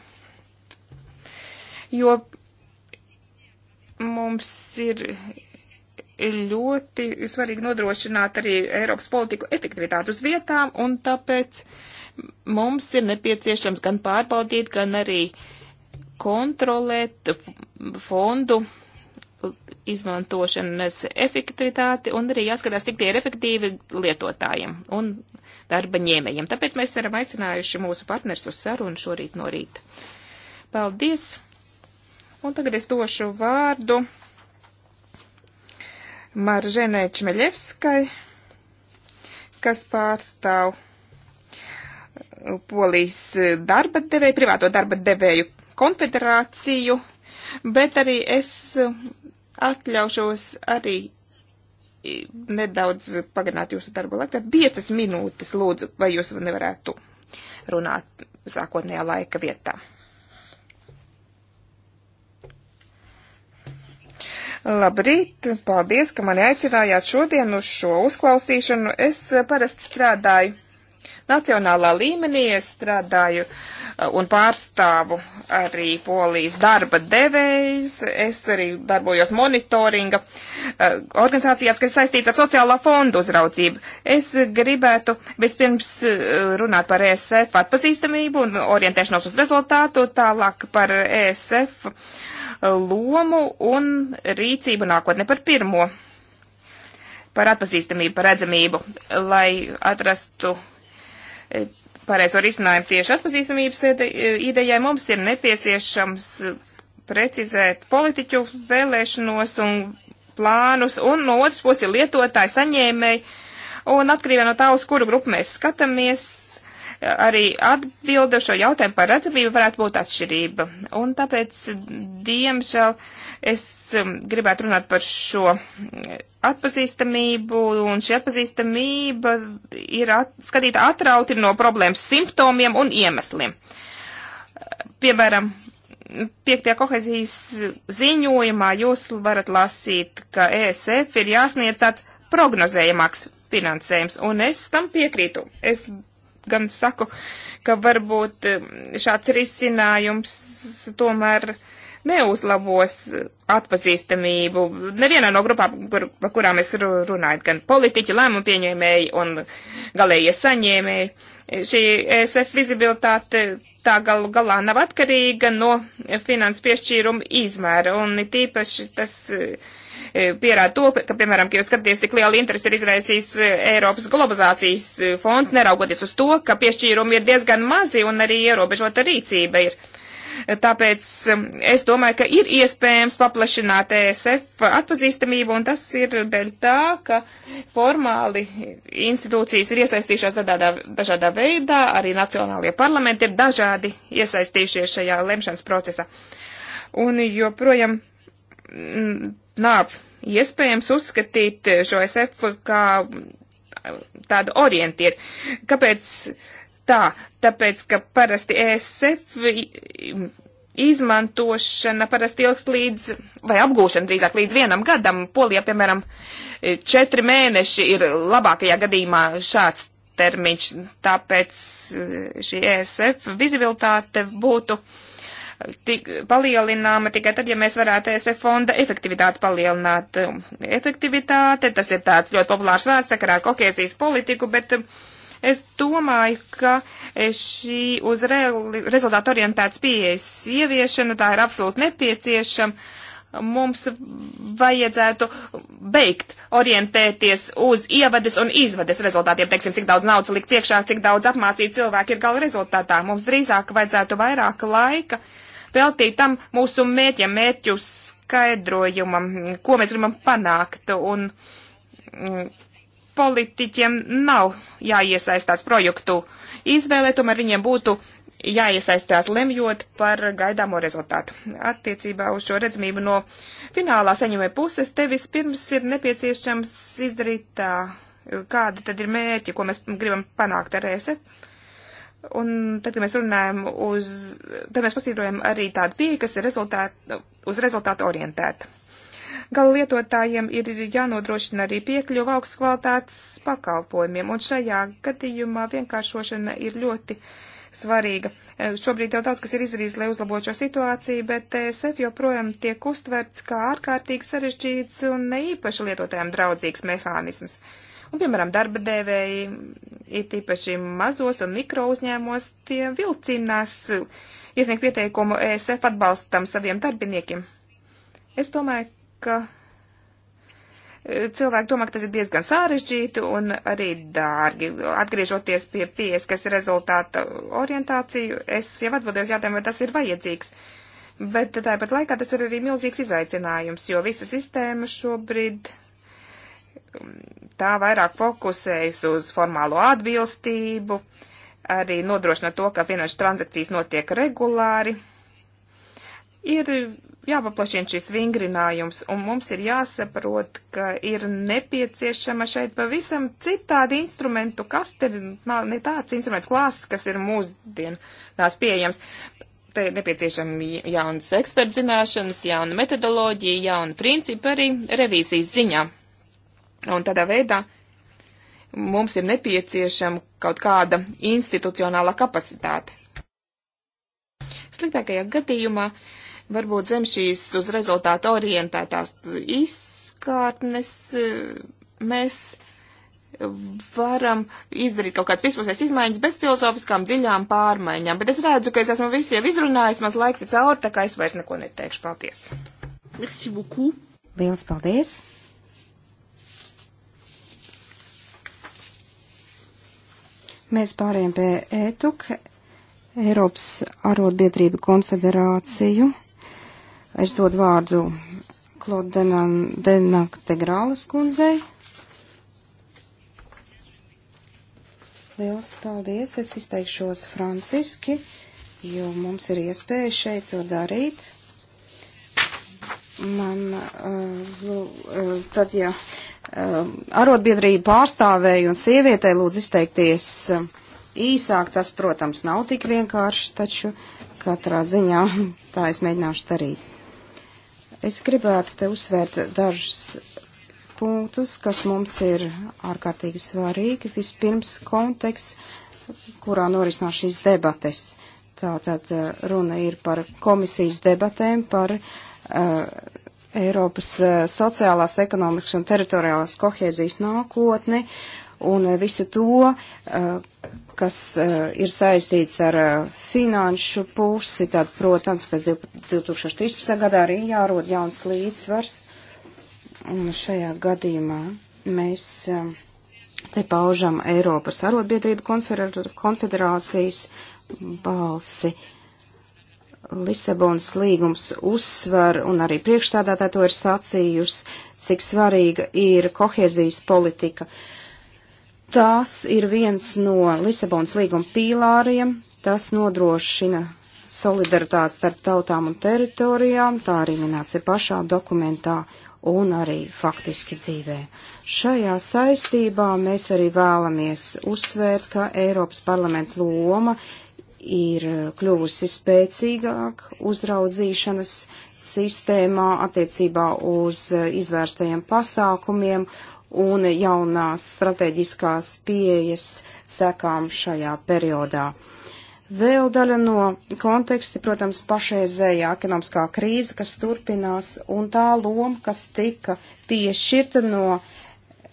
Jo mums ir ļoti svarīgi nodrošināt arī Eiropas politiku efektivitātu uz vietām, un tāpēc uh, mums ir nepieciešams gan pārbaudīt, gan arī kontrolēt fondu izmantošanas efektivitāti un arī jāskatās, cik tie ir efektīvi lietotājiem un darba ņēmējiem. Tāpēc mēs esam aicinājuši mūsu partners uz sarunu šorīt no rīta. Paldies! Un tagad es došu vārdu Marženē Čmeļevskai, kas pārstāv Polijas e, darba devēju, privāto darba devēju konfederāciju, bet arī es e, atļaušos arī e, nedaudz pagarināt jūsu darbu laiku. Tad piecas minūtes lūdzu, vai jūs nevarētu runāt sākotnējā laika vietā. Labrīt! Paldies, ka mani aicinājāt šodien uz šo uzklausīšanu. Es parasti strādāju Nacionālā līmenī es strādāju uh, un pārstāvu arī polijas darba devējus. Es arī darbojos monitoringa uh, organizācijās, kas saistīts ar sociālā fondu uzraudzību. Es gribētu vispirms uh, runāt par ESF atpazīstamību un orientēšanos uz rezultātu, tālāk par ESF lomu un rīcību nākotnē par pirmo par atpazīstamību, par redzamību, lai atrastu E, pareizo risinājumu tieši atpazīstamības e, idejai. Mums ir nepieciešams e, precizēt politiķu vēlēšanos un plānus, un no otras puses ir lietotāji, saņēmēji, un atkarībā no tā, uz kuru grupu mēs skatāmies, arī atbilde šo jautājumu par redzamību varētu būt atšķirība. Un tāpēc, diemžēl, es um, gribētu runāt par šo atpazīstamību, un šī atpazīstamība ir at, skatīta atrauti no problēmas simptomiem un iemesliem. Piemēram, piektajā kohezijas ziņojumā jūs varat lasīt, ka ESF ir jāsniedz tāds prognozējamāks finansējums, un es tam piekrītu. Es gan saku, ka varbūt eh, šāds risinājums tomēr uh, neuzlabos eh, atpazīstamību nevienā no grupām, kur, par kurām es runāju, gan politiķi, lēmumu pieņēmēji un galējie saņēmēji. Šī ESF vizibilitāte tā gal, galā nav atkarīga no finanses piešķīruma izmēra, un tīpaši tas eh, pierāda to, ka, piemēram, ka jūs skatāties, cik liela interesi ir izraisījis eh, Eiropas globalizācijas fonds, neraugoties uz to, ka piešķīrumi ir diezgan mazi un arī ierobežota rīcība ir. Uh, Tāpēc um, es domāju, ka ir iespējams paplašināt ESF atpazīstamību, un tas ir dēļ tā, ka formāli institūcijas ir iesaistījušās dažādā, dažādā veidā, arī nacionālajie parlamenti ir dažādi iesaistījušies šajā lemšanas procesā. Un joprojām mm, nav iespējams uzskatīt šo e SF kā mm, tādu orientieru. Kāpēc tā, tāpēc, ka parasti ESF izmantošana parasti ilgst līdz, vai apgūšana drīzāk līdz vienam gadam. Polijā, piemēram, četri mēneši ir labākajā gadījumā šāds termiņš, tāpēc eh, šī ESF vizibilitāte būtu tik, palielināma tikai tad, ja mēs varētu ESF fonda efektivitāti palielināt. Efektivitāte, tas ir tāds ļoti populārs vārds sakarā ar kohēzijas politiku, bet uh, Es domāju, ka šī uz re rezultātu orientētas pieejas ieviešana, tā ir absolūti nepieciešama. Mums vajadzētu beigt orientēties uz ievades un izvades rezultātiem, teiksim, cik daudz naudas likt iekšā, cik daudz apmācīt cilvēki ir gala rezultātā. Mums drīzāk vajadzētu vairāk laika veltīt tam mūsu mērķiem, mērķu skaidrojumam, ko mēs gribam panākt. Un, mm, politiķiem nav jāiesaistās projektu izvēlē, tomēr viņiem būtu jāiesaistās lemjot par gaidāmo rezultātu. Attiecībā uz šo redzamību no finālā saņemē puses te vispirms ir nepieciešams izdarīt tā, kādi tad ir mērķi, ko mēs gribam panākt ar ESF. Un tad, kad mēs runājam uz, tad mēs pasīrojam arī tādu pieeju, kas ir rezultāt, uz rezultātu orientēta. Gala lietotājiem ir jānodrošina arī piekļuva augsts kvalitātes pakalpojumiem, un šajā gadījumā vienkāršošana ir ļoti svarīga. E, šobrīd jau daudz kas ir izdarīts, lai uzlabotu šo situāciju, bet TSF e joprojām tiek uztverts kā ārkārtīgi sarežģīts un ne īpaši lietotājiem draudzīgs mehānisms. Un, piemēram, darba devēji, it īpaši mazos un mikro uzņēmos, tie vilcinās iesniegt pieteikumu ESF atbalstam saviem darbiniekiem. Es domāju, ka e, cilvēki domā, ka tas ir diezgan sarežģīti un arī dārgi. Atgriežoties pie pieskas rezultāta orientāciju, es jau atbildēju uz jautājumu, vai tas ir vajadzīgs. Bet tāpat laikā tas ir arī milzīgs izaicinājums, jo visa sistēma šobrīd um, tā vairāk fokusējas uz formālo atbilstību, arī nodrošina to, ka finanšu transakcijas notiek regulāri. Ir jāpaplašina šis vingrinājums, un mums ir jāsaprot, ka ir nepieciešama šeit pavisam citādi instrumentu, kas te ir ne tāds instrumentu klāsts, kas ir mūsdienās pieejams. Te ir nepieciešama jaunas ekspertzināšanas, jauna metodoloģija, jauna principa arī revīzijas ziņā. Un tādā veidā mums ir nepieciešama kaut kāda institucionālā kapacitāte. Sliktākajā gadījumā uh, Varbūt zem šīs uz rezultātu orientētās izkārtnes e, mēs varam izdarīt kaut kādas vispusējas izmaiņas bez filozofiskām dziļām pārmaiņām. Bet es redzu, ka es esmu visu jau izrunājis, mans laiks ir cauri, tā kā es vairs neko neteikšu. Paldies! Merci beaucoup! Liels paldies! Mēs pārējām pie ETUK, Eiropas arotbiedrību konfederāciju. Mm. Es dodu vārdu Klodenam Denak Degrāles kundzei. Liels paldies, es izteikšos franciski, jo mums ir iespēja šeit to darīt. Man, uh, tad, ja uh, arotbiedrība pārstāvēja un sievietei lūdzu izteikties uh, īsāk, tas, protams, nav tik vienkārši, taču katrā ziņā tā es mēģināšu darīt. Es gribētu te uzsvērt dažus punktus, kas mums ir ārkārtīgi svarīgi. Vispirms konteksts, kurā norisinās šīs debates. Tātad eh, runa ir par komisijas debatēm par uh, Eiropas eh, sociālās, ekonomikas un teritoriālās kohēzijas nākotni un visu to, uh, kas uh, ir saistīts ar uh, finanšu pusi, tad, protams, pēc 2013. gadā arī jārod jauns līdzsvars. Un šajā gadījumā mēs uh, te paužam Eiropas arotbiedrību konfederācijas balsi. Lisabonas līgums uzsver, un arī priekšstādātā to ir sacījusi, cik svarīga ir kohēzijas politika. Uh, Tas ir viens no Lisabonas līguma pīlāriem, tas nodrošina solidaritāti starp tautām un teritorijām, tā arī minēts ir pašā dokumentā un arī faktiski dzīvē. Šajā saistībā mēs arī vēlamies uzsvērt, ka Eiropas parlamenta loma ir kļuvusi spēcīgāk uzraudzīšanas sistēmā attiecībā uz izvērstajiem pasākumiem un jaunās strateģiskās pieejas sekām šajā periodā. Vēl daļa no konteksti, protams, pašreizējā ekonomiskā krīze, kas turpinās, un tā loma, kas tika piešķirta no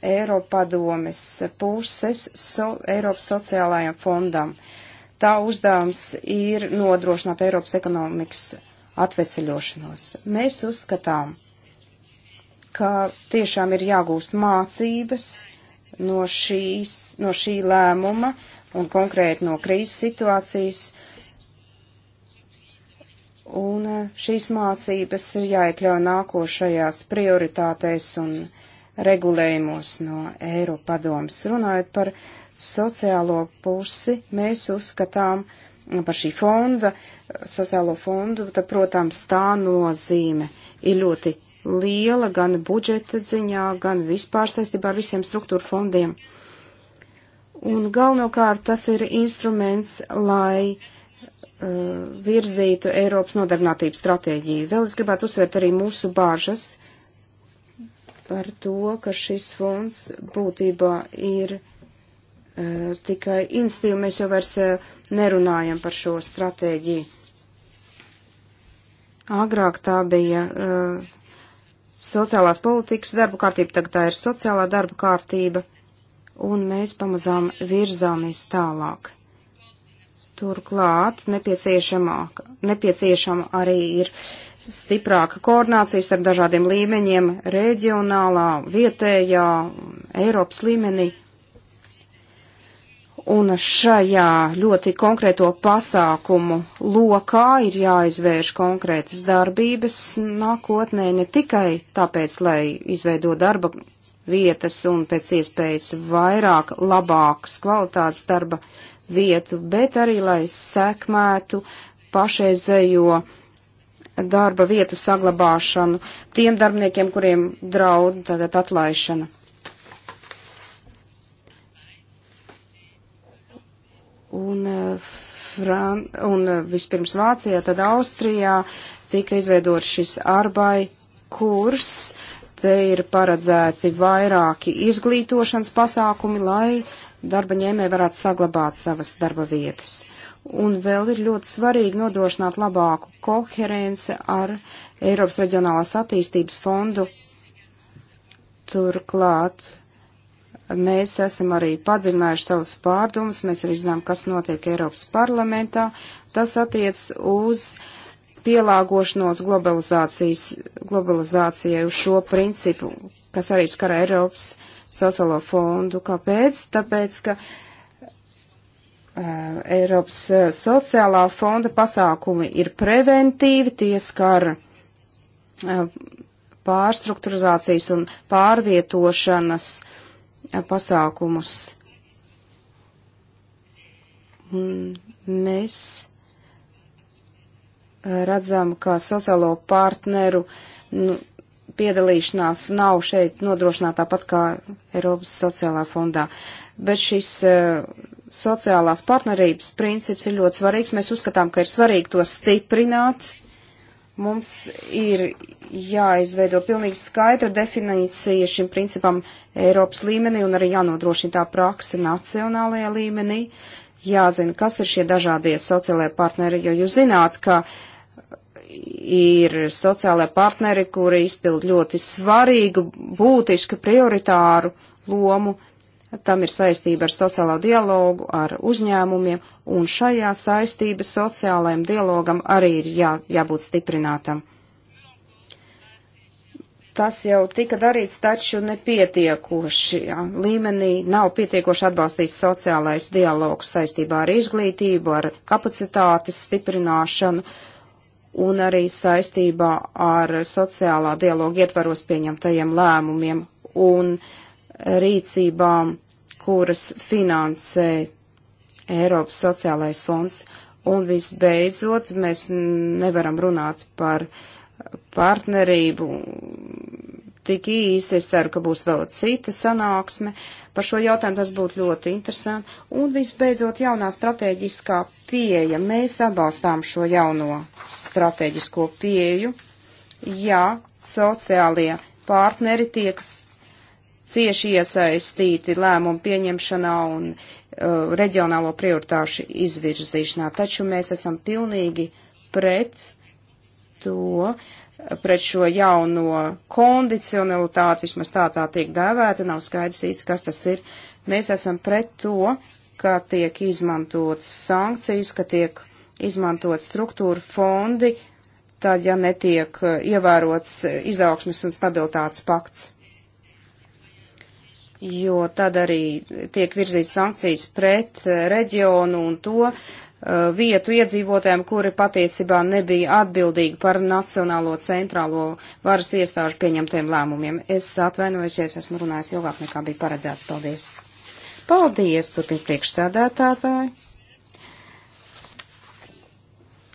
Eiropadomes puses so, Eiropas sociālajiem fondam. Tā uzdevums ir nodrošināt Eiropas ekonomikas atveseļošanos. Mēs uzskatām, ka tiešām ir jāgūst mācības no, šīs, no šī lēmuma un konkrēti no krīzes situācijas. Un e, šīs mācības ir jāiekļauj nākošajās prioritātēs un regulējumos no Eiropadomas. Runājot par sociālo pusi, mēs uzskatām par šī fonda, sociālo fondu, tad, protams, tā nozīme ir ļoti liela gan budžeta ziņā, gan vispār saistībā ar visiem struktūra fondiem. Un galvenokārt tas ir instruments, lai uh, virzītu Eiropas nodarbinātības stratēģiju. Vēl es gribētu uzsvērt arī mūsu bāžas par to, ka šis fonds būtībā ir uh, tikai instīvi, mēs jau vairs uh, nerunājam par šo stratēģiju. Agrāk tā bija uh, sociālās politikas darba kārtība, tagad tā ir sociālā darba kārtība, un mēs pamazām virzāmies tālāk. Turklāt nepieciešama arī ir stiprāka koordinācija starp dažādiem līmeņiem - reģionālā, vietējā, Eiropas līmenī Un šajā ļoti konkrēto pasākumu lokā ir jāizvērš konkrētas darbības nākotnē ne tikai tāpēc, lai izveido darba vietas un pēc iespējas vairāk labākas kvalitātes darba vietu, bet arī, lai sekmētu pašreizējo darba vietu saglabāšanu tiem darbniekiem, kuriem draud tagad atlaišana. Un, eh, Fran un eh, vispirms Vācijā, tad Austrijā tika izveidots šis arbai kurs. Te ir paredzēti vairāki izglītošanas pasākumi, lai darba ņēmēji varētu saglabāt savas darba vietas. Un vēl ir ļoti svarīgi nodrošināt labāku koherenci ar Eiropas reģionālās attīstības fondu. Turklāt Mēs esam arī padziļinājuši savus pārdomas, mēs arī zinām, kas notiek Eiropas parlamentā. Tas attiec uz pielāgošanos globalizācijas, globalizācijai uz šo principu, kas arī skar Eiropas sociālo fondu. Kāpēc? Tāpēc, ka uh, Eiropas sociālā fonda pasākumi ir preventīvi, tie skar uh, pārstrukturizācijas un pārvietošanas uh, pasākumus. Mēs eh, redzam, ka sociālo partneru nu, piedalīšanās nav šeit nodrošināta tāpat kā Eiropas sociālā fondā. Bet šis uh, sociālās partnerības princips ir ļoti svarīgs. Mēs uzskatām, ka ir svarīgi to stiprināt, Mums ir jāizveido pilnīgi skaidra definīcija šim principam Eiropas līmenī un arī jānodrošina tā praksa nacionālajā līmenī. Jāzina, kas ir šie dažādie sociālajie partneri, jo jūs zināt, ka ir sociālajie partneri, kuri izpild ļoti svarīgu, būtisku, prioritāru lomu. Tam ir saistība ar sociālo dialogu, ar uzņēmumiem, un šajā saistības sociālajam dialogam arī ir jā, jābūt stiprinātam. Tas jau tika darīts, taču nepietiekoši jā. līmenī nav pietiekoši atbalstīts sociālais dialogs saistībā ar izglītību, ar kapacitātes stiprināšanu un arī saistībā ar sociālā dialoga ietvaros pieņemtajiem lēmumiem un rīcībām, kuras finansē Eiropas sociālais fonds. Un visbeidzot, mēs nevaram runāt par partnerību tik īsi. Es ceru, ka būs vēl cita sanāksme. Par šo jautājumu tas būtu ļoti interesanti. Un visbeidzot, jaunā strateģiskā pieeja. Mēs atbalstām šo jauno strateģisko pieju. Ja sociālie partneri tiek cieši iesaistīti lēmumu pieņemšanā un Uh, reģionālo prioritāšu izvirzīšanā, taču mēs esam pilnīgi pret to, pret šo jauno kondicionalitāti, vismaz tā tā tiek dēvēta, nav skaidrs īsti, kas tas ir. Mēs esam pret to, ka tiek izmantotas sankcijas, ka tiek izmantot struktūra fondi, tad, ja netiek uh, ievērots uh, izaugsmes un stabilitātes pakts jo tad arī tiek virzīts sankcijas pret eh, reģionu un to eh, vietu iedzīvotājiem, kuri patiesībā nebija atbildīgi par Nacionālo centrālo varas iestāžu pieņemtiem lēmumiem. Es atvainojos, ja es esmu runājis ilgāk nekā bija paredzēts. Paldies! Paldies, turpin priekšsēdētātāji!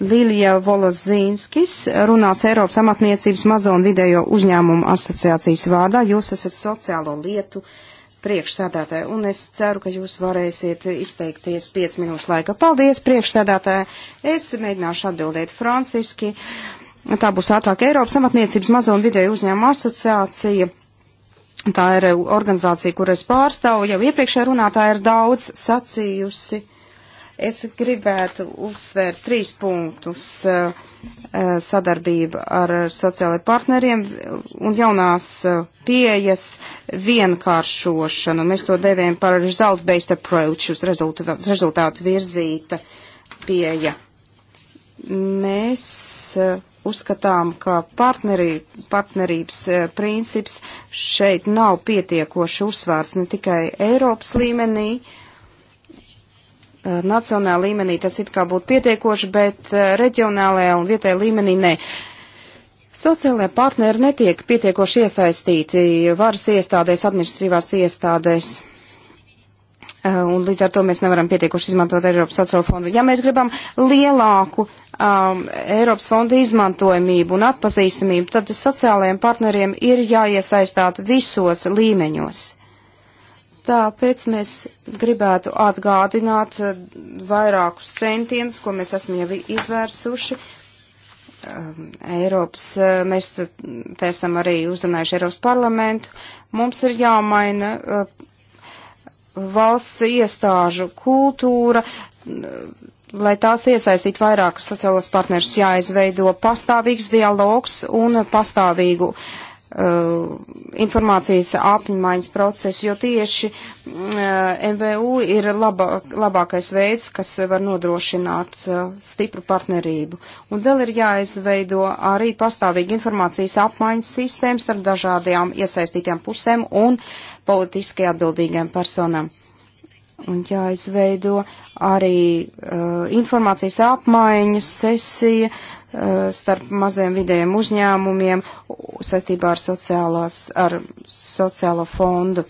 Lilija Volozīnskis runās Eiropas amatniecības mazo un vidējo uzņēmumu asociācijas vārdā. Jūs esat sociālo lietu uh, priekšsēdētāji, un es ceru, ka jūs varēsiet izteikties 5 minūšu laika. Paldies, priekšsēdētāji! Es mēģināšu atbildēt franciski. Tā būs ātrāk Eiropas amatniecības mazo un vidēju uzņēmumu asociācija. Tā ir organizācija, kur es pārstāvu. Jau iepriekšējā runātāja ir daudz sacījusi. Es gribētu uzsvērt trīs punktus. Uh, Eh, sadarbība ar sociālajiem partneriem un jaunās eh, pieejas vienkāršošanu. Mēs to devējam par result-based approach, uz rezultātu virzīta pieeja. Mēs eh, uzskatām, ka partnerī, partnerības princips šeit nav pietiekoši uzsvārts ne tikai Eiropas līmenī, uh, Eh, nacionālā līmenī tas it kā būtu pietiekoši, bet eh, reģionālajā un vietējā līmenī nē. Sociālajā partneri netiek pietiekoši iesaistīti varas iestādēs, administratīvās iestādēs. Eh, un līdz ar to mēs nevaram pietiekoši izmantot Eiropas sociālo fondu. Ja mēs gribam lielāku um, Eiropas fonda izmantojamību un atpazīstamību, tad sociālajiem partneriem ir jāiesaistāt visos līmeņos Tāpēc mēs gribētu atgādināt eh, vairākus centienus, ko mēs esam jau izvērsuši. Um, Eiropas, eh, mēs te esam arī uzrunājuši Eiropas parlamentu. Mums ir jāmaina uh, valsts iestāžu kultūra, uh, lai tās iesaistītu vairākus sociālos partnerus, jāizveido pastāvīgs dialogs un pastāvīgu uh, Uh, informācijas apmaiņas procesu, jo tieši uh, MVU ir laba, labākais veids, kas var nodrošināt uh, stipru partnerību. Un vēl ir jāizveido arī pastāvīgi informācijas apmaiņas sistēmas ar dažādajām iesaistītām pusēm un politiski atbildīgiem personām. Un jāizveido arī uh, informācijas apmaiņas sesija, uh, Eh, starp maziem vidējiem uzņēmumiem saistībā ar, sociālās, ar sociālo fondu.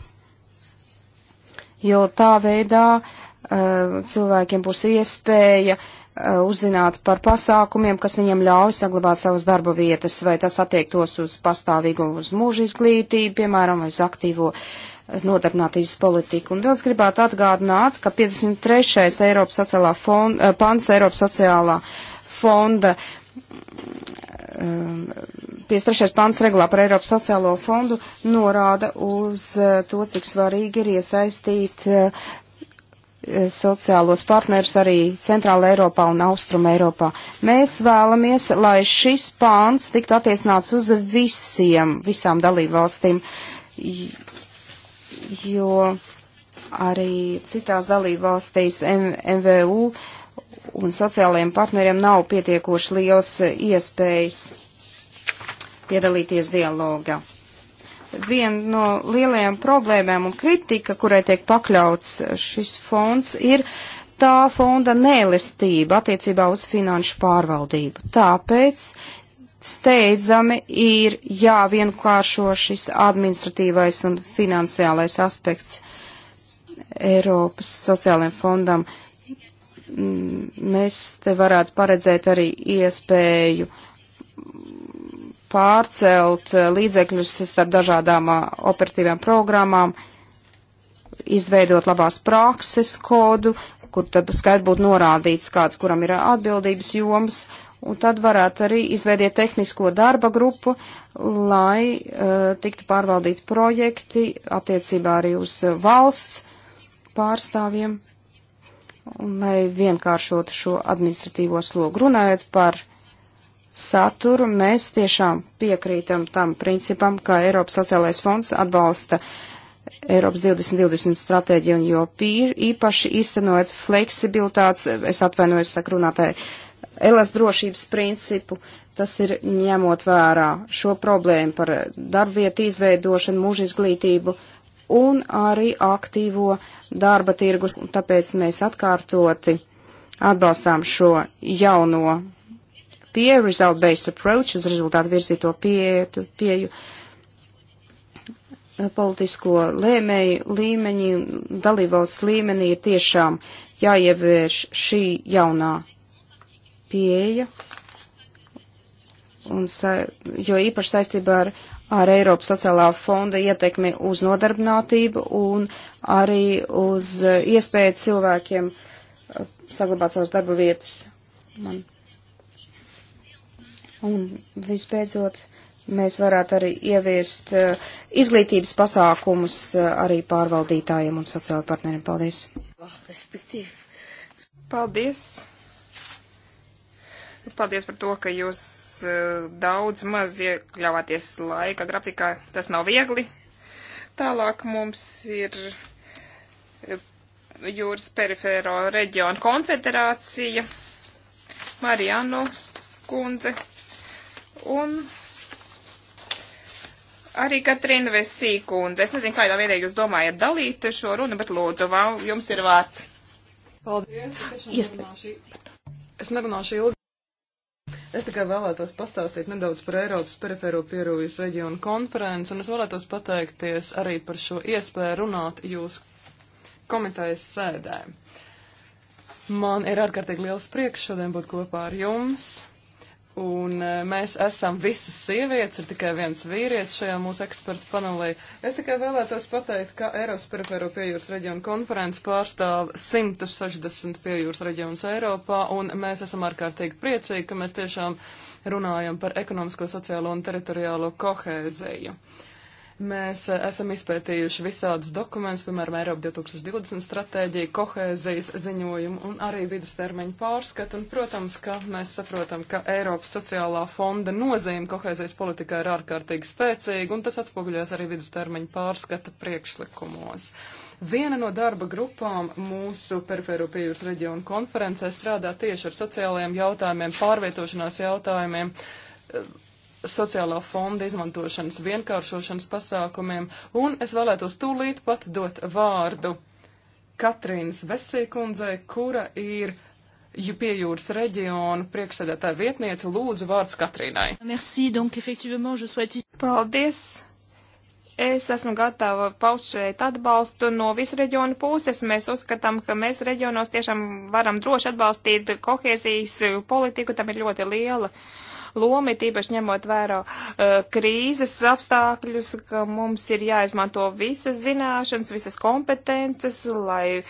Jo tā veidā eh, cilvēkiem būs iespēja eh, uzzināt par pasākumiem, kas viņiem ļauj saglabāt savas darba vietas, vai tas attiektos uz pastāvīgu uz mūža izglītību, piemēram, vai uz aktīvo nodarbinātības politiku. Un vēl es gribētu atgādināt, ka 53. Eiropas sociālā fonda, pants Eiropas sociālā fonda uh, 53. pants regulā par Eiropas sociālo fondu norāda uz e, to, cik svarīgi ir iesaistīt e, e, sociālos partnerus arī Centrāla Eiropā un Austruma Eiropā. Mēs vēlamies, lai šis pāns tiktu attiecināts uz visiem, visām dalībvalstīm, jo arī citās dalībvalstīs MVU un sociālajiem partneriem nav pietiekoši liels iespējas piedalīties dialogā. Viena no lielajām problēmām un kritika, kurai tiek pakļauts šis fonds, ir tā fonda nēlistība attiecībā uz finanšu pārvaldību. Tāpēc steidzami ir jāvienkāršo šis administratīvais un finansiālais aspekts Eiropas sociālajiem fondam Mm, mēs te varētu paredzēt arī iespēju pārcelt līdzekļus starp dažādām operatīvām programmām, izveidot labās prakses kodu, kur tad skaidri būtu norādīts, kāds kuram ir atbildības jomas, un tad varētu arī izveidot tehnisko darba grupu, lai uh, tiktu pārvaldīti projekti attiecībā arī uz valsts pārstāvjiem un lai vienkāršotu šo administratīvo slogu. Runājot par saturu, mēs tiešām piekrītam tam principam, ka Eiropas sociālais fonds atbalsta Eiropas 2020 stratēģiju un jo pīr, īpaši izcenojot fleksibilitātes, es atvainojos sakrunātāji, elas drošības principu, tas ir ņemot vērā šo problēmu par darbvietu izveidošanu, mūža izglītību, un arī aktīvo darba tirgus. Tāpēc mēs atkārtoti atbalstām šo jauno pieeju, result-based approach, uz rezultātu virzīto pieeju, pieeju eh, politisko lēmēju līmeņi, dalībvalsts līmenī ir tiešām jāievērš šī jaunā pieeja, un, sa, jo īpaši saistībā ar ar Eiropas sociālā fonda ietekmi uz nodarbinātību un arī uz iespēju cilvēkiem uh, saglabāt savas darba vietas. Man. Un visbeidzot, mēs varētu arī ieviest uh, izglītības pasākumus uh, arī pārvaldītājiem un sociālajiem partneriem. Paldies! Paldies! Paldies par to, ka jūs Eh, daudz maz iekļāvāties laika grafikā. Tas nav viegli. Tālāk mums ir eh, jūras perifēro reģionu konfederācija, Marianu kundze un arī Katrīna Vesī kundze. Es nezinu, kādā veidā jūs domājat dalīt šo runu, bet lūdzu, vēl jums ir vārds. Paldies. Es nerunāšu ilgi. Es tikai vēlētos pastāstīt nedaudz par Eiropas perifēro pierūjas reģionu konferenci, un es vēlētos pateikties arī par šo iespēju runāt jūs komitejas sēdē. Man ir ārkārtīgi liels prieks šodien būt kopā ar jums. Un eh, mēs esam visas sievietes, ir tikai viens vīrietis šajā mūsu ekspertu panelī. Es tikai vēlētos pateikt, ka Eiropas perifēro piejūras reģionu konferences pārstāv 160 piejūras reģionus Eiropā, un mēs esam ārkārtīgi priecīgi, ka mēs tiešām runājam par ekonomisko, sociālo un teritoriālo kohēziju. Uh, Mēs eh, esam izpētījuši visādus dokumentus, piemēram, Eiropa 2020 stratēģiju, kohēzijas ziņojumu un arī vidustermiņu pārskatu. Un, protams, ka mēs saprotam, ka Eiropas sociālā fonda nozīme kohēzijas politikā ir ārkārtīgi spēcīga, un tas atspoguļojas arī vidustermiņu pārskata priekšlikumos. Viena no darba grupām mūsu perifēro pieejūras reģionu konferencē strādā tieši ar sociālajiem jautājumiem, pārvietošanās jautājumiem, sociālā fonda izmantošanas vienkāršošanas pasākumiem, un es vēlētos tūlīt pat dot vārdu Katrīnas Vesīkundzei, kura ir pie jūras reģiona priekšsēdētāja vietniece. Lūdzu, vārds Katrīnai. Merci, donc, effectivement, je souhaite... Paldies! Es esmu gatava paust šeit atbalstu no visu reģionu puses. Mēs uzskatām, ka mēs reģionos tiešām varam droši atbalstīt kohēzijas politiku, tam ir ļoti liela uh, lomi, tīpaši ņemot vērā uh, krīzes apstākļus, ka mums ir jāizmanto visas zināšanas, visas kompetences, lai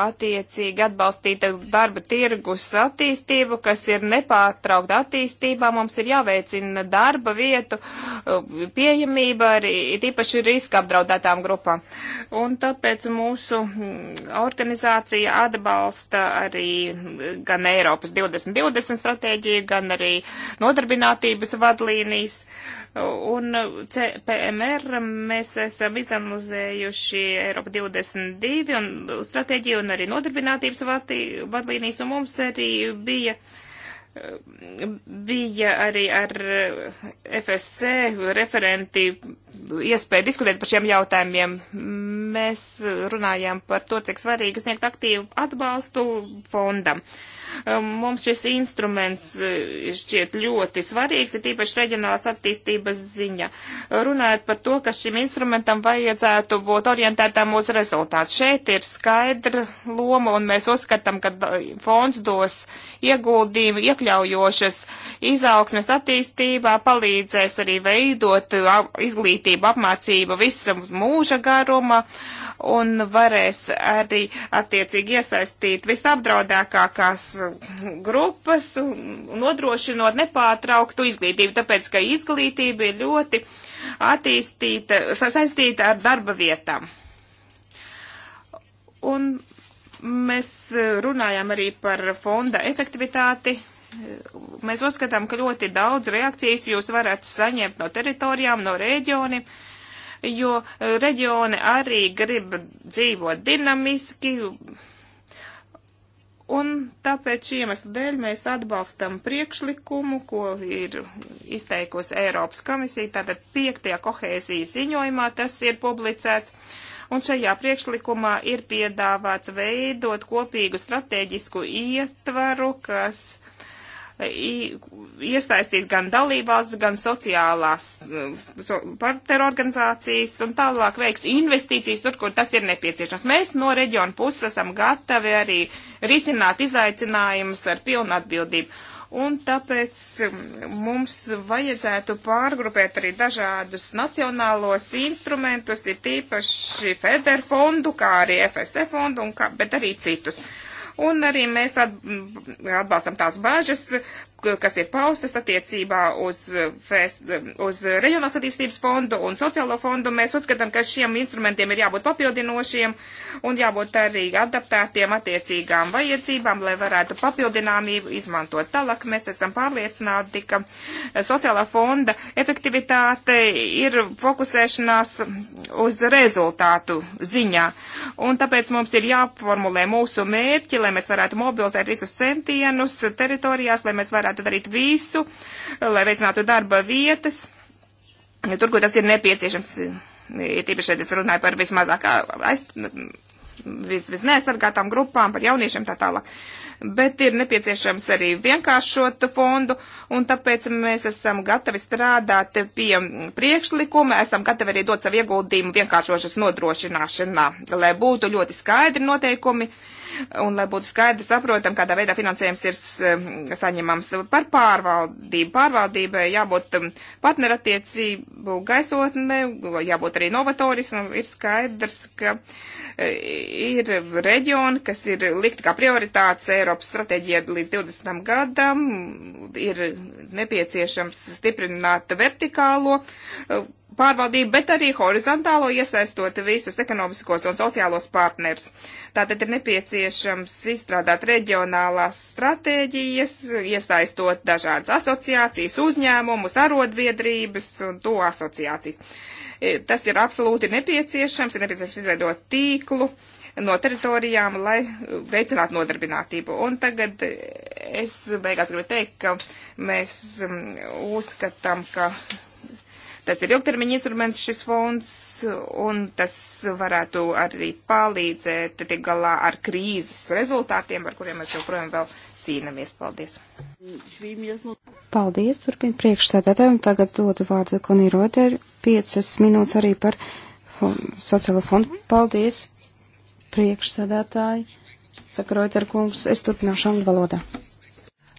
attiecīgi atbalstītu darba tirgus attīstību, kas ir nepārtraukta attīstībā. Mums ir jāveicina darba vietu uh, pieejamība arī tīpaši riska apdraudētām grupām. Un tāpēc mūsu mm, organizācija atbalsta arī mm, gan Eiropas 2020 stratēģiju, gan arī nodarbinātību nodarbinātības vadlīnijas. Un CPMR mēs esam izanalizējuši Eiropa 22 un stratēģiju un arī nodarbinātības vadlīnijas, un mums arī bija bija arī ar FSC referenti iespēja diskutēt par šiem jautājumiem. Mēs runājām par to, cik svarīgi sniegt aktīvu atbalstu fondam. Uh, Um, mums šis instruments uh, šķiet ļoti svarīgs, ir tīpaši reģionālās attīstības ziņa. Runājot par to, ka šim instrumentam vajadzētu būt orientētām uz rezultātu. Šeit ir skaidra loma, un mēs uzskatām, ka fonds dos ieguldījumu iekļaujošas izaugsmes attīstībā, palīdzēs arī veidot uh, izglītību, apmācību visu mūža garuma, un varēs arī attiecīgi iesaistīt visapdraudākākās grupas, nodrošinot nepārtrauktu izglītību, tāpēc, ka izglītība ir ļoti attīstīta, sasaistīta ar darba vietām. Un mēs e, runājām arī par fonda efektivitāti. Mēs uzskatām, ka ļoti daudz reakcijas jūs varat saņemt no teritorijām, no reģioniem jo reģioni arī grib dzīvot dinamiski, Un tāpēc šī iemesla dēļ mēs atbalstam priekšlikumu, ko ir izteikusi Eiropas komisija. Tātad piektajā kohēzijas ziņojumā tas ir publicēts. Un šajā priekšlikumā ir piedāvāts veidot kopīgu strateģisku ietvaru, kas iesaistīs gan dalībvalsts, gan sociālās eh, so, partnerorganizācijas un tālāk veiks investīcijas tur, kur tas ir nepieciešams. Mēs no reģiona puses esam gatavi arī risināt izaicinājumus ar pilnu atbildību. Un tāpēc eh, mums vajadzētu pārgrupēt arī dažādus nacionālos instrumentus, ir tīpaši FEDER fondu, kā arī FSE fondu, un kā, bet arī citus. Uh, Un arī mēs atbalstam tās bāžas, kas ir paustas attiecībā uz, fest, uz reģionāls attīstības fondu un sociālo fondu. Mēs uzskatām, ka šiem instrumentiem ir jābūt papildinošiem un jābūt arī adaptētiem attiecīgām vajadzībām, lai varētu papildināmību izmantot. Tālāk mēs esam pārliecināti, ka sociālā fonda efektivitāte ir fokusēšanās uz rezultātu ziņā. Un tāpēc mums ir jāformulē mūsu mērķi, lai mēs varētu mobilizēt visus centienus teritorijās, lai mēs varētu varētu darīt visu, lai veicinātu darba vietas, tur, kur tas ir nepieciešams. Ir tīpaši šeit es runāju par vismazāk aiz, vis, visneaizsargātām grupām, par jauniešiem tā tālāk. Bet ir nepieciešams arī vienkāršot fondu, un tāpēc mēs esam gatavi strādāt pie priekšlikuma, esam gatavi arī dot savu ieguldījumu vienkāršošas nodrošināšanā, lai būtu ļoti skaidri noteikumi. Uh, un lai būtu skaidri saprotam, kādā veidā finansējums ir eh, saņemams par pārvaldību. Pārvaldībai jābūt um, partnerattiecību gaisotne, jābūt arī novatorismam. Ir skaidrs, ka eh, ir reģioni, kas ir likti kā prioritātes Eiropas stratēģija līdz 20. gadam, ir nepieciešams stiprināt vertikālo eh, pārvaldību, bet arī horizontālo iesaistot visus ekonomiskos un sociālos partners. Tātad ir nepieciešams izstrādāt reģionālās stratēģijas, iesaistot dažādas asociācijas, uzņēmumus, arotbiedrības un to asociācijas. E, tas ir absolūti nepieciešams, ir nepieciešams izveidot tīklu no teritorijām, lai veicinātu nodarbinātību. Un tagad es beigās gribu teikt, ka mēs mm, uzskatām, ka Tas ir ilgtermiņa instruments šis fonds, un tas varētu arī palīdzēt tik galā ar krīzes rezultātiem, ar kuriem mēs joprojām vēl cīnamies. Paldies! Paldies, turpin priekšsēdētāji, un tagad dodu vārdu Konī Roteri, piecas minūtes arī par sociālo fondu. Paldies, priekšsēdētāji! Saka Roteri kungs, es turpināšu angļu valodā.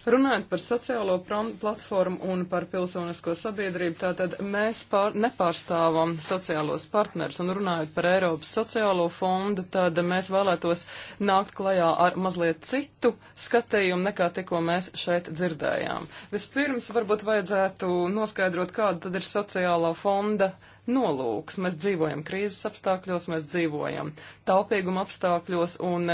Runājot par sociālo platformu un par pilsonisko sabiedrību, tātad mēs pār, nepārstāvam sociālos partners un runājot par Eiropas sociālo fondu, tad mēs vēlētos nākt klajā ar mazliet citu skatījumu nekā tikko mēs šeit dzirdējām. Vispirms varbūt vajadzētu noskaidrot, kāda tad ir sociālā fonda nolūks. Mēs dzīvojam krīzes apstākļos, mēs dzīvojam taupīguma apstākļos, un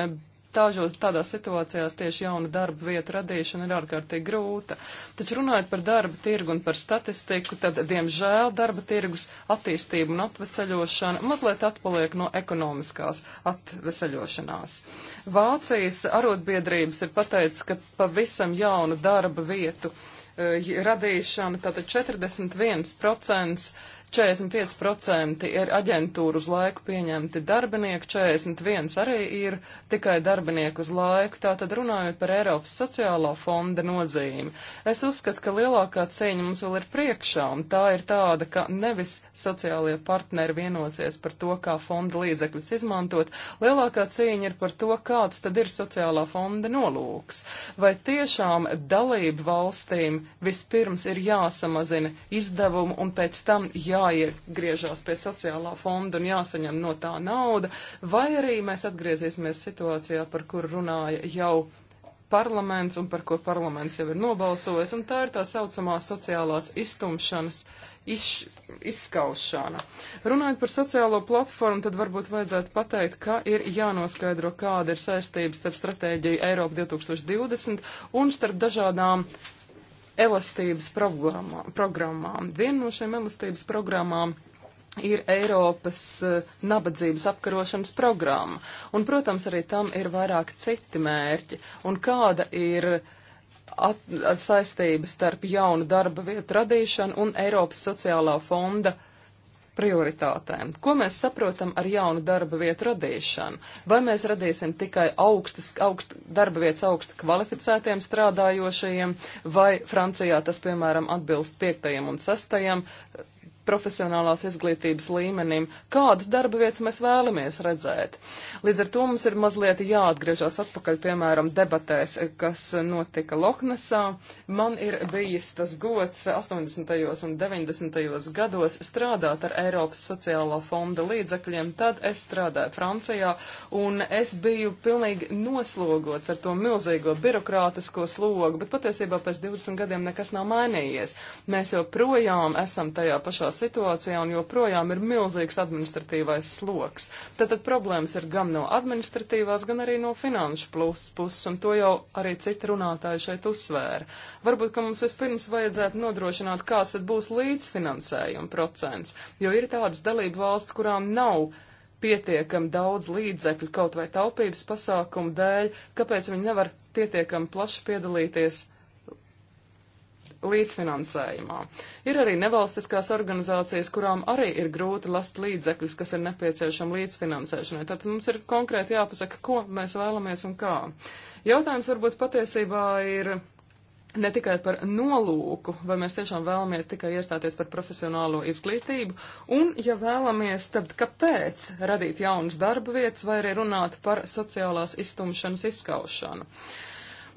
stāžos tādās situācijās tieši jauna darba vieta radīšana ir ārkārtīgi grūta. Taču runājot par darba tirgu un par statistiku, tad, diemžēl, darba tirgus attīstība un atvesaļošana mazliet atpaliek no ekonomiskās atvesaļošanās. Vācijas arotbiedrības ir pateicis, ka pavisam jaunu darba vietu eh, radīšana, tātad 41% 45% ir aģentūru uz laiku pieņemti darbinieki, 41% arī ir tikai darbinieki uz laiku. Tātad runājot par Eiropas sociālā fonda nozīmi, es uzskatu, ka lielākā cīņa mums vēl ir priekšā, un tā ir tāda, ka nevis sociālie partneri vienosies par to, kā fonda līdzekļus izmantot, lielākā cīņa ir par to, kāds tad ir sociālā fonda nolūks. Vai tiešām dalību valstīm vispirms ir jāsamazina izdevumu un pēc tam jā jāiegriežās pie sociālā fonda un jāsaņem no tā nauda, vai arī mēs atgriezīsimies situācijā, par kur runāja jau parlaments un par ko parlaments jau ir nobalsojis, un tā ir tā saucamā sociālās iztumšanas iz, izskaušana. Runājot par sociālo platformu, tad varbūt vajadzētu pateikt, ka ir jānoskaidro, kāda ir saistības starp stratēģiju Eiropa 2020 un starp dažādām elastības programmā, programmām. Viena no šīm elastības programmām ir Eiropas eh, nabadzības apkarošanas programma. Un, protams, arī tam ir vairāk citi mērķi. Un kāda ir at, at saistības starp jaunu darba vietu radīšanu un Eiropas sociālā fonda uh, prioritātēm. Ko mēs saprotam ar jaunu darba vietu radīšanu? Vai mēs radīsim tikai augstas, augst, darba vietas augsta kvalificētiem strādājošajiem, vai Francijā tas, piemēram, atbilst piektajam un sastajam profesionālās izglītības līmenim, kādas darba vietas mēs vēlamies redzēt. Līdz ar to mums ir mazliet jāatgriežas atpakaļ, piemēram, debatēs, kas notika Lohnesā. Man ir bijis tas gods 80. un 90. gados strādāt ar Eiropas sociālā fonda līdzekļiem, tad es strādāju Francijā, un es biju pilnīgi noslogots ar to milzīgo birokrātisko slogu, bet patiesībā pēc 20 gadiem nekas nav mainījies. Mēs joprojām esam tajā pašā situācijā un joprojām ir milzīgs administratīvais sloks. Tātad problēmas ir gan no administratīvās, gan arī no finanšu puses, un to jau arī citi runātāji šeit uzsvēra. Varbūt, ka mums vispirms vajadzētu nodrošināt, kāds tad būs līdzfinansējuma procents, jo ir tādas dalību valsts, kurām nav pietiekami daudz līdzekļu kaut vai taupības pasākumu dēļ, kāpēc viņi nevar pietiekami plaši piedalīties līdzfinansējumā. Ir arī nevalstiskās organizācijas, kurām arī ir grūti last līdzekļus, kas ir nepieciešami līdzfinansēšanai. Tātad mums ir konkrēti jāpasaka, ko mēs vēlamies un kā. Jautājums varbūt patiesībā ir ne tikai par nolūku, vai mēs tiešām vēlamies tikai iestāties par profesionālo izglītību, un, ja vēlamies, tad kāpēc radīt jaunas darba vietas vai arī runāt par sociālās iztumšanas izskaušanu.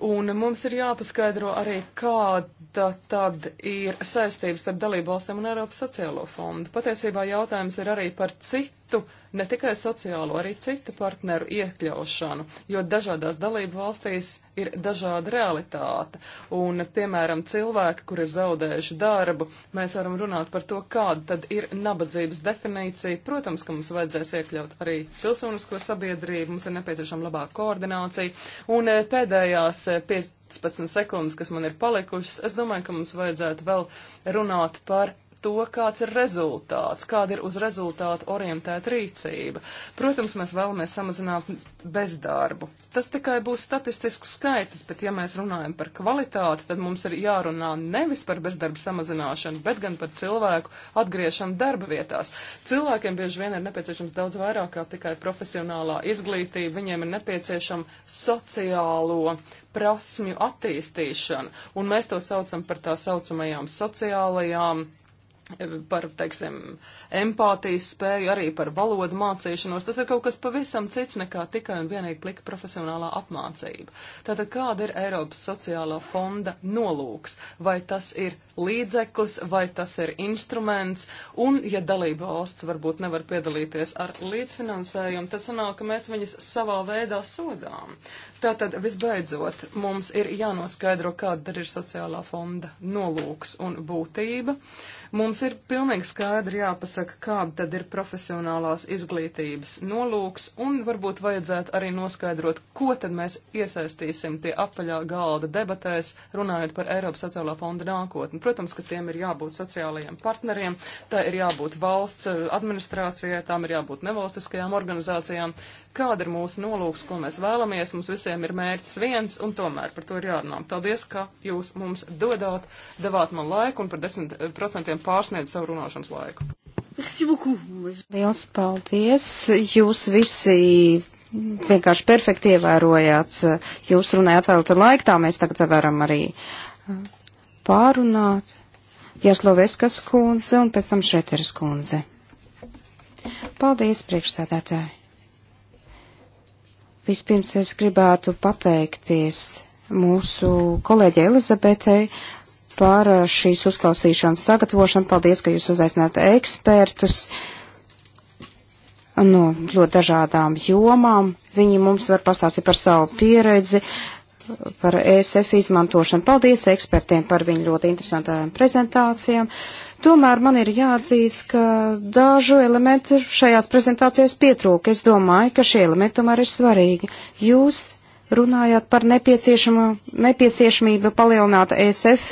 Un mums ir jāpaskaidro arī, kāda tad ir saistības starp dalību valstiem un Eiropas sociālo fondu. Patiesībā jautājums ir arī par citu citu, ne tikai sociālo, arī citu partneru iekļaušanu, jo dažādās dalību valstīs ir dažāda realitāte. Un, piemēram, cilvēki, kur ir zaudējuši darbu, mēs varam runāt par to, kāda tad ir nabadzības definīcija. Protams, ka mums vajadzēs iekļaut arī pilsonisko sabiedrību, mums ir nepieciešama labāka koordinācija. Un eh, pēdējās eh, pie 15 sekundes, kas man ir palikušas, es domāju, ka mums vajadzētu vēl runāt par to, kāds ir rezultāts, kāda ir uz rezultātu orientēta rīcība. Protams, mēs vēlamies samazināt bezdarbu. Tas tikai būs statistisks skaitlis, bet ja mēs runājam par kvalitāti, tad mums ir jārunā nevis par bezdarbu samazināšanu, bet gan par cilvēku atgriešanu darba vietās. Cilvēkiem bieži vien ir nepieciešams daudz vairāk kā tikai profesionālā izglītība, viņiem ir nepieciešama sociālo prasmju attīstīšana, un mēs to saucam par tā saucamajām sociālajām par, teiksim, empātijas spēju, arī par valodu mācīšanos. Tas ir kaut kas pavisam cits nekā tikai un vienīgi plika profesionālā apmācība. Tātad kāda ir Eiropas sociālā fonda nolūks? Vai tas ir līdzeklis, vai tas ir instruments? Un, ja dalība valsts varbūt nevar piedalīties ar līdzfinansējumu, tad sanāk, ka mēs viņas savā veidā sodām. Tātad, visbeidzot, mums ir jānoskaidro, kāda ir sociālā fonda nolūks un būtība. Mums ir pilnīgi skaidri jāpasaka, kāda tad ir profesionālās izglītības nolūks, un varbūt vajadzētu arī noskaidrot, ko tad mēs iesaistīsim pie apaļā galda debatēs, runājot par Eiropas sociālā fonda nākotni. Protams, ka tiem ir jābūt sociālajiem partneriem, tā ir jābūt valsts eh, administrācijai, tām ir jābūt nevalstiskajām organizācijām kāda ir mūsu nolūks, ko mēs vēlamies. Mums visiem ir mērķis viens, un tomēr par to ir jārunā. Paldies, ka jūs mums dodāt, devāt man laiku un par 10% eh, pārsniedz savu runāšanas laiku. Liels paldies! Jūs visi vienkārši perfekti ievērojāt. Jūs runājāt vēl tur laiku, tā mēs tagad varam arī eh, pārunāt. Jāsloveskas kundze un pēc tam Šreteres kundze. Paldies, priekšsēdētāji! Vispirms es gribētu pateikties mūsu kolēģei Elizabetei par eh, šīs uzklausīšanas sagatavošanu. Paldies, ka jūs uzaicināt ekspertus no ļoti dažādām jomām. Viņi mums var pastāstīt par savu pieredzi, par ESF izmantošanu. Paldies ekspertiem par viņu ļoti interesantām prezentācijām. Uh, Tomēr man ir jāatzīst, ka dažu elementu šajās prezentācijās pietrūka. Es domāju, ka šie elementi tomēr ir svarīgi. Jūs runājāt par nepieciešamību palielināt ESF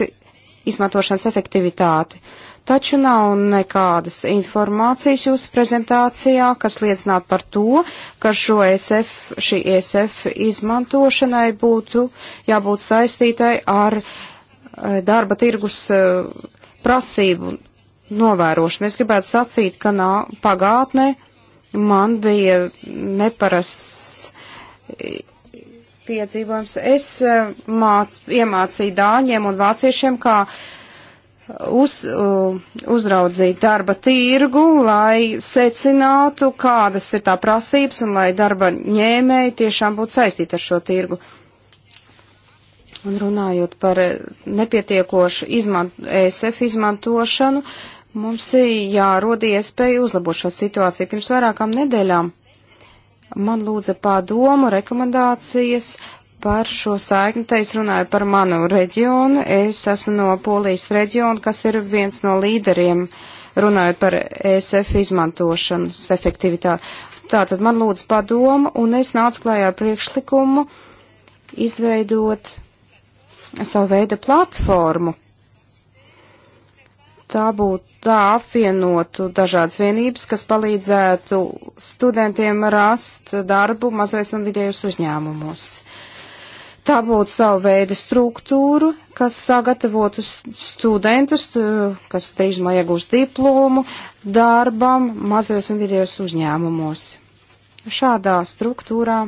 izmantošanas efektivitāti. Taču nav nekādas informācijas jūsu prezentācijā, kas liecinātu par to, ka šo e SF, šī ESF izmantošanai būtu jābūt saistītai ar eh, darba tirgus uh, prasību novērošana. Es gribētu sacīt, ka nā, pagātnē man bija neparasts piedzīvojums. Es e, māc, iemācīju dāņiem un vāciešiem, kā e, uz, uzraudzīt darba tirgu, lai secinātu, kādas ir tā prasības un lai darba ņēmēji tiešām būtu saistīti ar šo tirgu. Un runājot par eh, nepietiekošu izmant, ESF izmantošanu, mums ir jārod iespēja uzlabot šo situāciju. Pirms vairākām nedēļām man lūdza pārdomu, rekomendācijas par šo saikni. Te es runāju par manu reģionu. Es esmu no Polijas reģiona, kas ir viens no līderiem runājot par ESF izmantošanas efektivitāti. Tātad man lūdza pārdomu, un es nācu klājā priekšlikumu izveidot savu veidu platformu. Tā būtu tā apvienotu dažādas vienības, kas palīdzētu studentiem rast darbu mazais un vidējos uzņēmumos. Tā būtu savu veidu struktūru, kas sagatavotu studentus, kas drīzumā iegūs diplomu, darbam mazajos un vidējos uzņēmumos. Šādā struktūrā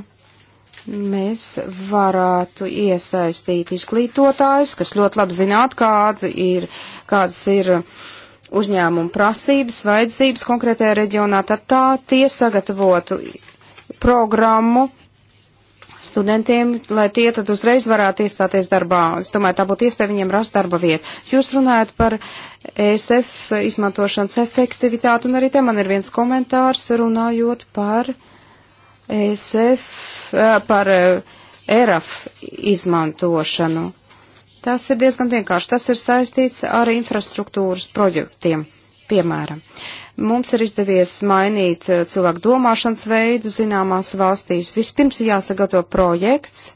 mēs varētu iesaistīt izglītotājus, kas ļoti labi zinātu, kāda ir, kādas ir uzņēmuma prasības, vajadzības konkrētajā reģionā, tad tā tie sagatavotu programmu studentiem, lai tie tad uzreiz varētu iestāties darbā. Es domāju, tā būtu iespēja viņiem rast darba vietu. Jūs runājat par ESF izmantošanas efektivitāti, un arī te man ir viens komentārs runājot par ESF Eh, par ERAF eh, e izmantošanu. Tas ir diezgan vienkārši. Tas ir saistīts ar infrastruktūras projektiem, piemēram. Mums ir izdevies mainīt eh, cilvēku domāšanas veidu zināmās valstīs. Vispirms ir jāsagatavo projekts,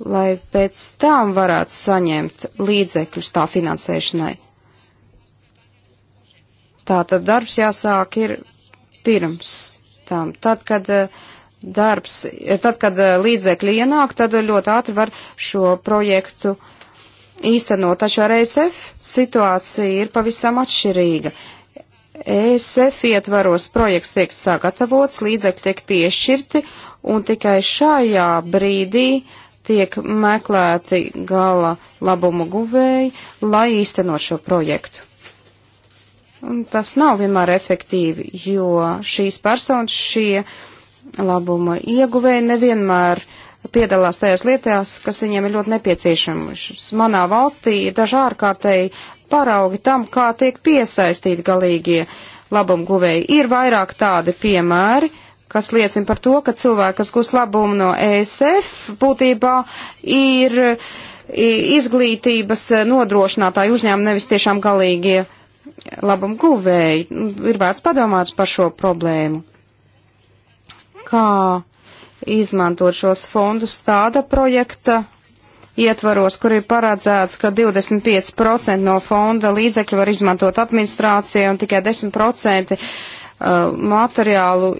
lai pēc tam varētu saņemt līdzekļus tā finansēšanai. Tātad darbs jāsāk ir pirms tam, tad, kad uh, darbs, tad, kad eh, līdzekļi ienāk, tad ļoti ātri var šo projektu īstenot. Taču ar ESF situācija ir pavisam atšķirīga. ESF ietvaros projekts tiek sagatavots, līdzekļi tiek piešķirti, un tikai šajā brīdī tiek meklēti gala labumu guvēji, lai īstenot šo projektu. Un tas nav vienmēr efektīvi, jo šīs personas, šie uh, labuma ieguvēji nevienmēr piedalās tajās lietās, kas viņiem ir ļoti nepieciešamas. Manā valstī ir daži ārkārtēji paraugi tam, kā tiek piesaistīti galīgie labumu guvēji. Ir vairāk tādi piemēri, kas liecina par to, ka cilvēki, kas gūs labumu no ESF, būtībā ir izglītības nodrošinātāji uzņēmumi, nevis tiešām galīgie labumu guvēji. Nu, ir vērts padomāt par šo problēmu kā izmantot šos fondus tāda projekta ietvaros, kur ir paredzēts, ka 25% no fonda līdzekļu var izmantot administrācija un tikai 10% uh, materiālu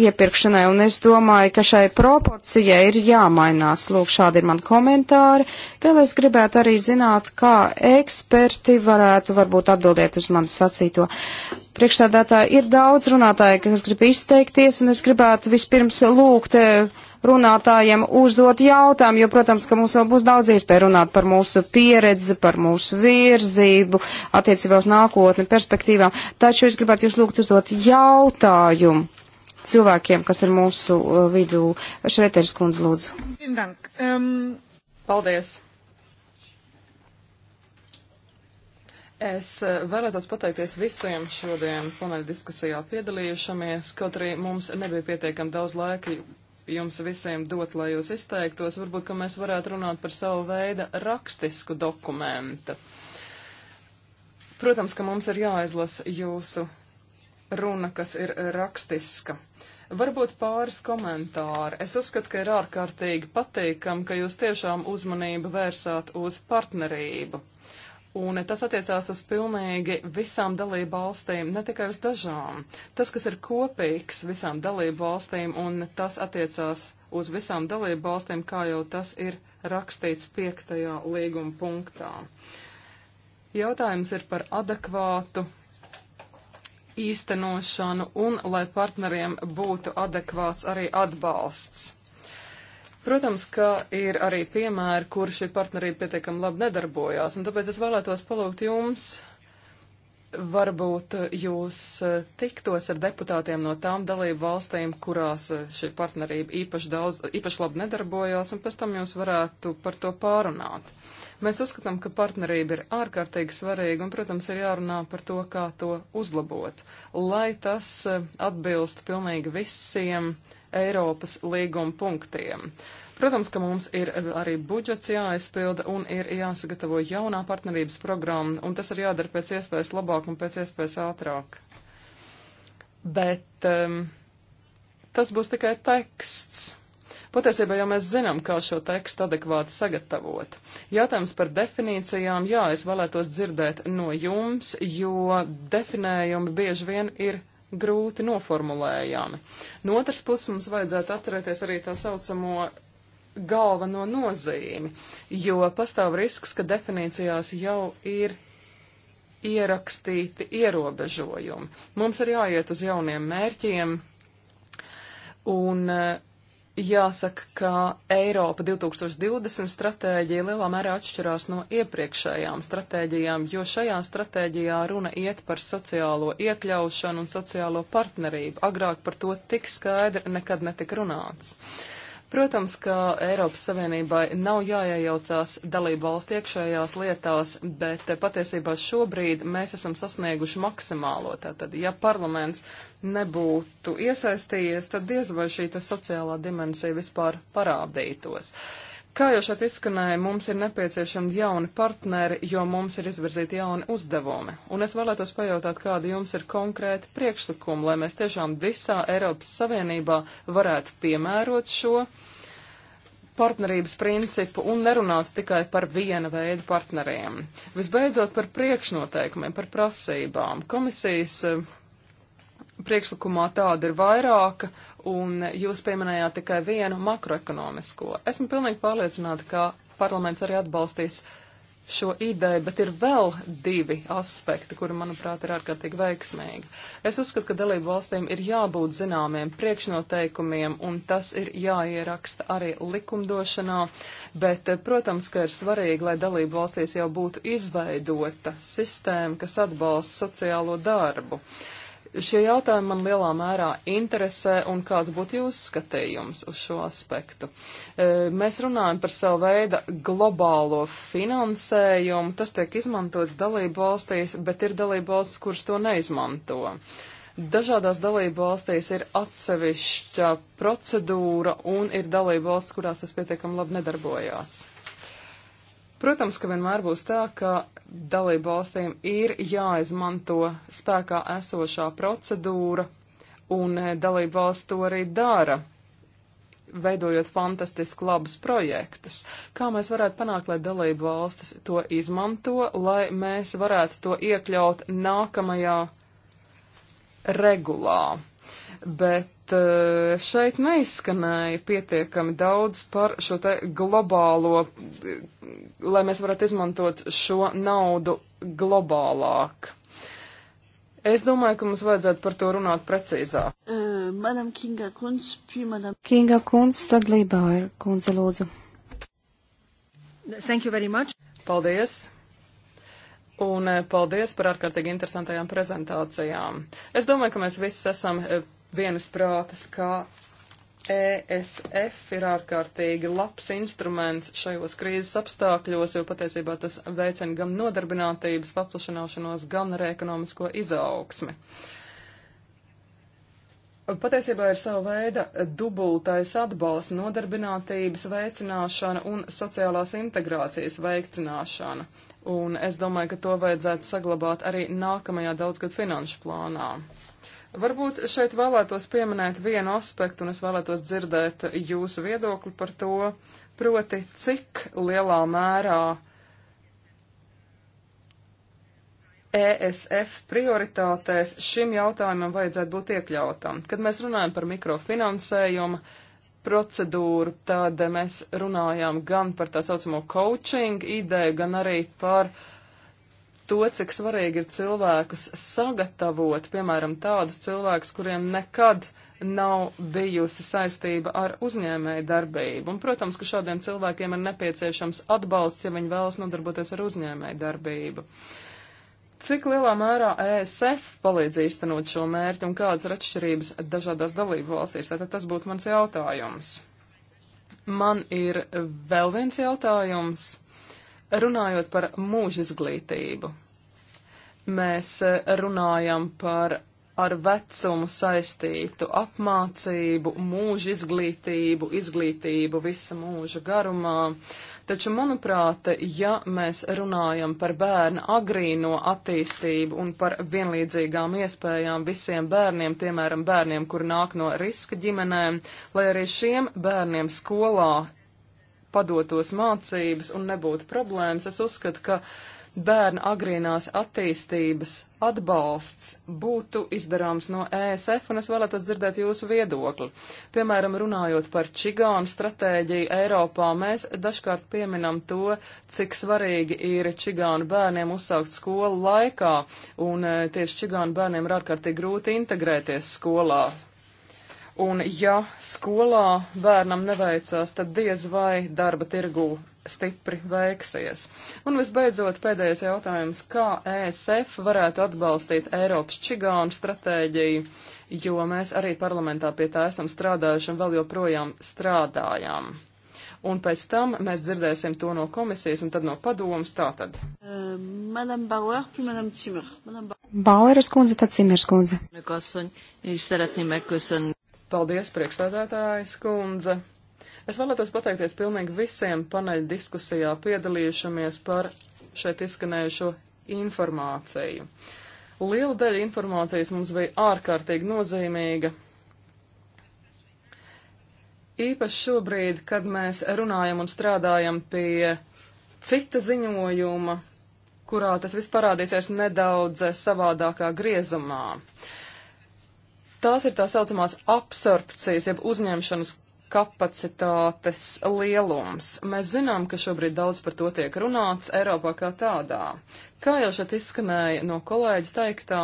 iepirkšanai, un es domāju, ka šai proporcijai ir jāmainās. Lūk, šādi ir mani komentāri. Vēl es gribētu arī zināt, kā eksperti varētu varbūt atbildēt uz manis sacīto priekšstādātāji, ir daudz runātāji, kas grib izteikties, un es gribētu vispirms lūgt eh, runātājiem uzdot jautājumu, jo, protams, ka mums vēl būs daudz iespēju runāt par mūsu pieredzi, par mūsu virzību, attiecībā uz nākotni, perspektīvām. Taču es gribētu jūs lūgt uzdot jautājumu cilvēkiem, kas ir mūsu eh, vidū. Šreiteris kundze, lūdzu. Ähm, Paldies. Es eh, vēlētos pateikties visiem šodien paneļa diskusijā piedalījušamies, kaut arī mums nebija pietiekami daudz laika jums visiem dot, lai jūs izteiktos. Varbūt, ka mēs varētu runāt par savu veidu rakstisku dokumentu. Protams, ka mums ir jāizlasa jūsu runa, kas ir rakstiska. Varbūt pāris komentāri. Es uzskatu, ka ir ārkārtīgi patīkam, ka jūs tiešām uzmanību vērsāt uz partnerību. Un tas attiecās uz pilnīgi visām dalību valstīm, ne tikai uz dažām. Tas, kas ir kopīgs visām dalību valstīm, un tas attiecās uz visām dalību valstīm, kā jau tas ir rakstīts piektajā līguma punktā. Jautājums ir par adekvātu īstenošanu un lai partneriem būtu adekvāts arī atbalsts. Protams, ka ir arī piemēri, kur šī partnerība pietiekami labi nedarbojās, un tāpēc es vēlētos palūgt jums, varbūt jūs eh, tiktos ar deputātiem no tām dalību valstīm, kurās eh, šī partnerība īpaši daudz, īpaši labi nedarbojās, un pēc tam jūs varētu par to pārunāt. Mēs uzskatām, ka partnerība ir ārkārtīgi svarīga un, protams, ir jārunā par to, kā to uzlabot, lai tas eh, atbilst pilnīgi visiem Eiropas līguma punktiem. Protams, ka mums ir arī budžets jāaizpilda un ir jāsagatavo jaunā partnerības programma, un tas ir jādara pēc iespējas labāk un pēc iespējas ātrāk. Bet um, tas būs tikai teksts. Patiesībā jau mēs zinām, kā šo tekstu adekvāti sagatavot. Jautājums par definīcijām, jā, es vēlētos dzirdēt no jums, jo definējumi bieži vien ir grūti noformulējami. No otras puses mums vajadzētu atcerēties arī tā saucamo galveno nozīmi, jo pastāv risks, ka definīcijās jau ir ierakstīti ierobežojumi. Mums ir jāiet uz jauniem mērķiem, un eh, Jāsaka, ka Eiropa 2020 stratēģija lielā mērā atšķirās no iepriekšējām stratēģijām, jo šajā stratēģijā runa iet par sociālo iekļaušanu un sociālo partnerību. Agrāk par to tik skaidri nekad netika runāts. Uh, Protams, ka Eiropas Savienībai nav jāiejaucās dalību valstu iekšējās lietās, bet eh, patiesībā šobrīd mēs esam sasnieguši maksimālo. Tātad, ja parlaments nebūtu iesaistījies, tad diez vai šī sociālā dimensija vispār parādītos. Uh, Kā jau šeit izskanēja, mums ir nepieciešami jauni partneri, jo mums ir izvirzīti jauni uzdevumi. Un es vēlētos pajautāt, kādi jums ir konkrēti priekšlikumi, lai mēs tiešām visā Eiropas Savienībā varētu piemērot šo partnerības principu un nerunāt tikai par viena veida partneriem. Visbeidzot, par priekšnoteikumiem, par prasībām. Komisijas uh, priekšlikumā tāda ir vairāka, un jūs pieminējāt tikai vienu makroekonomisko. Esmu pilnīgi pārliecināta, ka parlaments arī atbalstīs šo ideju, bet ir vēl divi aspekti, kuri, manuprāt, ir ārkārtīgi veiksmīgi. Es uzskatu, ka dalību valstīm ir jābūt zināmiem priekšnoteikumiem, un tas ir jāieraksta arī likumdošanā, bet, protams, ka ir svarīgi, lai dalību valstīs jau būtu izveidota sistēma, kas atbalsta sociālo darbu. Uh, Šie jautājumi man lielā mērā interesē, un kāds būtu jūsu skatījums uz šo aspektu? E, mēs runājam par savu veidu globālo finansējumu, tas tiek izmantots dalību valstīs, bet ir dalību valstis, kuras to neizmanto. Dažādās dalību valstīs ir atsevišķa procedūra, un ir dalību valsts, kurās tas pietiekami labi nedarbojās. Protams, ka vienmēr būs tā, ka dalību valstīm ir jāizmanto spēkā esošā procedūra, un eh, dalību valsts to arī dara, veidojot fantastiski labus projektus. Kā mēs varētu panākt, lai dalību valstis to izmanto, lai mēs varētu to iekļaut nākamajā regulā? Bet bet eh, šeit neizskanēja pietiekami daudz par šo te globālo, eh, lai mēs varētu izmantot šo naudu globālāk. Es domāju, ka mums vajadzētu par to runāt precīzāk. Uh, eh, madam Kinga Kunz, pie madam. Kinga Kunz, tad Lībā ir kundze lūdzu. Thank you very much. Paldies. Un paldies par ārkārtīgi interesantajām prezentācijām. Es domāju, ka mēs visi esam vienasprātas, ka ESF ir ārkārtīgi labs instruments šajos krīzes apstākļos, jo patiesībā tas veicina gan nodarbinātības paplašanāšanos, gan arī ekonomisko izaugsmi. Patiesībā ir sava veida dubultais atbalsts nodarbinātības veicināšana un sociālās integrācijas veicināšana. Un es domāju, ka to vajadzētu saglabāt arī nākamajā daudzgad finanšu plānā. Varbūt šeit vēlētos pieminēt vienu aspektu, un es vēlētos dzirdēt jūsu viedokli par to, proti, cik lielā mērā ESF prioritātēs šim jautājumam vajadzētu būt iekļautam. Kad mēs runājam par mikrofinansējumu procedūru, tad mēs runājām gan par tā saucamo coaching ideju, gan arī par uh, to, cik svarīgi ir cilvēkus sagatavot, piemēram, tādus cilvēkus, kuriem nekad nav bijusi saistība ar uzņēmēju darbību. Un, protams, ka šādiem cilvēkiem ir nepieciešams atbalsts, ja viņi vēlas nodarboties ar uzņēmēju darbību. Cik lielā mērā ESF palīdz īstenot šo mērķi un kādas ir atšķirības dažādās dalību valstīs? Tātad tas būtu mans jautājums. Man ir vēl viens jautājums. Runājot par mūža izglītību, mēs e, runājam par ar vecumu saistītu apmācību, mūža izglītību, izglītību visa mūža garumā. Taču, manuprāt, ja mēs runājam par bērnu agrīno attīstību un par vienlīdzīgām iespējām visiem bērniem, piemēram, bērniem, kur nāk no riska ģimenēm, lai arī šiem bērniem skolā padotos mācības un nebūtu problēmas, es uzskatu, ka bērna agrīnās attīstības atbalsts būtu izdarāms no ESF, un es vēlētos dzirdēt jūsu viedokli. Piemēram, runājot par čigānu stratēģiju Eiropā, mēs dažkārt pieminam to, cik svarīgi ir čigānu bērniem uzsākt skolu laikā, un e, tieši čigānu bērniem ir ārkārtīgi grūti integrēties skolā un ja skolā bērnam neveicās, tad diez vai darba tirgū stipri veiksies. Un visbeidzot, pēdējais jautājums, kā ESF varētu atbalstīt Eiropas čigānu stratēģiju, jo mēs arī parlamentā pie tā esam strādājuši un vēl joprojām strādājām. Un pēc tam mēs dzirdēsim to no komisijas un tad no padomas tātad. Uh, Madam Bauer, Madam Cimer. Madam Bauer, Bauer skundze, tad Cimer skundze. Köszön, és szeretném megköszönni. Paldies, priekšsēdētājas kundze. Es vēlētos pateikties pilnīgi visiem paneļa diskusijā piedalījušamies par šeit izskanējušo informāciju. Liela daļa informācijas mums bija ārkārtīgi nozīmīga. Īpaši šobrīd, kad mēs runājam un strādājam pie cita ziņojuma, kurā tas viss parādīsies nedaudz savādākā griezumā. Tās ir tā saucamās absorpcijas, jeb uzņemšanas kapacitātes lielums. Mēs zinām, ka šobrīd daudz par to tiek runāts Eiropā kā tādā. Kā jau šeit izskanēja no kolēģa teiktā,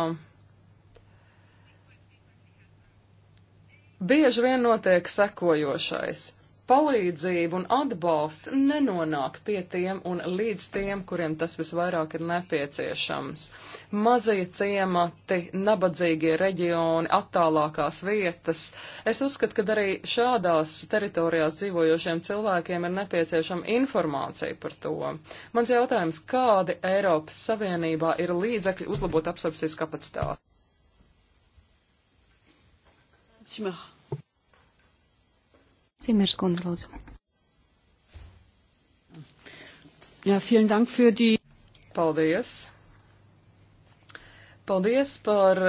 bieži vien notiek sekojošais palīdzība un atbalsts nenonāk pie tiem un līdz tiem, kuriem tas visvairāk ir nepieciešams. Mazie ciemati, nabadzīgie reģioni, attālākās vietas. Es uzskatu, ka arī šādās teritorijās dzīvojošiem cilvēkiem ir nepieciešama informācija par to. Mans jautājums, kādi Eiropas Savienībā ir līdzekļi uzlabot absorpcijas kapacitāti? Simā. Cimers kundze, lūdzu. Jā, vielen dank für die. Paldies. Paldies par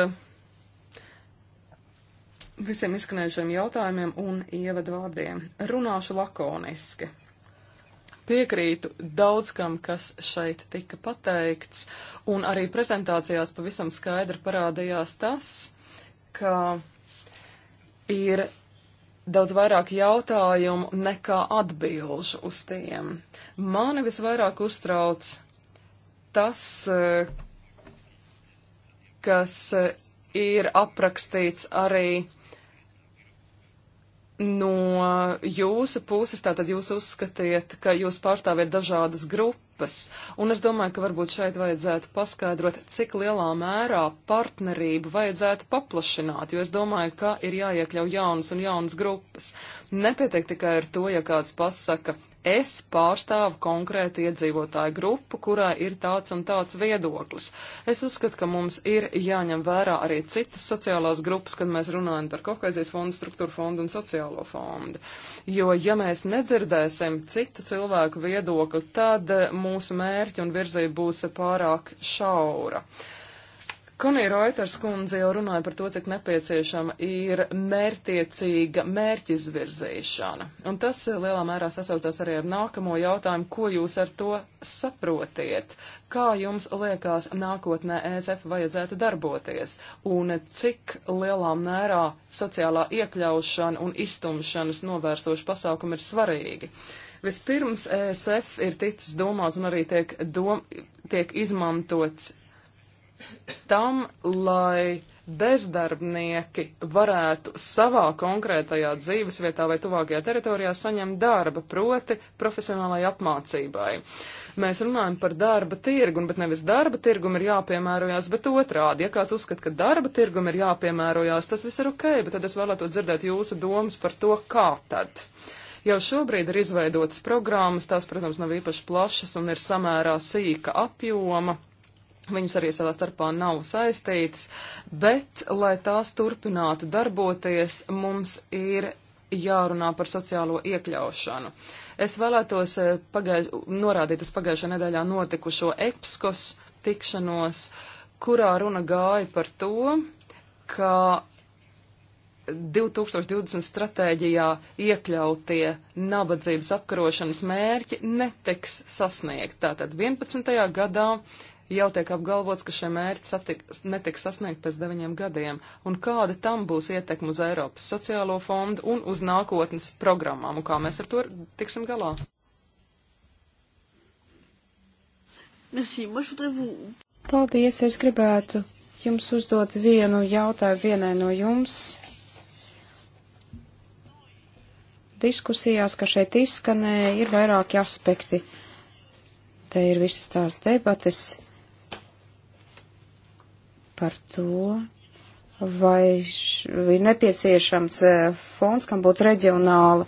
visiem izskanējušiem jautājumiem un ievadvārdiem. Runāšu lakoniski. Piekrītu daudz kam, kas šeit tika pateikts, un arī prezentācijās pavisam skaidri parādījās tas, ka ir daudz vairāk jautājumu nekā atbilžu uz tiem. Mani visvairāk uztrauc tas, eh, kas eh, ir aprakstīts arī no jūsu puses, tātad jūs uzskatiet, ka jūs pārstāviet dažādas grupas, un es domāju, ka varbūt šeit vajadzētu paskaidrot, cik lielā mērā partnerību vajadzētu paplašināt, jo es domāju, ka ir jāiekļau jaunas un jaunas grupas. Nepietiek tikai ar to, ja kāds pasaka, es pārstāvu konkrētu iedzīvotāju grupu, kurā ir tāds un tāds viedoklis. Es uzskatu, ka mums ir jāņem vērā arī citas sociālās grupas, kad mēs runājam par kohēzijas fondu, struktūra fondu un sociālo fondu. Jo, ja mēs nedzirdēsim citu cilvēku viedokli, tad eh, mūsu mērķi un virzība būs pārāk šaura. Konija Roiters kundze jau runāja par to, cik nepieciešama ir mērtiecīga mērķizvirzīšana. Un tas eh, lielā mērā sasaucās arī ar nākamo jautājumu, ko jūs ar to saprotiet. Kā jums liekas nākotnē ESF vajadzētu darboties? Un cik lielā mērā sociālā iekļaušana un iztumšanas novērsoši pasākumi ir svarīgi? Vispirms ESF ir ticis domās un arī tiek, dom, tiek izmantots tam, lai bezdarbnieki varētu savā konkrētajā dzīvesvietā vai tuvākajā teritorijā saņemt darba, proti profesionālai apmācībai. Mēs runājam par darba tirgumu, bet nevis darba tirgumu ir jāpiemērojās, bet otrādi. Ja kāds uzskata, ka darba tirgumu ir jāpiemērojās, tas viss ir ok, bet tad es vēlētos dzirdēt jūsu domas par to, kā tad. Jau šobrīd ir izveidotas programmas, tās, protams, nav īpaši plašas un ir samērā sīka apjoma, Viņas arī savā starpā nav saistītas, bet, lai tās turpinātu darboties, mums ir jārunā par sociālo iekļaušanu. Es vēlētos eh, pagaiž, norādīt uz pagājušā nedēļā notikušo EPSKOS tikšanos, kurā runa gāja par to, ka 2020 stratēģijā iekļautie nabadzības apkarošanas mērķi netiks sasniegt. Tātad 11. gadā jau tiek apgalvots, ka šie mērķi satik, netiks sasniegt pēc deviņiem gadiem, un kāda tam būs ietekma uz Eiropas sociālo fondu un uz nākotnes programmām, un kā mēs ar to tiksim galā. Paldies, es gribētu jums uzdot vienu jautājumu vienai no jums. Diskusijās, ka šeit izskanēja, ir vairāki aspekti. Te ir visas tās debates, par to, vai ir nepieciešams e, fonds, kam būtu reģionāla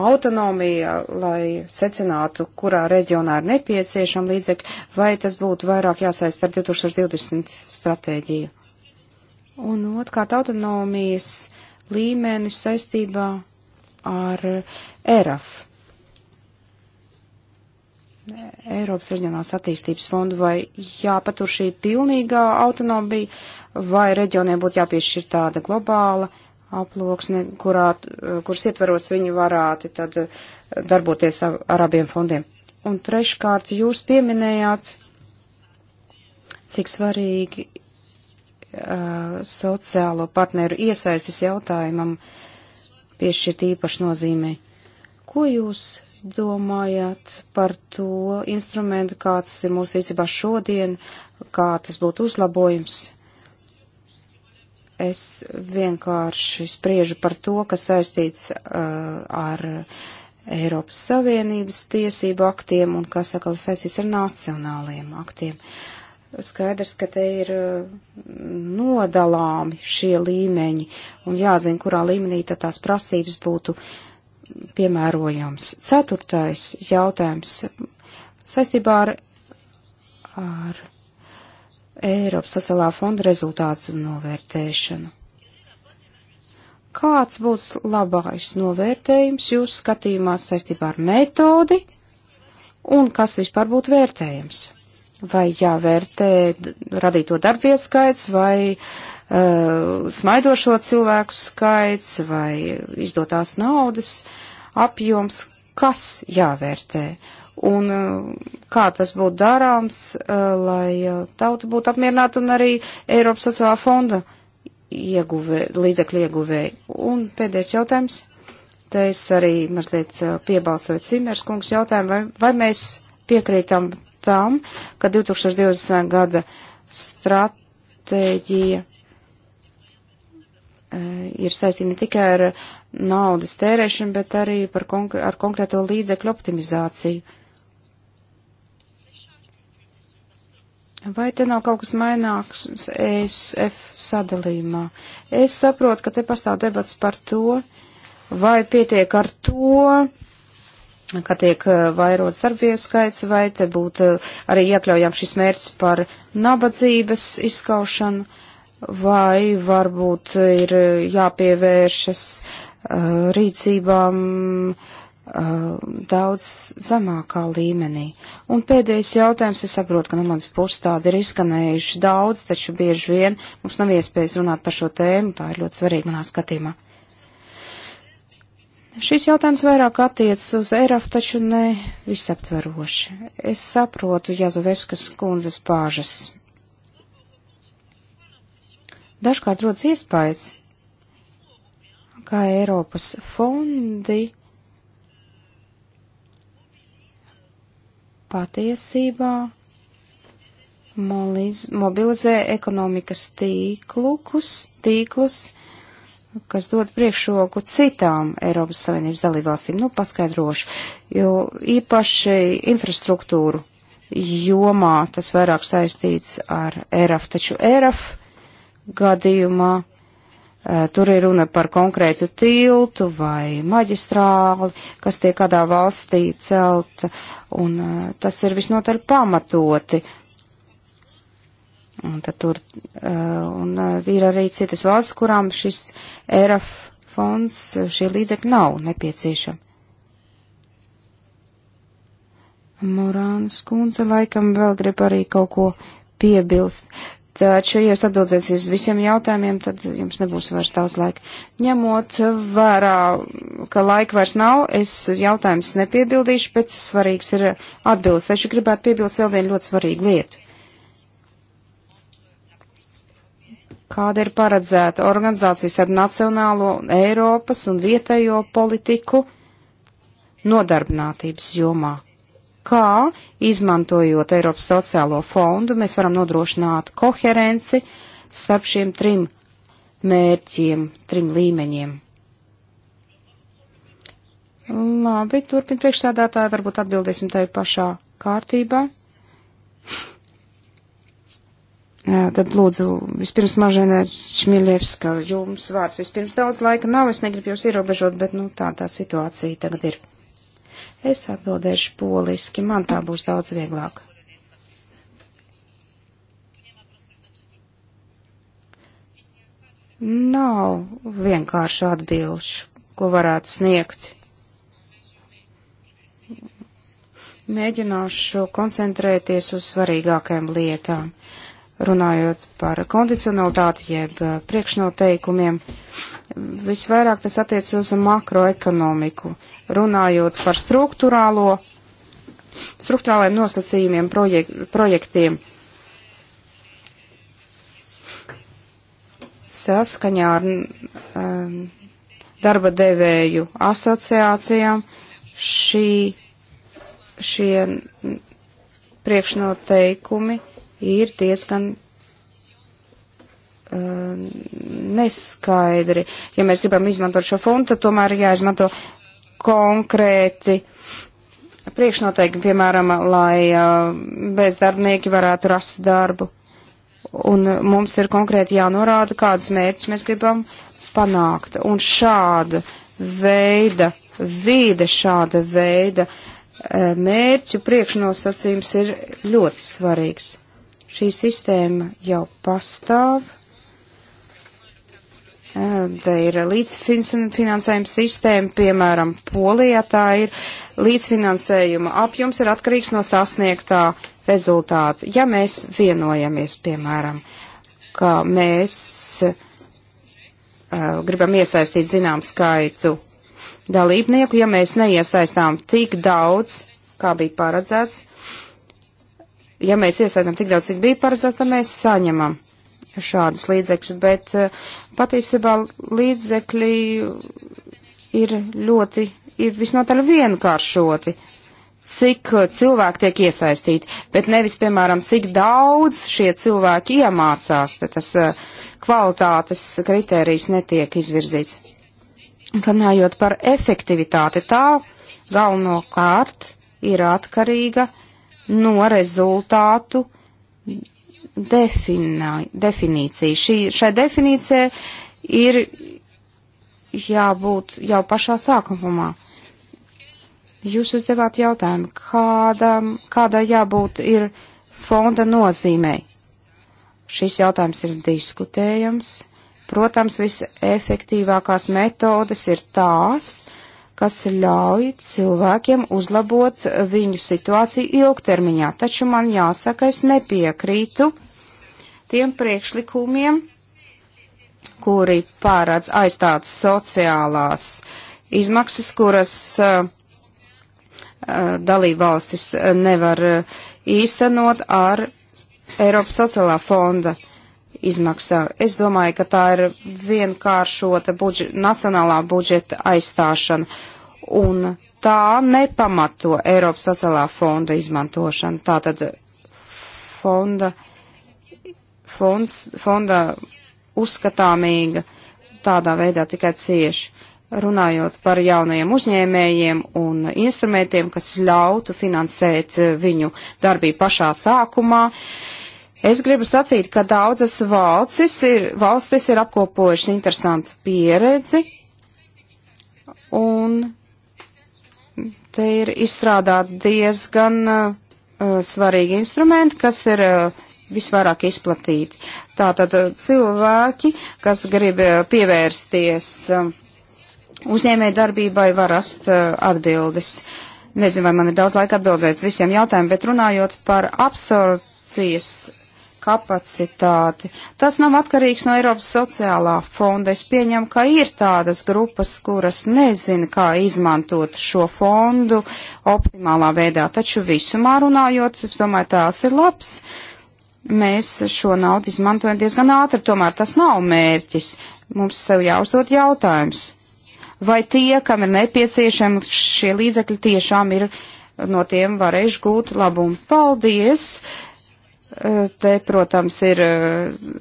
autonomija, lai secinātu, kurā reģionā ir nepieciešama līdzekļa, vai tas būtu vairāk jāsaist ar 2020 stratēģiju. Un otrkārt autonomijas līmenis saistībā ar ERAF Eiropas reģionālās attīstības fondu, vai jāpatur šī pilnīgā autonomija, vai reģioniem būtu jāpiešķir tāda globāla aploksne, kurā, kuras ietveros viņi varētu tad eh, darboties ar abiem fondiem. Un treškārt, jūs pieminējāt, cik svarīgi uh, sociālo partneru iesaistis jautājumam piešķirt īpašu nozīmē. Ko jūs domājāt par to instrumentu, kāds ir mūsu rīcībā šodien, kā tas būtu uzlabojums? Es vienkārši spriežu par to, kas saistīts uh, ar Eiropas Savienības tiesību aktiem un kas atkal saistīts ar nacionāliem aktiem. Skaidrs, ka te ir uh, nodalāmi šie līmeņi un jāzina, kurā līmenī tad tās prasības būtu uh, piemērojams. Ceturtais jautājums saistībā ar, ar Eiropas sociālā fonda rezultātu novērtēšanu. Kāds būs labākais novērtējums jūsu skatījumā saistībā ar metodi un kas vispār būtu vērtējams? Vai jāvērtē radīto darbvietu skaits vai uh, Uh, smaidošo cilvēku skaits vai izdotās naudas apjoms, kas jāvērtē un uh, kā tas būtu darāms, uh, lai tauta būtu apmierināta un arī Eiropas sociālā fonda ieguvē, līdzekļu ieguvēji. Un pēdējais jautājums, te es arī mazliet piebalsoju Cimers kungs jautājumu, vai, vai mēs piekrītam tam, ka 2020. gada stratēģija E, ir saistīti ne tikai ar naudas tērēšanu, bet arī par konkr ar konkrēto līdzekļu optimizāciju. Vai te nav kaut kas maināks ESF sadalījumā? Es saprotu, ka te pastāv debats par to, vai pietiek ar to, ka tiek e, vairots darbvietu skaits, vai te būtu arī iekļaujām šis mērķis par nabadzības izskaušanu vai varbūt ir jāpievēršas uh, rīcībām uh, daudz zemākā līmenī. Un pēdējais jautājums, es saprotu, ka no nu, manas puses tādi ir izskanējuši daudz, taču bieži vien mums nav iespējas runāt par šo tēmu, tā ir ļoti svarīga manā skatījumā. Šis jautājums vairāk attiecas uz Eiropu, taču ne visaptveroši. Es saprotu Jazuveskas kundzes pāžas Dažkārt rodas iespējas, kā Eiropas fondi patiesībā moliz, mobilizē ekonomikas tīklukus, tīklus, kas dod priekšroku citām Eiropas Savienības dalībvalstīm, nu, paskaidrošu, jo īpaši infrastruktūru jomā tas vairāk saistīts ar ERAF, taču ERAF gadījumā tur ir runa par konkrētu tiltu vai maģistrāli, kas tiek kādā valstī celta, un tas ir visnotaļ pamatoti. Un tad tur un ir arī citas valsts, kurām šis ERAF fonds, šie līdzekļi nav nepieciešami. Morānas kundze laikam vēl grib arī kaut ko piebilst. Uh, Taču, ja jūs atbildēsiet uz visiem jautājumiem, tad jums nebūs vairs tās laika. Ņemot vērā, ka laika vairs nav, es jautājumus nepiebildīšu, bet svarīgs ir atbildes. Taču gribētu piebilst vēl vienu ļoti svarīgu lietu. Kāda ir paredzēta organizācijas ar nacionālo, Eiropas un vietējo politiku nodarbinātības jomā? kā, izmantojot Eiropas sociālo fondu, mēs varam nodrošināt koherenci starp šiem trim mērķiem, trim līmeņiem. Labi, turpin priekšsādātāji, varbūt atbildēsim tai pašā kārtībā. Jā, tad lūdzu, vispirms Mažēnē Čmiļevska, jums vārds vispirms daudz laika nav, es negribu jūs ierobežot, bet, nu, tā tā situācija tagad ir. Es atbildēšu poliski, man tā būs daudz vieglāk. Nav vienkārši atbilšu, ko varētu sniegt. Mēģināšu koncentrēties uz svarīgākajām lietām, runājot par kondicionalitāti jeb priekšnoteikumiem. Uh, visvairāk tas attiec uz makroekonomiku, runājot par struktūrālo, struktūrālajiem nosacījumiem projek, projektiem. Saskaņā ar um, darba devēju asociācijām šī, šie priekšnoteikumi ir diezgan Ehm, neskaidri. Ja mēs gribam izmantot šo fondu, tad tomēr jāizmanto konkrēti priekšnoteikumi, piemēram, lai ehm, bezdarbnieki varētu rast darbu. Un mums ir konkrēti jānorāda, kādas mērķis mēs gribam panākt. Un šāda veida vīde, šāda veida ehm, mērķu priekšnosacījums ir ļoti svarīgs. Šī sistēma jau pastāv Eh, te ir līdzfinansējuma sistēma, piemēram, Polijā tā ir. Līdzfinansējuma apjoms ir atkarīgs no sasniegtā rezultāta. Ja mēs vienojamies, piemēram, ka mēs uh, gribam iesaistīt zinām skaitu dalībnieku, ja mēs neiesaistām tik daudz, kā bija paredzēts, ja mēs iesaistām tik daudz, cik bija paredzēts, tad mēs saņemam šādus līdzekļus, bet eh, patiesībā līdzekļi ir ļoti, ir visnotaļ vienkāršoti, cik eh, cilvēki tiek iesaistīti, bet nevis, piemēram, cik daudz šie cilvēki iemācās, tad tas eh, kvalitātes kritērijs netiek izvirzīts. Runājot par efektivitāti, tā galvenokārt ir atkarīga no rezultātu definā, definīcija. Šī, šai definīcijai ir jābūt jau pašā sākumā. Jūs uzdevāt jautājumu, kādam, kādai jābūt ir fonda nozīmei. Šis jautājums ir diskutējams. Protams, visefektīvākās metodes ir tās, kas ļauj cilvēkiem uzlabot viņu situāciju ilgtermiņā, taču man jāsaka, es nepiekrītu tiem priekšlikumiem, kuri pārādz aizstāt sociālās izmaksas, kuras uh, dalībvalstis eh, nevar īstenot ar Eiropas sociālā fonda izmaksā. Es domāju, ka tā ir vienkāršota budžet, nacionālā budžeta aizstāšana, un tā nepamato Eiropas sociālā fonda izmantošanu. Tātad fonda fonds, fonda uzskatāmīga tādā veidā tikai cieši. Runājot par jaunajiem uzņēmējiem un instrumentiem, kas ļautu finansēt eh, viņu darbību pašā sākumā, es gribu sacīt, ka daudzas valstis ir, valstis ir apkopojušas interesantu pieredzi un te ir izstrādāti diezgan uh, svarīgi instrumenti, kas ir uh, visvairāk izplatīti. Tātad eh, cilvēki, kas grib eh, pievērsties eh, uzņēmē darbībai, var rast atbildes. Nezinu, vai man ir daudz laika atbildēt visiem jautājumiem, bet runājot par absorpcijas kapacitāti. Tas nav atkarīgs no Eiropas sociālā fonda. Es pieņemu, ka ir tādas grupas, kuras nezina, kā izmantot šo fondu optimālā veidā. Taču visumā runājot, es domāju, tās ir labs mēs šo naudu izmantojam diezgan ātri, tomēr tas nav mērķis. Mums sev jāuzdod jautājums, vai tie, kam ir nepieciešami šie līdzekļi, tiešām ir no tiem varējuši gūt labumu. Paldies! E, te, protams, ir e,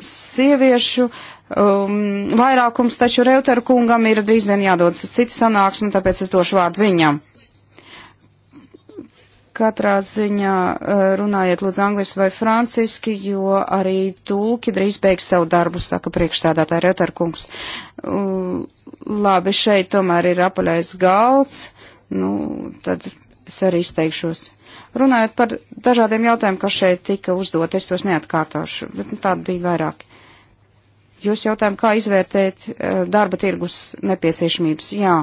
sieviešu um, vairākums, taču Reuter kungam ir drīz vien jādodas uz citu sanāksmu, tāpēc es došu vārdu viņam. Katrā ziņā eh, runājiet lūdzu angliski vai franciski, jo arī tulki drīz beigs savu darbu, saka priekšstādātāja Retarkungs. Labi, šeit tomēr ir apaļais galds, nu, tad es arī izteikšos. Runājot par dažādiem jautājumiem, kas šeit tika uzdot, es tos neatkārtošu, bet nu, tādi bija vairāki. Jūs jautājumu, kā izvērtēt eh, darba tirgus nepieciešamības? Jā,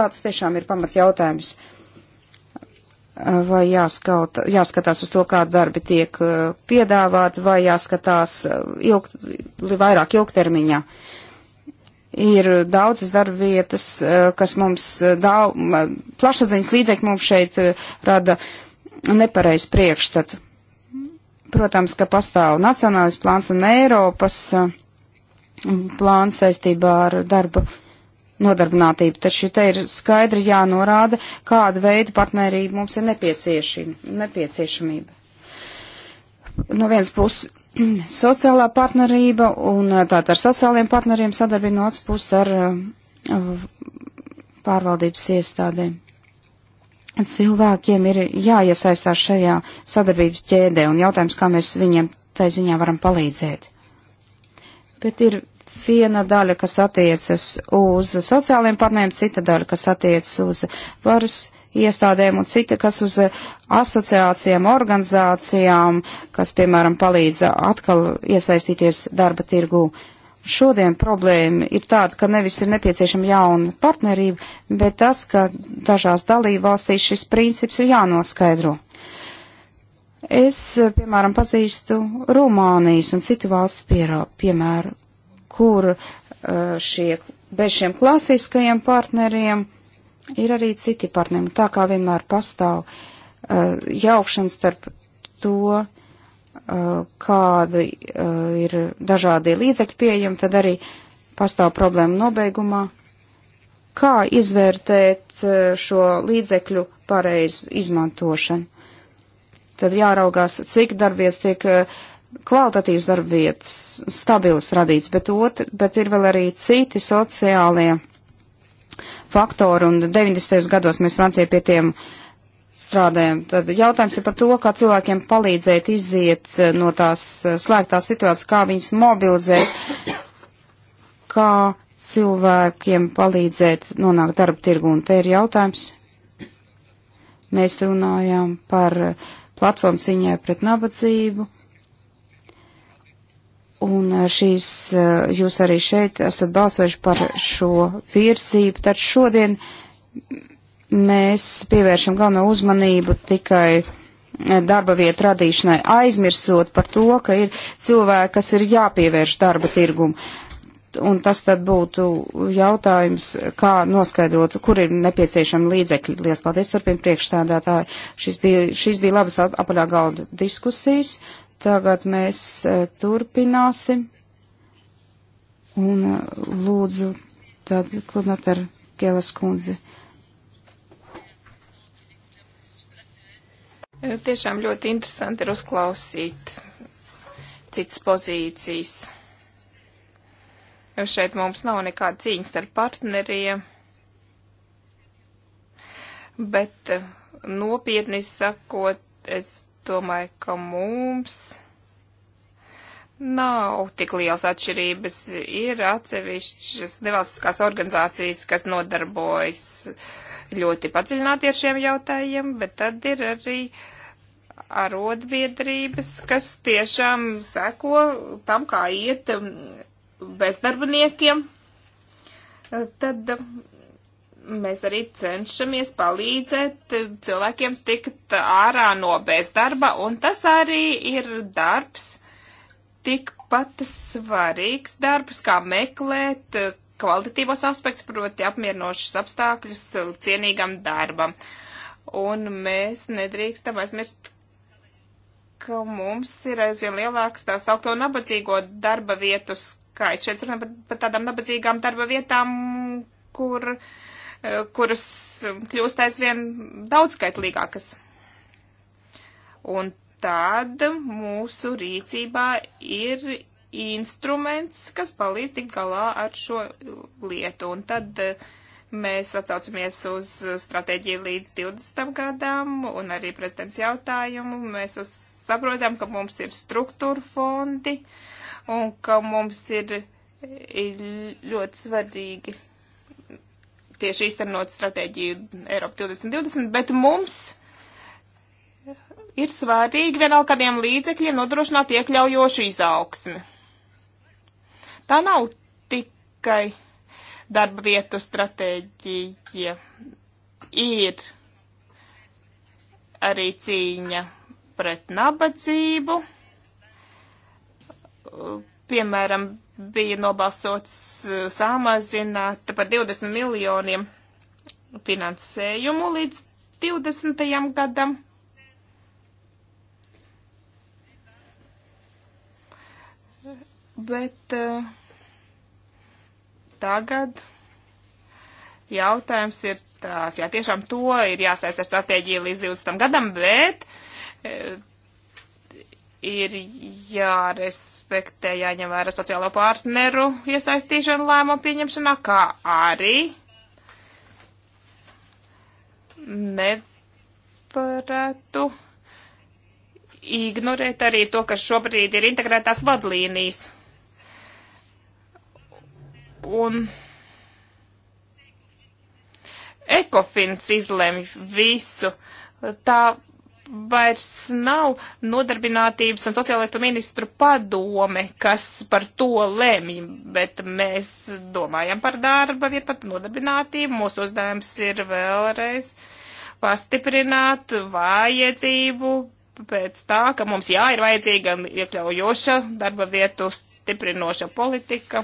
tāds tiešām ir pamat jautājums. Uh, vai jāskaut, jāskatās uz to, kādi darbi tiek eh, piedāvāti, vai jāskatās eh, ilg, vairāk ilgtermiņā. Ir daudzas darba vietas, eh, kas mums daudz, plašsaziņas līdzekļi mums šeit rada nepareiz priekšstatu. Protams, ka pastāv nacionālais plāns un Eiropas plāns saistībā ar darba nodarbinātību, taču te ir skaidri jānorāda, kāda veida partnerība mums ir nepieciešamība. No vienas puses sociālā partnerība un eh, tātad ar sociāliem partneriem sadarbība no otras puses ar eh, pārvaldības iestādēm. Cilvēkiem ir jāiesaistās šajā sadarbības ķēdē un jautājums, kā mēs viņiem tai ziņā varam palīdzēt. Bet ir viena daļa, kas attiecas uz sociāliem partneriem, cita daļa, kas attiecas uz varas iestādēm un cita, kas uz asociācijām, organizācijām, kas, piemēram, palīdz atkal iesaistīties darba tirgū. Šodien problēma ir tāda, ka nevis ir nepieciešama jauna partnerība, bet tas, ka dažās dalību valstīs šis princips ir jānoskaidro. Es, piemēram, pazīstu Rumānijas un citu valsts piemēru, kur uh, šie, bez šiem klasiskajiem partneriem ir arī citi partneri. Tā kā vienmēr pastāv uh, jaukšanas starp to, uh, kāda ir dažādi līdzekļi pieejami, tad arī pastāv problēma nobeigumā. Kā izvērtēt šo līdzekļu pareizu izmantošanu? Tad jāraugās, cik darbies tiek uh, kvalitatīvas darbvietas, stabilas radīts, bet, otr, bet ir vēl arī citi sociālie faktori, un 90. gados mēs Francijā pie tiem strādājam. Tad jautājums ir par to, kā cilvēkiem palīdzēt iziet eh, no tās eh, slēgtās situācijas, kā viņus mobilizēt, kā cilvēkiem palīdzēt nonākt darba tirgu, un te ir jautājums. Mēs runājām par eh, platformu ciņai pret nabadzību Un eh, šīs, eh, jūs arī šeit esat balsojuši par šo virzību, tad šodien mēs pievēršam galveno uzmanību tikai eh, darba vietu radīšanai, aizmirsot par to, ka ir cilvēki, kas ir jāpievērš darba tirgumu. Un tas tad būtu jautājums, kā noskaidrot, kur ir nepieciešama līdzekļi. Lielas paldies, turpina priekšstādātāji. Šis bija, šis bija labas apaļā galda diskusijas. Tagad mēs e, turpināsim. Un e, lūdzu, tad kludināt ar Kēlas kundzi. E, tiešām ļoti interesanti ir uzklausīt citas pozīcijas. Jo šeit mums nav nekāda cīņa starp partneriem, bet nopietni sakot, es domāju, ka mums nav tik liels atšķirības. Ir atsevišķas nevalstiskās organizācijas, kas nodarbojas ļoti padziļināti ar šiem jautājumiem, bet tad ir arī arotbiedrības, kas tiešām seko tam, kā iet bezdarbniekiem. Tad mēs arī cenšamies palīdzēt cilvēkiem tikt ārā no bezdarba, un tas arī ir darbs, tikpat svarīgs darbs, kā meklēt kvalitatīvos aspektus, proti apmierinošus apstākļus cienīgam darbam. Un mēs nedrīkstam aizmirst, ka mums ir aizvien lielāks tā saukto nabadzīgo darba vietu skaits. Šeit runājam par tādām nabadzīgām darba vietām, kur uh, kuras kļūst aizvien daudzskaitlīgākas. Un tad mūsu rīcībā ir instruments, kas palīdz tikt galā ar šo lietu. Un tad eh, mēs atsaucamies uz stratēģiju līdz 20. gadam un arī prezidents jautājumu. Mēs uz, saprotam, ka mums ir struktūra fondi un ka mums ir ļoti svarīgi tieši īstenot stratēģiju Eiropa 2020, bet mums ir svarīgi vienalga kādiem līdzekļiem nodrošināt iekļaujošu izaugsmi. Tā nav tikai darba vietu stratēģija, ir arī cīņa pret nabadzību. Piemēram, bija nobalsots eh, samazināt par 20 miljoniem finansējumu līdz 20. gadam. Bet uh, tagad jautājums ir tāds, jā, tiešām to ir jāsaist ar stratēģiju līdz 20. gadam, bet eh, ir jārespektē, jāņem vērā sociālo partneru iesaistīšana lēmumu pieņemšanā, kā arī neparētu ignorēt arī to, kas šobrīd ir integrētās vadlīnijas. Un ekofins izlemj visu. Tā vairs nav nodarbinātības un sociālietu ministru padome, kas par to lemj, bet mēs domājam par darba vietu, par nodarbinātību. Mūsu uzdevums ir vēlreiz pastiprināt vajadzību pēc tā, ka mums jā, ir vajadzīga iekļaujoša darba vietu stiprinoša politika.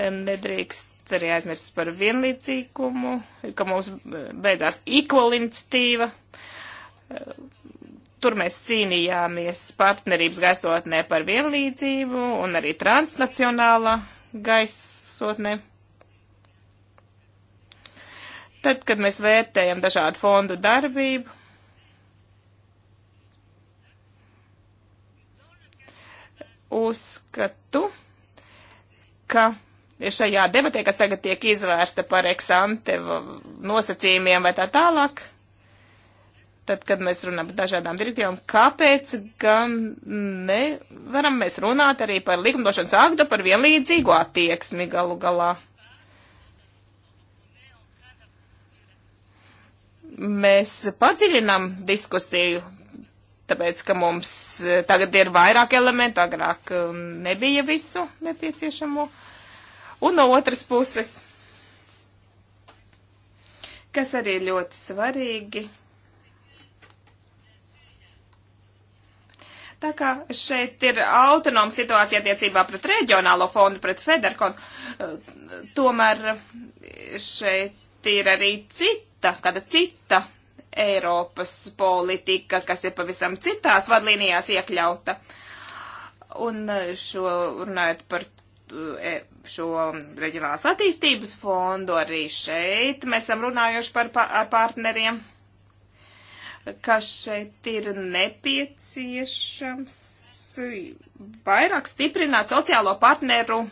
Nedrīkst arī aizmirst par vienlīdzīgumu, ka mums beidzās ekvalintīva. Uh, Tur mēs cīnījāmies partnerības gaisotnē par vienlīdzību un arī transnacionālā gaisotnē. Tad, kad mēs vērtējam dažādu fondu darbību, uzskatu, ka šajā debatē, kas tagad tiek izvērsta par eksante nosacījumiem vai tā tālāk, tad, kad mēs runājam par dažādām direktīvām, kāpēc gan nevaram mēs runāt arī par likumdošanas aktu par vienlīdzīgu attieksmi galu galā? Mēs padziļinām diskusiju, tāpēc, ka mums tagad ir vairāk elementu, agrāk um, nebija visu nepieciešamo. Un no otras puses, kas arī ir ļoti svarīgi, Tā kā šeit ir autonoma situācija attiecībā pret reģionālo fondu, pret Federkontu, eh, tomēr šeit ir arī cita, kāda cita Eiropas politika, kas ir pavisam citās vadlīnijās iekļauta. Un eh, šo runājot par eh, šo reģionālās attīstības fondu, arī šeit mēs esam runājuši par, par partneriem ka šeit ir nepieciešams vairāk stiprināt sociālo partneru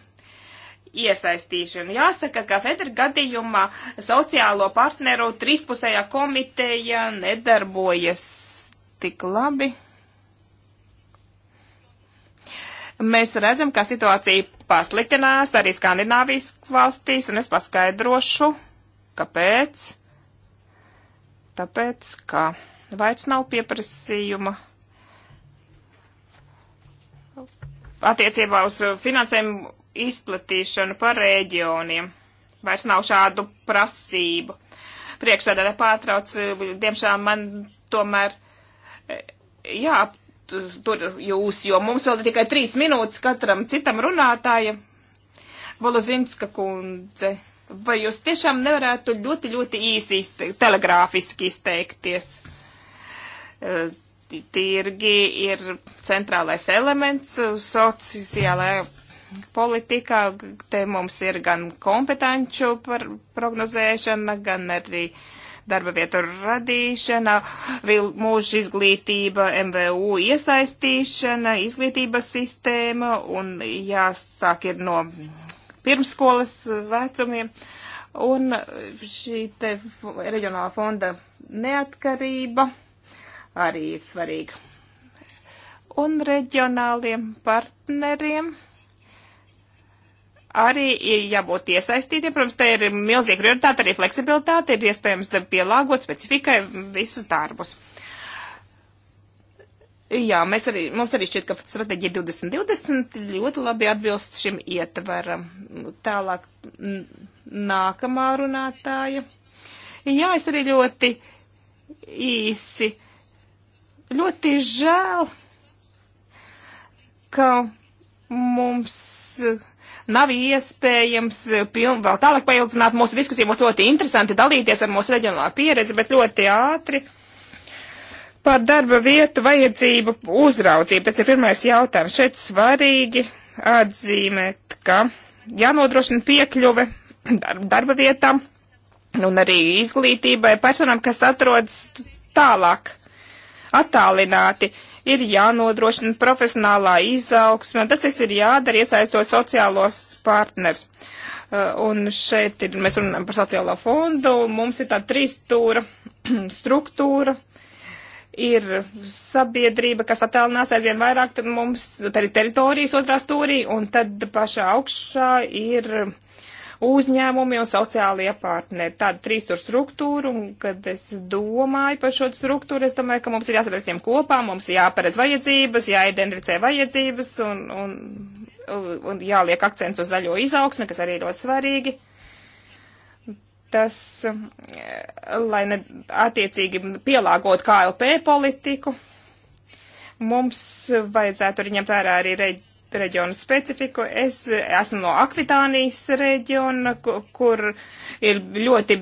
iesaistīšanu. Jāsaka, ka Federa gadījumā sociālo partneru trīspusējā komiteja nedarbojas tik labi. Mēs redzam, ka situācija pasliktinās arī Skandināvijas valstīs, un es paskaidrošu, kāpēc. Tāpēc, ka. Kā Vairs nav pieprasījuma attiecībā uz finansējumu izplatīšanu par reģioniem. Vairs nav šādu prasību. Priekšsēdētāji pārtrauc, diemžēl man tomēr e, jāaptur jūs, jo mums vēl ir tikai trīs minūtes katram citam runātājam. Volozinska kundze, vai jūs tiešām nevarētu ļoti, ļoti īsi izteikt, telegrāfiski izteikties? Eh, tirgi ir centrālais elements sociālajā politikā. Te mums ir gan kompetenču prognozēšana, gan arī darba vietu radīšana, mūža izglītība, MVU iesaistīšana, izglītības sistēma un jāsāk ir no pirmskolas vecumiem. Un šī te reģionāla fonda neatkarība arī ir svarīga. Un reģionāliem partneriem arī ir jābūt iesaistītiem. Protams, te ir milzīga prioritāte, arī fleksibilitāte, ir iespējams pielāgot specifikai visus darbus. Jā, mēs arī, mums arī šķiet, ka stratēģija 2020 ļoti labi atbilst šim ietveram. Tālāk nākamā runātāja. Jā, es arī ļoti īsi ļoti žēl, ka mums nav iespējams piln, vēl tālāk paildzināt mūsu diskusiju. Mums ļoti interesanti dalīties ar mūsu reģionālā pieredzi, bet ļoti ātri par darba vietu vajadzību uzraudzību. Tas ir pirmais jautājums. Šeit svarīgi atzīmēt, ka jānodrošina piekļuve darba vietām un arī izglītībai personām, kas atrodas tālāk attālināti. Ir jānodrošina profesionālā izaugsme, un tas viss ir jādara iesaistot sociālos partners. Uh, un šeit ir, mēs runājam par sociālo fondu, mums ir tā trīstūra struktūra, ir sabiedrība, kas attēlinās aizvien vairāk, tad mums tad ir teritorijas otrā stūrī, un tad pašā augšā ir uzņēmumi un sociālie partneri. Tāda trīsur struktūra, un kad es domāju par šo struktūru, es domāju, ka mums ir jāsadara visiem kopā, mums jāparedz vajadzības, jāidentificē vajadzības un, un, un jāliek akcents uz zaļo izaugsmi, kas arī ļoti svarīgi tas, lai ne attiecīgi pielāgot KLP politiku, mums vajadzētu arī ņemt vērā arī reģi reģionu specifiku. Es esmu no Akvitānijas reģiona, kur ir ļoti,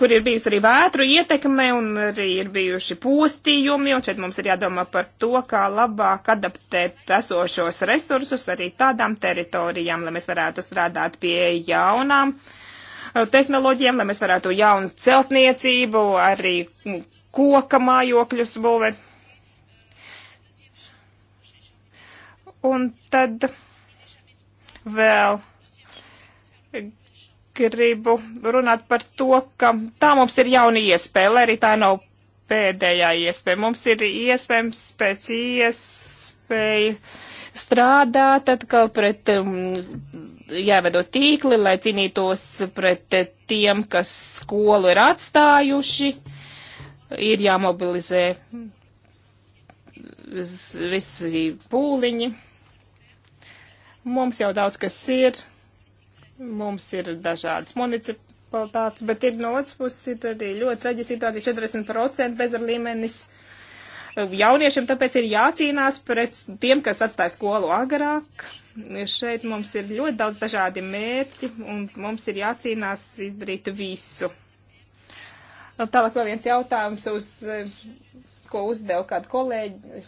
kur ir bijusi arī vētru ietekme un arī ir bijuši postījumi, un šeit mums ir jādomā par to, kā labāk adaptēt esošos resursus arī tādām teritorijām, lai mēs varētu strādāt pie jaunām uh, tehnoloģijām, lai mēs varētu jaunu celtniecību, arī koka mājokļus būvēt Un tad vēl gribu runāt par to, ka tā mums ir jauna iespēja, lai arī tā nav pēdējā iespēja. Mums ir iespējams pēc iespēja strādāt atkal pret um, jāvedo tīkli, lai cīnītos pret tiem, kas skolu ir atstājuši. Ir jāmobilizē visi pūliņi. Mums jau daudz kas ir, mums ir dažādas municipalitātes, bet ir no otras puses ir arī ļoti traģiska situācija - 40% bezarlīmenis. Jauniešiem tāpēc ir jācīnās pret tiem, kas atstāja skolu agrāk. Šeit mums ir ļoti daudz dažādi mērķi, un mums ir jācīnās izdarīt visu. Tālāk vēl viens jautājums, uz, uh, ko uzdeva kāda kolēģi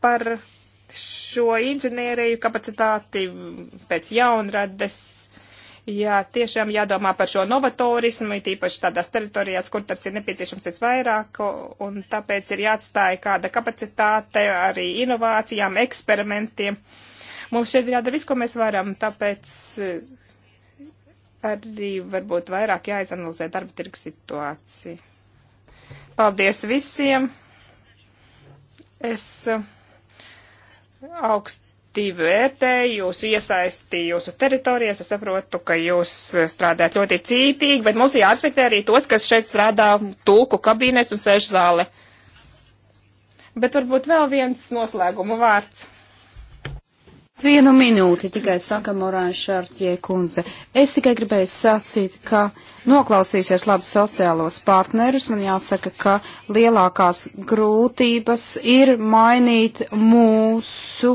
par šo inženieriju kapacitāti pēc jaunrades. Jā, tiešām jādomā par šo novatorismu, tīpaši tādās teritorijās, kur tas ir nepieciešams visvairāk, un tāpēc ir jāatstāja kāda kapacitāte arī inovācijām, eksperimentiem. Mums šeit ir jādara viss, ko mēs varam, tāpēc eh, arī varbūt vairāk jāizanalizē darba tirgus situācija. Paldies visiem! Es. Uh, augstī vērtēju jūsu iesaisti jūsu teritorijas. Es saprotu, ka jūs strādājat ļoti cītīgi, bet mums jārespektē arī tos, kas šeit strādā tulku kabīnēs un sēž zāle. Bet varbūt vēl viens noslēguma vārds. Vienu minūti tikai saka Morāna Šārtie kundze. Es tikai gribēju sacīt, ka noklausīsies labi sociālos partnerus un jāsaka, ka lielākās grūtības ir mainīt mūsu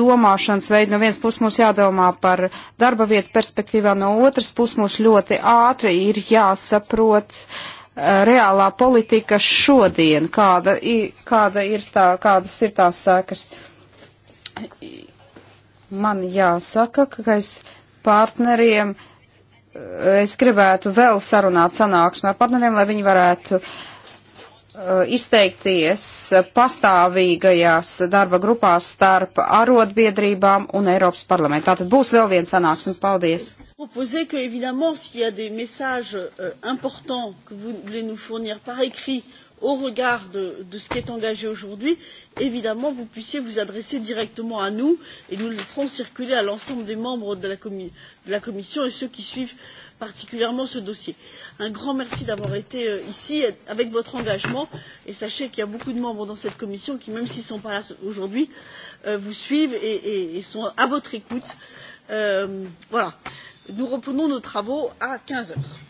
domāšanas veidu. No vienas puses mums jādomā par darba vietu perspektīvā, no otras puses mums ļoti ātri ir jāsaprot eh, reālā politika šodien, kāda, kāda ir tā, kādas ir tās sekas man jāsaka, ka es partneriem, eh, es gribētu vēl sarunāt sanāksmē ar partneriem, lai viņi varētu uh, izteikties pastāvīgajās darba grupās starp arotbiedrībām un Eiropas parlamentu. Tātad būs vēl viena sanāksme. Paldies! proposer que évidemment s'il y a des messages euh, importants que vous voulez nous fournir par écrit au regard de, de ce qui est engagé aujourd'hui évidemment vous puissiez vous adresser directement à nous et nous le ferons circuler à l'ensemble des membres de la, de la commission et ceux qui suivent particulièrement ce dossier. un grand merci d'avoir été euh, ici avec votre engagement et sachez qu'il y a beaucoup de membres dans cette commission qui même s'ils ne sont pas là aujourd'hui euh, vous suivent et, et, et sont à votre écoute. Euh, voilà. nous reprenons nos travaux à quinze heures.